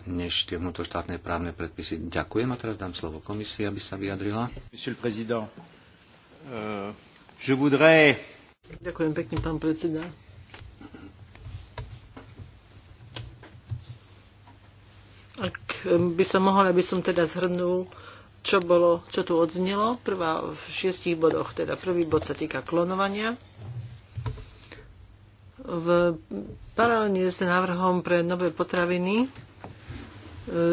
než tie vnútroštátne právne predpisy. Ďakujem a teraz dám slovo komisii, aby sa vyjadrila. Euh, Ďakujem pekne, pán predseda. Ak by som mohol, aby som teda zhrnul, čo, bolo, čo tu odznelo. Prvá v šiestich bodoch, teda prvý bod sa týka klonovania. V, paralelne s návrhom pre nové potraviny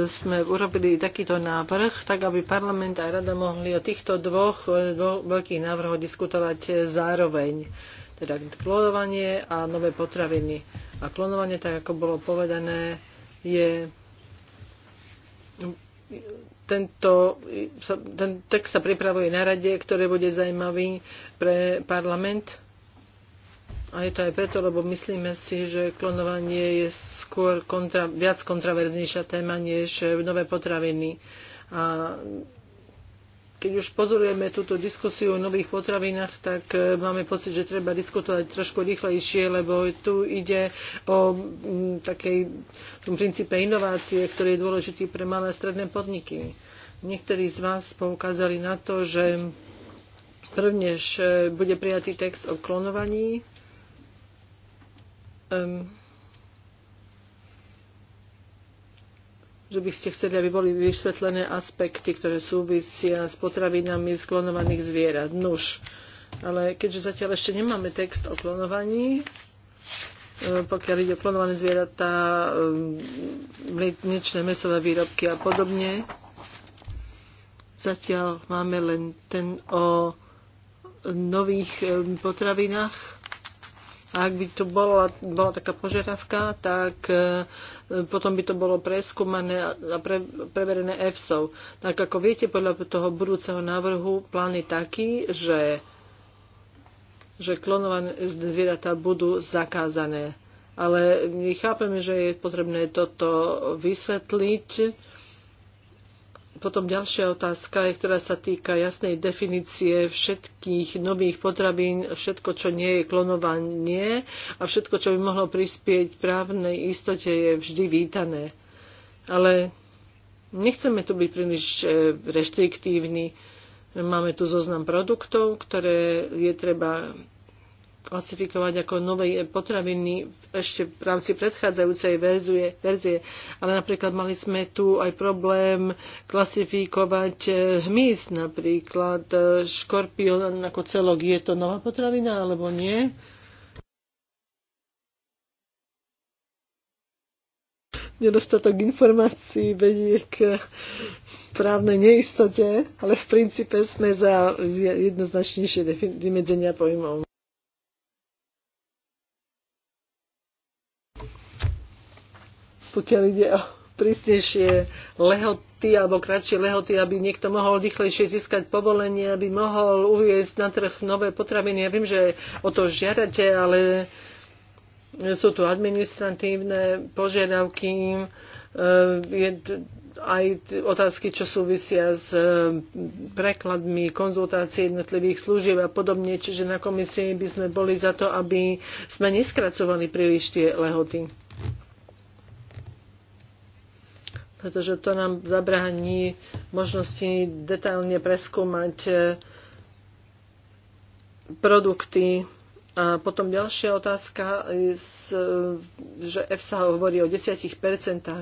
sme urobili takýto návrh, tak aby parlament a rada mohli o týchto dvoch, veľkých návrhoch diskutovať zároveň. Teda klonovanie a nové potraviny. A klonovanie, tak ako bolo povedané, je tento, ten text sa pripravuje na rade, ktoré bude zaujímavý pre parlament a je to aj preto, lebo myslíme si, že klonovanie je skôr kontra, viac kontraverznejšia téma než nové potraviny. A keď už pozorujeme túto diskusiu o nových potravinách, tak e, máme pocit, že treba diskutovať trošku rýchlejšie, lebo tu ide o takej tom princípe inovácie, ktorý je dôležitý pre malé a stredné podniky. Niektorí z vás poukázali na to, že prvnež e, bude prijatý text o klonovaní, um, že by ste chceli, aby boli vysvetlené aspekty, ktoré súvisia s potravinami z klonovaných zvierat. Nuž. Ale keďže zatiaľ ešte nemáme text o klonovaní, e, pokiaľ ide o klonované zvieratá, e, mliečne mesové výrobky a podobne, zatiaľ máme len ten o nových e, potravinách, ak by to bola, bola taká požiadavka, tak e, potom by to bolo preskúmané a pre, preverené EFSO. Tak ako viete, podľa toho budúceho návrhu plán je taký, že, že klonované zvieratá budú zakázané. Ale my chápeme, že je potrebné toto vysvetliť potom ďalšia otázka, ktorá sa týka jasnej definície všetkých nových potravín, všetko, čo nie je klonovanie a všetko, čo by mohlo prispieť právnej istote, je vždy vítané. Ale nechceme tu byť príliš e, reštriktívni. Máme tu zoznam produktov, ktoré je treba klasifikovať ako nové potraviny ešte v rámci predchádzajúcej verzie, verzie. Ale napríklad mali sme tu aj problém klasifikovať e, hmyz, napríklad e, škorpión ako celok. Je to nová potravina alebo nie? Nedostatok informácií vedie k právnej neistote, ale v princípe sme za jednoznačnejšie vymedzenia pojmov. pokiaľ ide o prísnejšie lehoty alebo kratšie lehoty, aby niekto mohol rýchlejšie získať povolenie, aby mohol uviezť na trh nové potraviny. Ja viem, že o to žiadate, ale sú tu administratívne požiadavky, eh, je aj otázky, čo súvisia s eh, prekladmi, konzultácie jednotlivých služieb a podobne. Čiže na komisii by sme boli za to, aby sme neskracovali príliš tie lehoty. pretože to nám zabrání možnosti detailne preskúmať eh, produkty. A potom ďalšia otázka, eh, že EFSA hovorí o 10%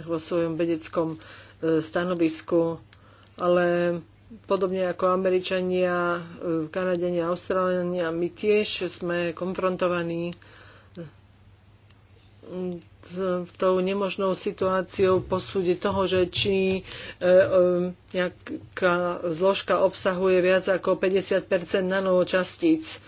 vo svojom vedeckom eh, stanovisku, ale podobne ako Američania, Kanadenia, Austrálenia, my tiež sme konfrontovaní tou nemožnou situáciou posúdiť toho, že či e, e, nejaká zložka obsahuje viac ako 50 nanočastíc.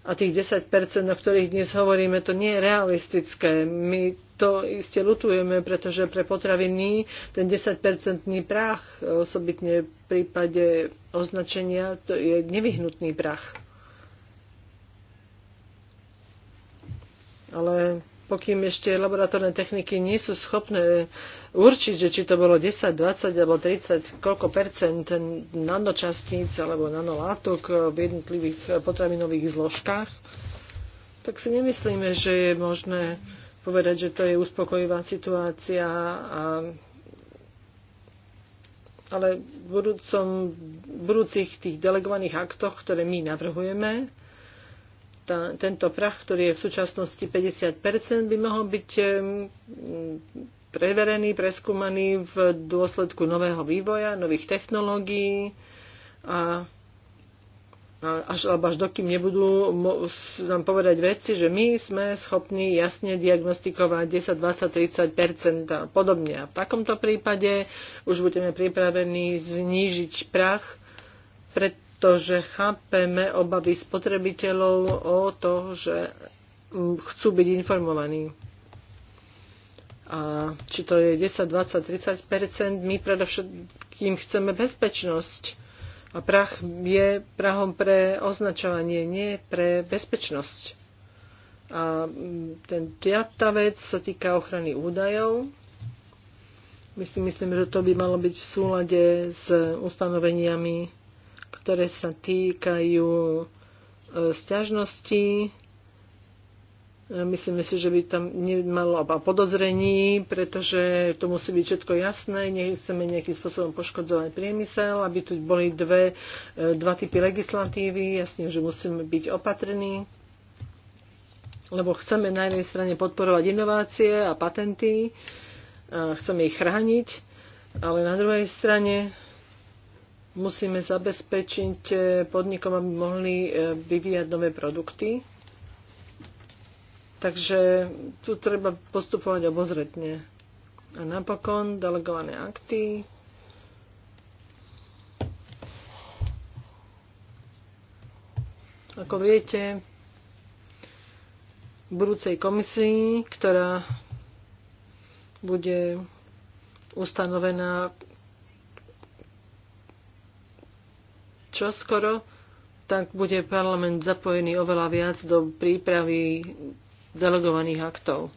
A tých 10 o ktorých dnes hovoríme, to nie je realistické. My to iste lutujeme, pretože pre potraviny ten 10-percentný prach, osobitne v prípade označenia, to je nevyhnutný prach. Ale pokým ešte laboratórne techniky nie sú schopné určiť, že či to bolo 10, 20 alebo 30, koľko percent nanočastíc alebo nanolátok v jednotlivých potravinových zložkách, tak si nemyslíme, že je možné povedať, že to je uspokojivá situácia a ale v budúcom, budúcich tých delegovaných aktoch, ktoré my navrhujeme, tento prach, ktorý je v súčasnosti 50 by mohol byť preverený, preskúmaný v dôsledku nového vývoja, nových technológií a až, alebo až dokým nebudú nám povedať veci, že my sme schopní jasne diagnostikovať 10, 20, 30 a podobne. A v takomto prípade už budeme pripravení znížiť prach, pred, to, že chápeme obavy spotrebiteľov o to, že chcú byť informovaní. A či to je 10, 20, 30 my predovšetkým chceme bezpečnosť. A prach je prahom pre označovanie, nie pre bezpečnosť. A ten piatá vec sa týka ochrany údajov. My si myslím, že to by malo byť v súlade s ustanoveniami ktoré sa týkajú e, sťažnosti. E, Myslím si, že by tam nemalo oba podozrení, pretože to musí byť všetko jasné. Nechceme nejakým spôsobom poškodzovať priemysel, aby tu boli dve, e, dva typy legislatívy. Jasne, že musíme byť opatrní, lebo chceme na jednej strane podporovať inovácie a patenty, a chceme ich chrániť, ale na druhej strane musíme zabezpečiť e, podnikom, aby mohli e, vyvíjať nové produkty. Takže tu treba postupovať obozretne. A napokon delegované akty. Ako viete, v budúcej komisii, ktorá bude ustanovená čoskoro, tak bude parlament zapojený oveľa viac do prípravy delegovaných aktov.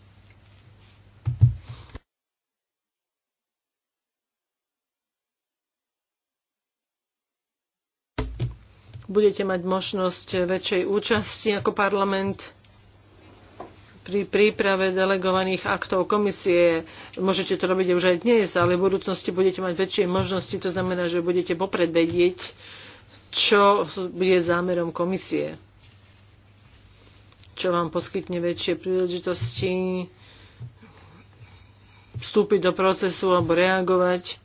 budete mať možnosť väčšej účasti ako parlament pri príprave delegovaných aktov komisie. Môžete to robiť už aj dnes, ale v budúcnosti budete mať väčšie možnosti, to znamená, že budete popredvedieť, čo bude zámerom komisie. Čo vám poskytne väčšie príležitosti vstúpiť do procesu alebo reagovať,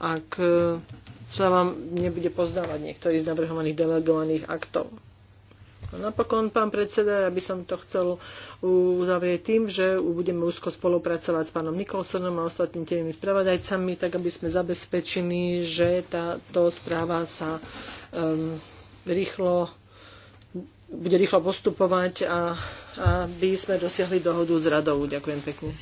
ak sa vám nebude pozdávať niektorý z navrhovaných delegovaných aktov. Napokon, pán predseda, ja by som to chcel uzavrieť tým, že budeme úzko spolupracovať s pánom Nikolsonom a ostatnými tými spravodajcami, tak aby sme zabezpečili, že táto správa sa um, rýchlo bude rýchlo postupovať a aby sme dosiahli dohodu s radou. Ďakujem pekne.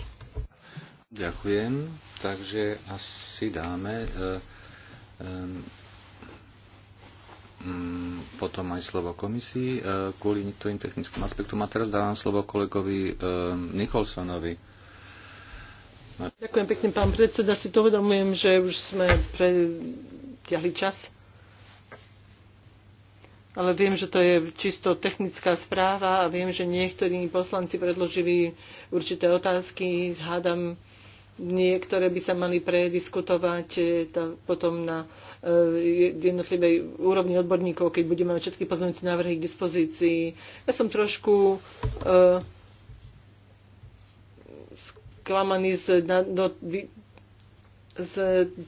Ďakujem. Takže asi dáme eh, ehm, Mm, potom aj slovo komisii e, kvôli niektorým technickým aspektom. A teraz dávam slovo kolegovi e, Nicholsonovi. Ďakujem pekne, pán predseda. Si to uvedomujem, že už sme prediahli čas. Ale viem, že to je čisto technická správa a viem, že niektorí poslanci predložili určité otázky. Hádam, niektoré by sa mali prediskutovať e, potom na Eh, jednotlivej úrovni odborníkov, keď budeme mať všetky poznávacie návrhy k dispozícii. Ja som trošku uh, sklamaný z, na, do, z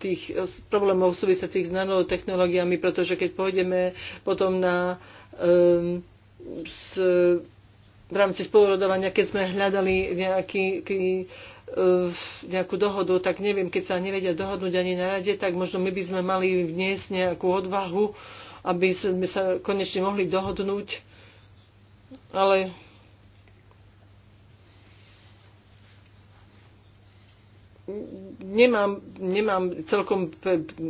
tých z problémov súvisiacich s nanotechnológiami, pretože keď pôjdeme potom na um, s, v rámci spolurodovania, keď sme hľadali nejaký, ký, Eh, nejakú dohodu, tak neviem, keď sa nevedia dohodnúť ani na rade, tak možno my by sme mali vniesť nejakú odvahu, aby sme sa konečne mohli dohodnúť. Ale nemám, nemám celkom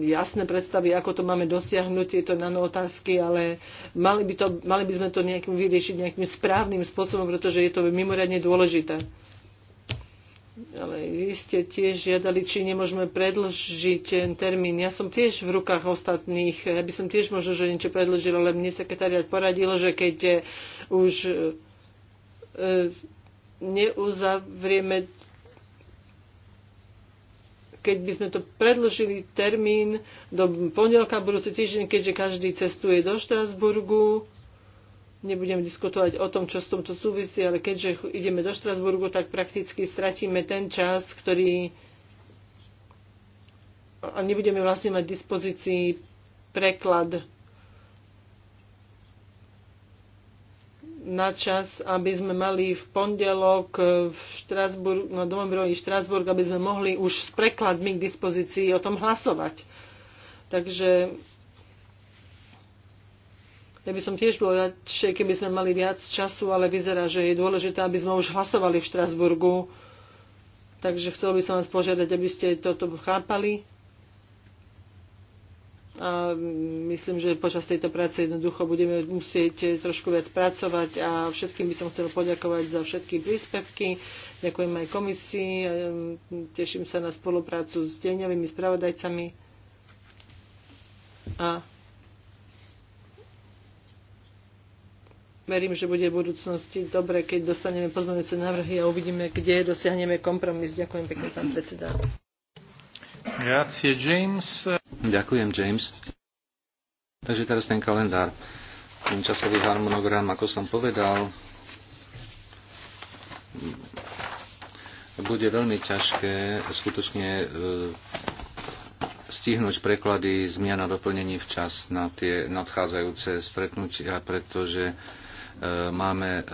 jasné predstavy, ako to máme dosiahnuť, tieto nanootázky, ale mali by, to, mali by sme to nejakým vyriešiť nejakým správnym spôsobom, pretože je to mimoriadne dôležité ale vy ste tiež žiadali, či nemôžeme predlžiť ten termín. Ja som tiež v rukách ostatných, ja by som tiež možno, že niečo predlžil, ale mne sekretariat poradilo, že keď eh, už eh, neuzavrieme, keď by sme to predlžili termín do pondelka budúci týždeň, keďže každý cestuje do Štrasburgu, nebudem diskutovať o tom, čo s tomto súvisí, ale keďže ideme do Štrasburgu, tak prakticky stratíme ten čas, ktorý a nebudeme vlastne mať dispozícii preklad na čas, aby sme mali v pondelok v Štrasburg, na Domom výroji Štrasburg, aby sme mohli už s prekladmi k dispozícii o tom hlasovať. Takže ja by som tiež bol radšej, keby sme mali viac času, ale vyzerá, že je dôležité, aby sme už hlasovali v Štrasburgu. Takže chcel by som vás požiadať, aby ste toto chápali. A myslím, že počas tejto práce jednoducho budeme musieť trošku viac pracovať a všetkým by som chcel poďakovať za všetky príspevky. Ďakujem aj komisii. Um, teším sa na spoluprácu s deňovými spravodajcami. A verím, že bude v budúcnosti dobre, keď dostaneme pozmeňujúce návrhy a uvidíme, kde dosiahneme kompromis. Ďakujem pekne, pán predseda. Grazie, James. Ďakujem, James. Takže teraz ten kalendár. Ten časový harmonogram, ako som povedal, bude veľmi ťažké skutočne e, stihnúť preklady zmien a doplnení včas na tie nadchádzajúce stretnutia, pretože E, máme e,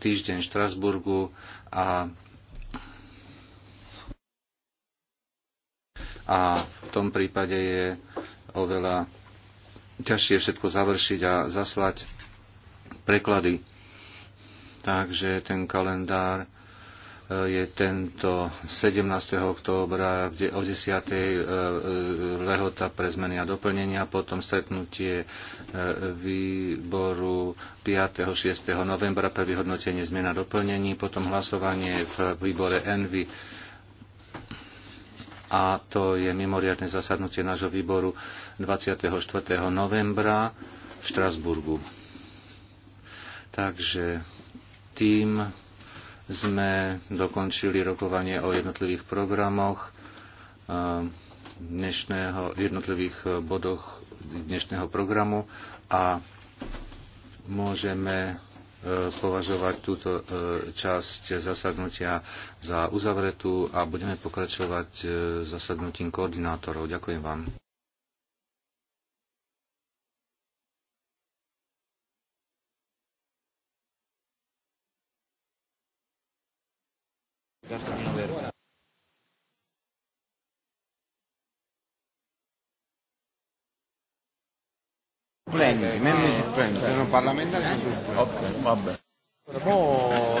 týždeň v Štrasburgu a a v tom prípade je oveľa ťažšie všetko završiť a zaslať preklady. Takže ten kalendár E, je tento 17. októbra, kde o 10. E, e, lehota pre zmeny a doplnenia, potom stretnutie výboru 5. 6. novembra pre vyhodnotenie zmien a doplnení, potom hlasovanie v výbore ENVY a to je mimoriadne zasadnutie nášho výboru 24. novembra v Štrasburgu. Takže tým sme dokončili rokovanie o jednotlivých programoch dnešného, jednotlivých e, bodoch dnešného programu a môžeme e, považovať túto e, časť zasadnutia za uzavretú a budeme pokračovať zasadnutím koordinátorov. Ďakujem vám. Prendi, nemmeno si prende, sono parlamentari. Ok, vabbè.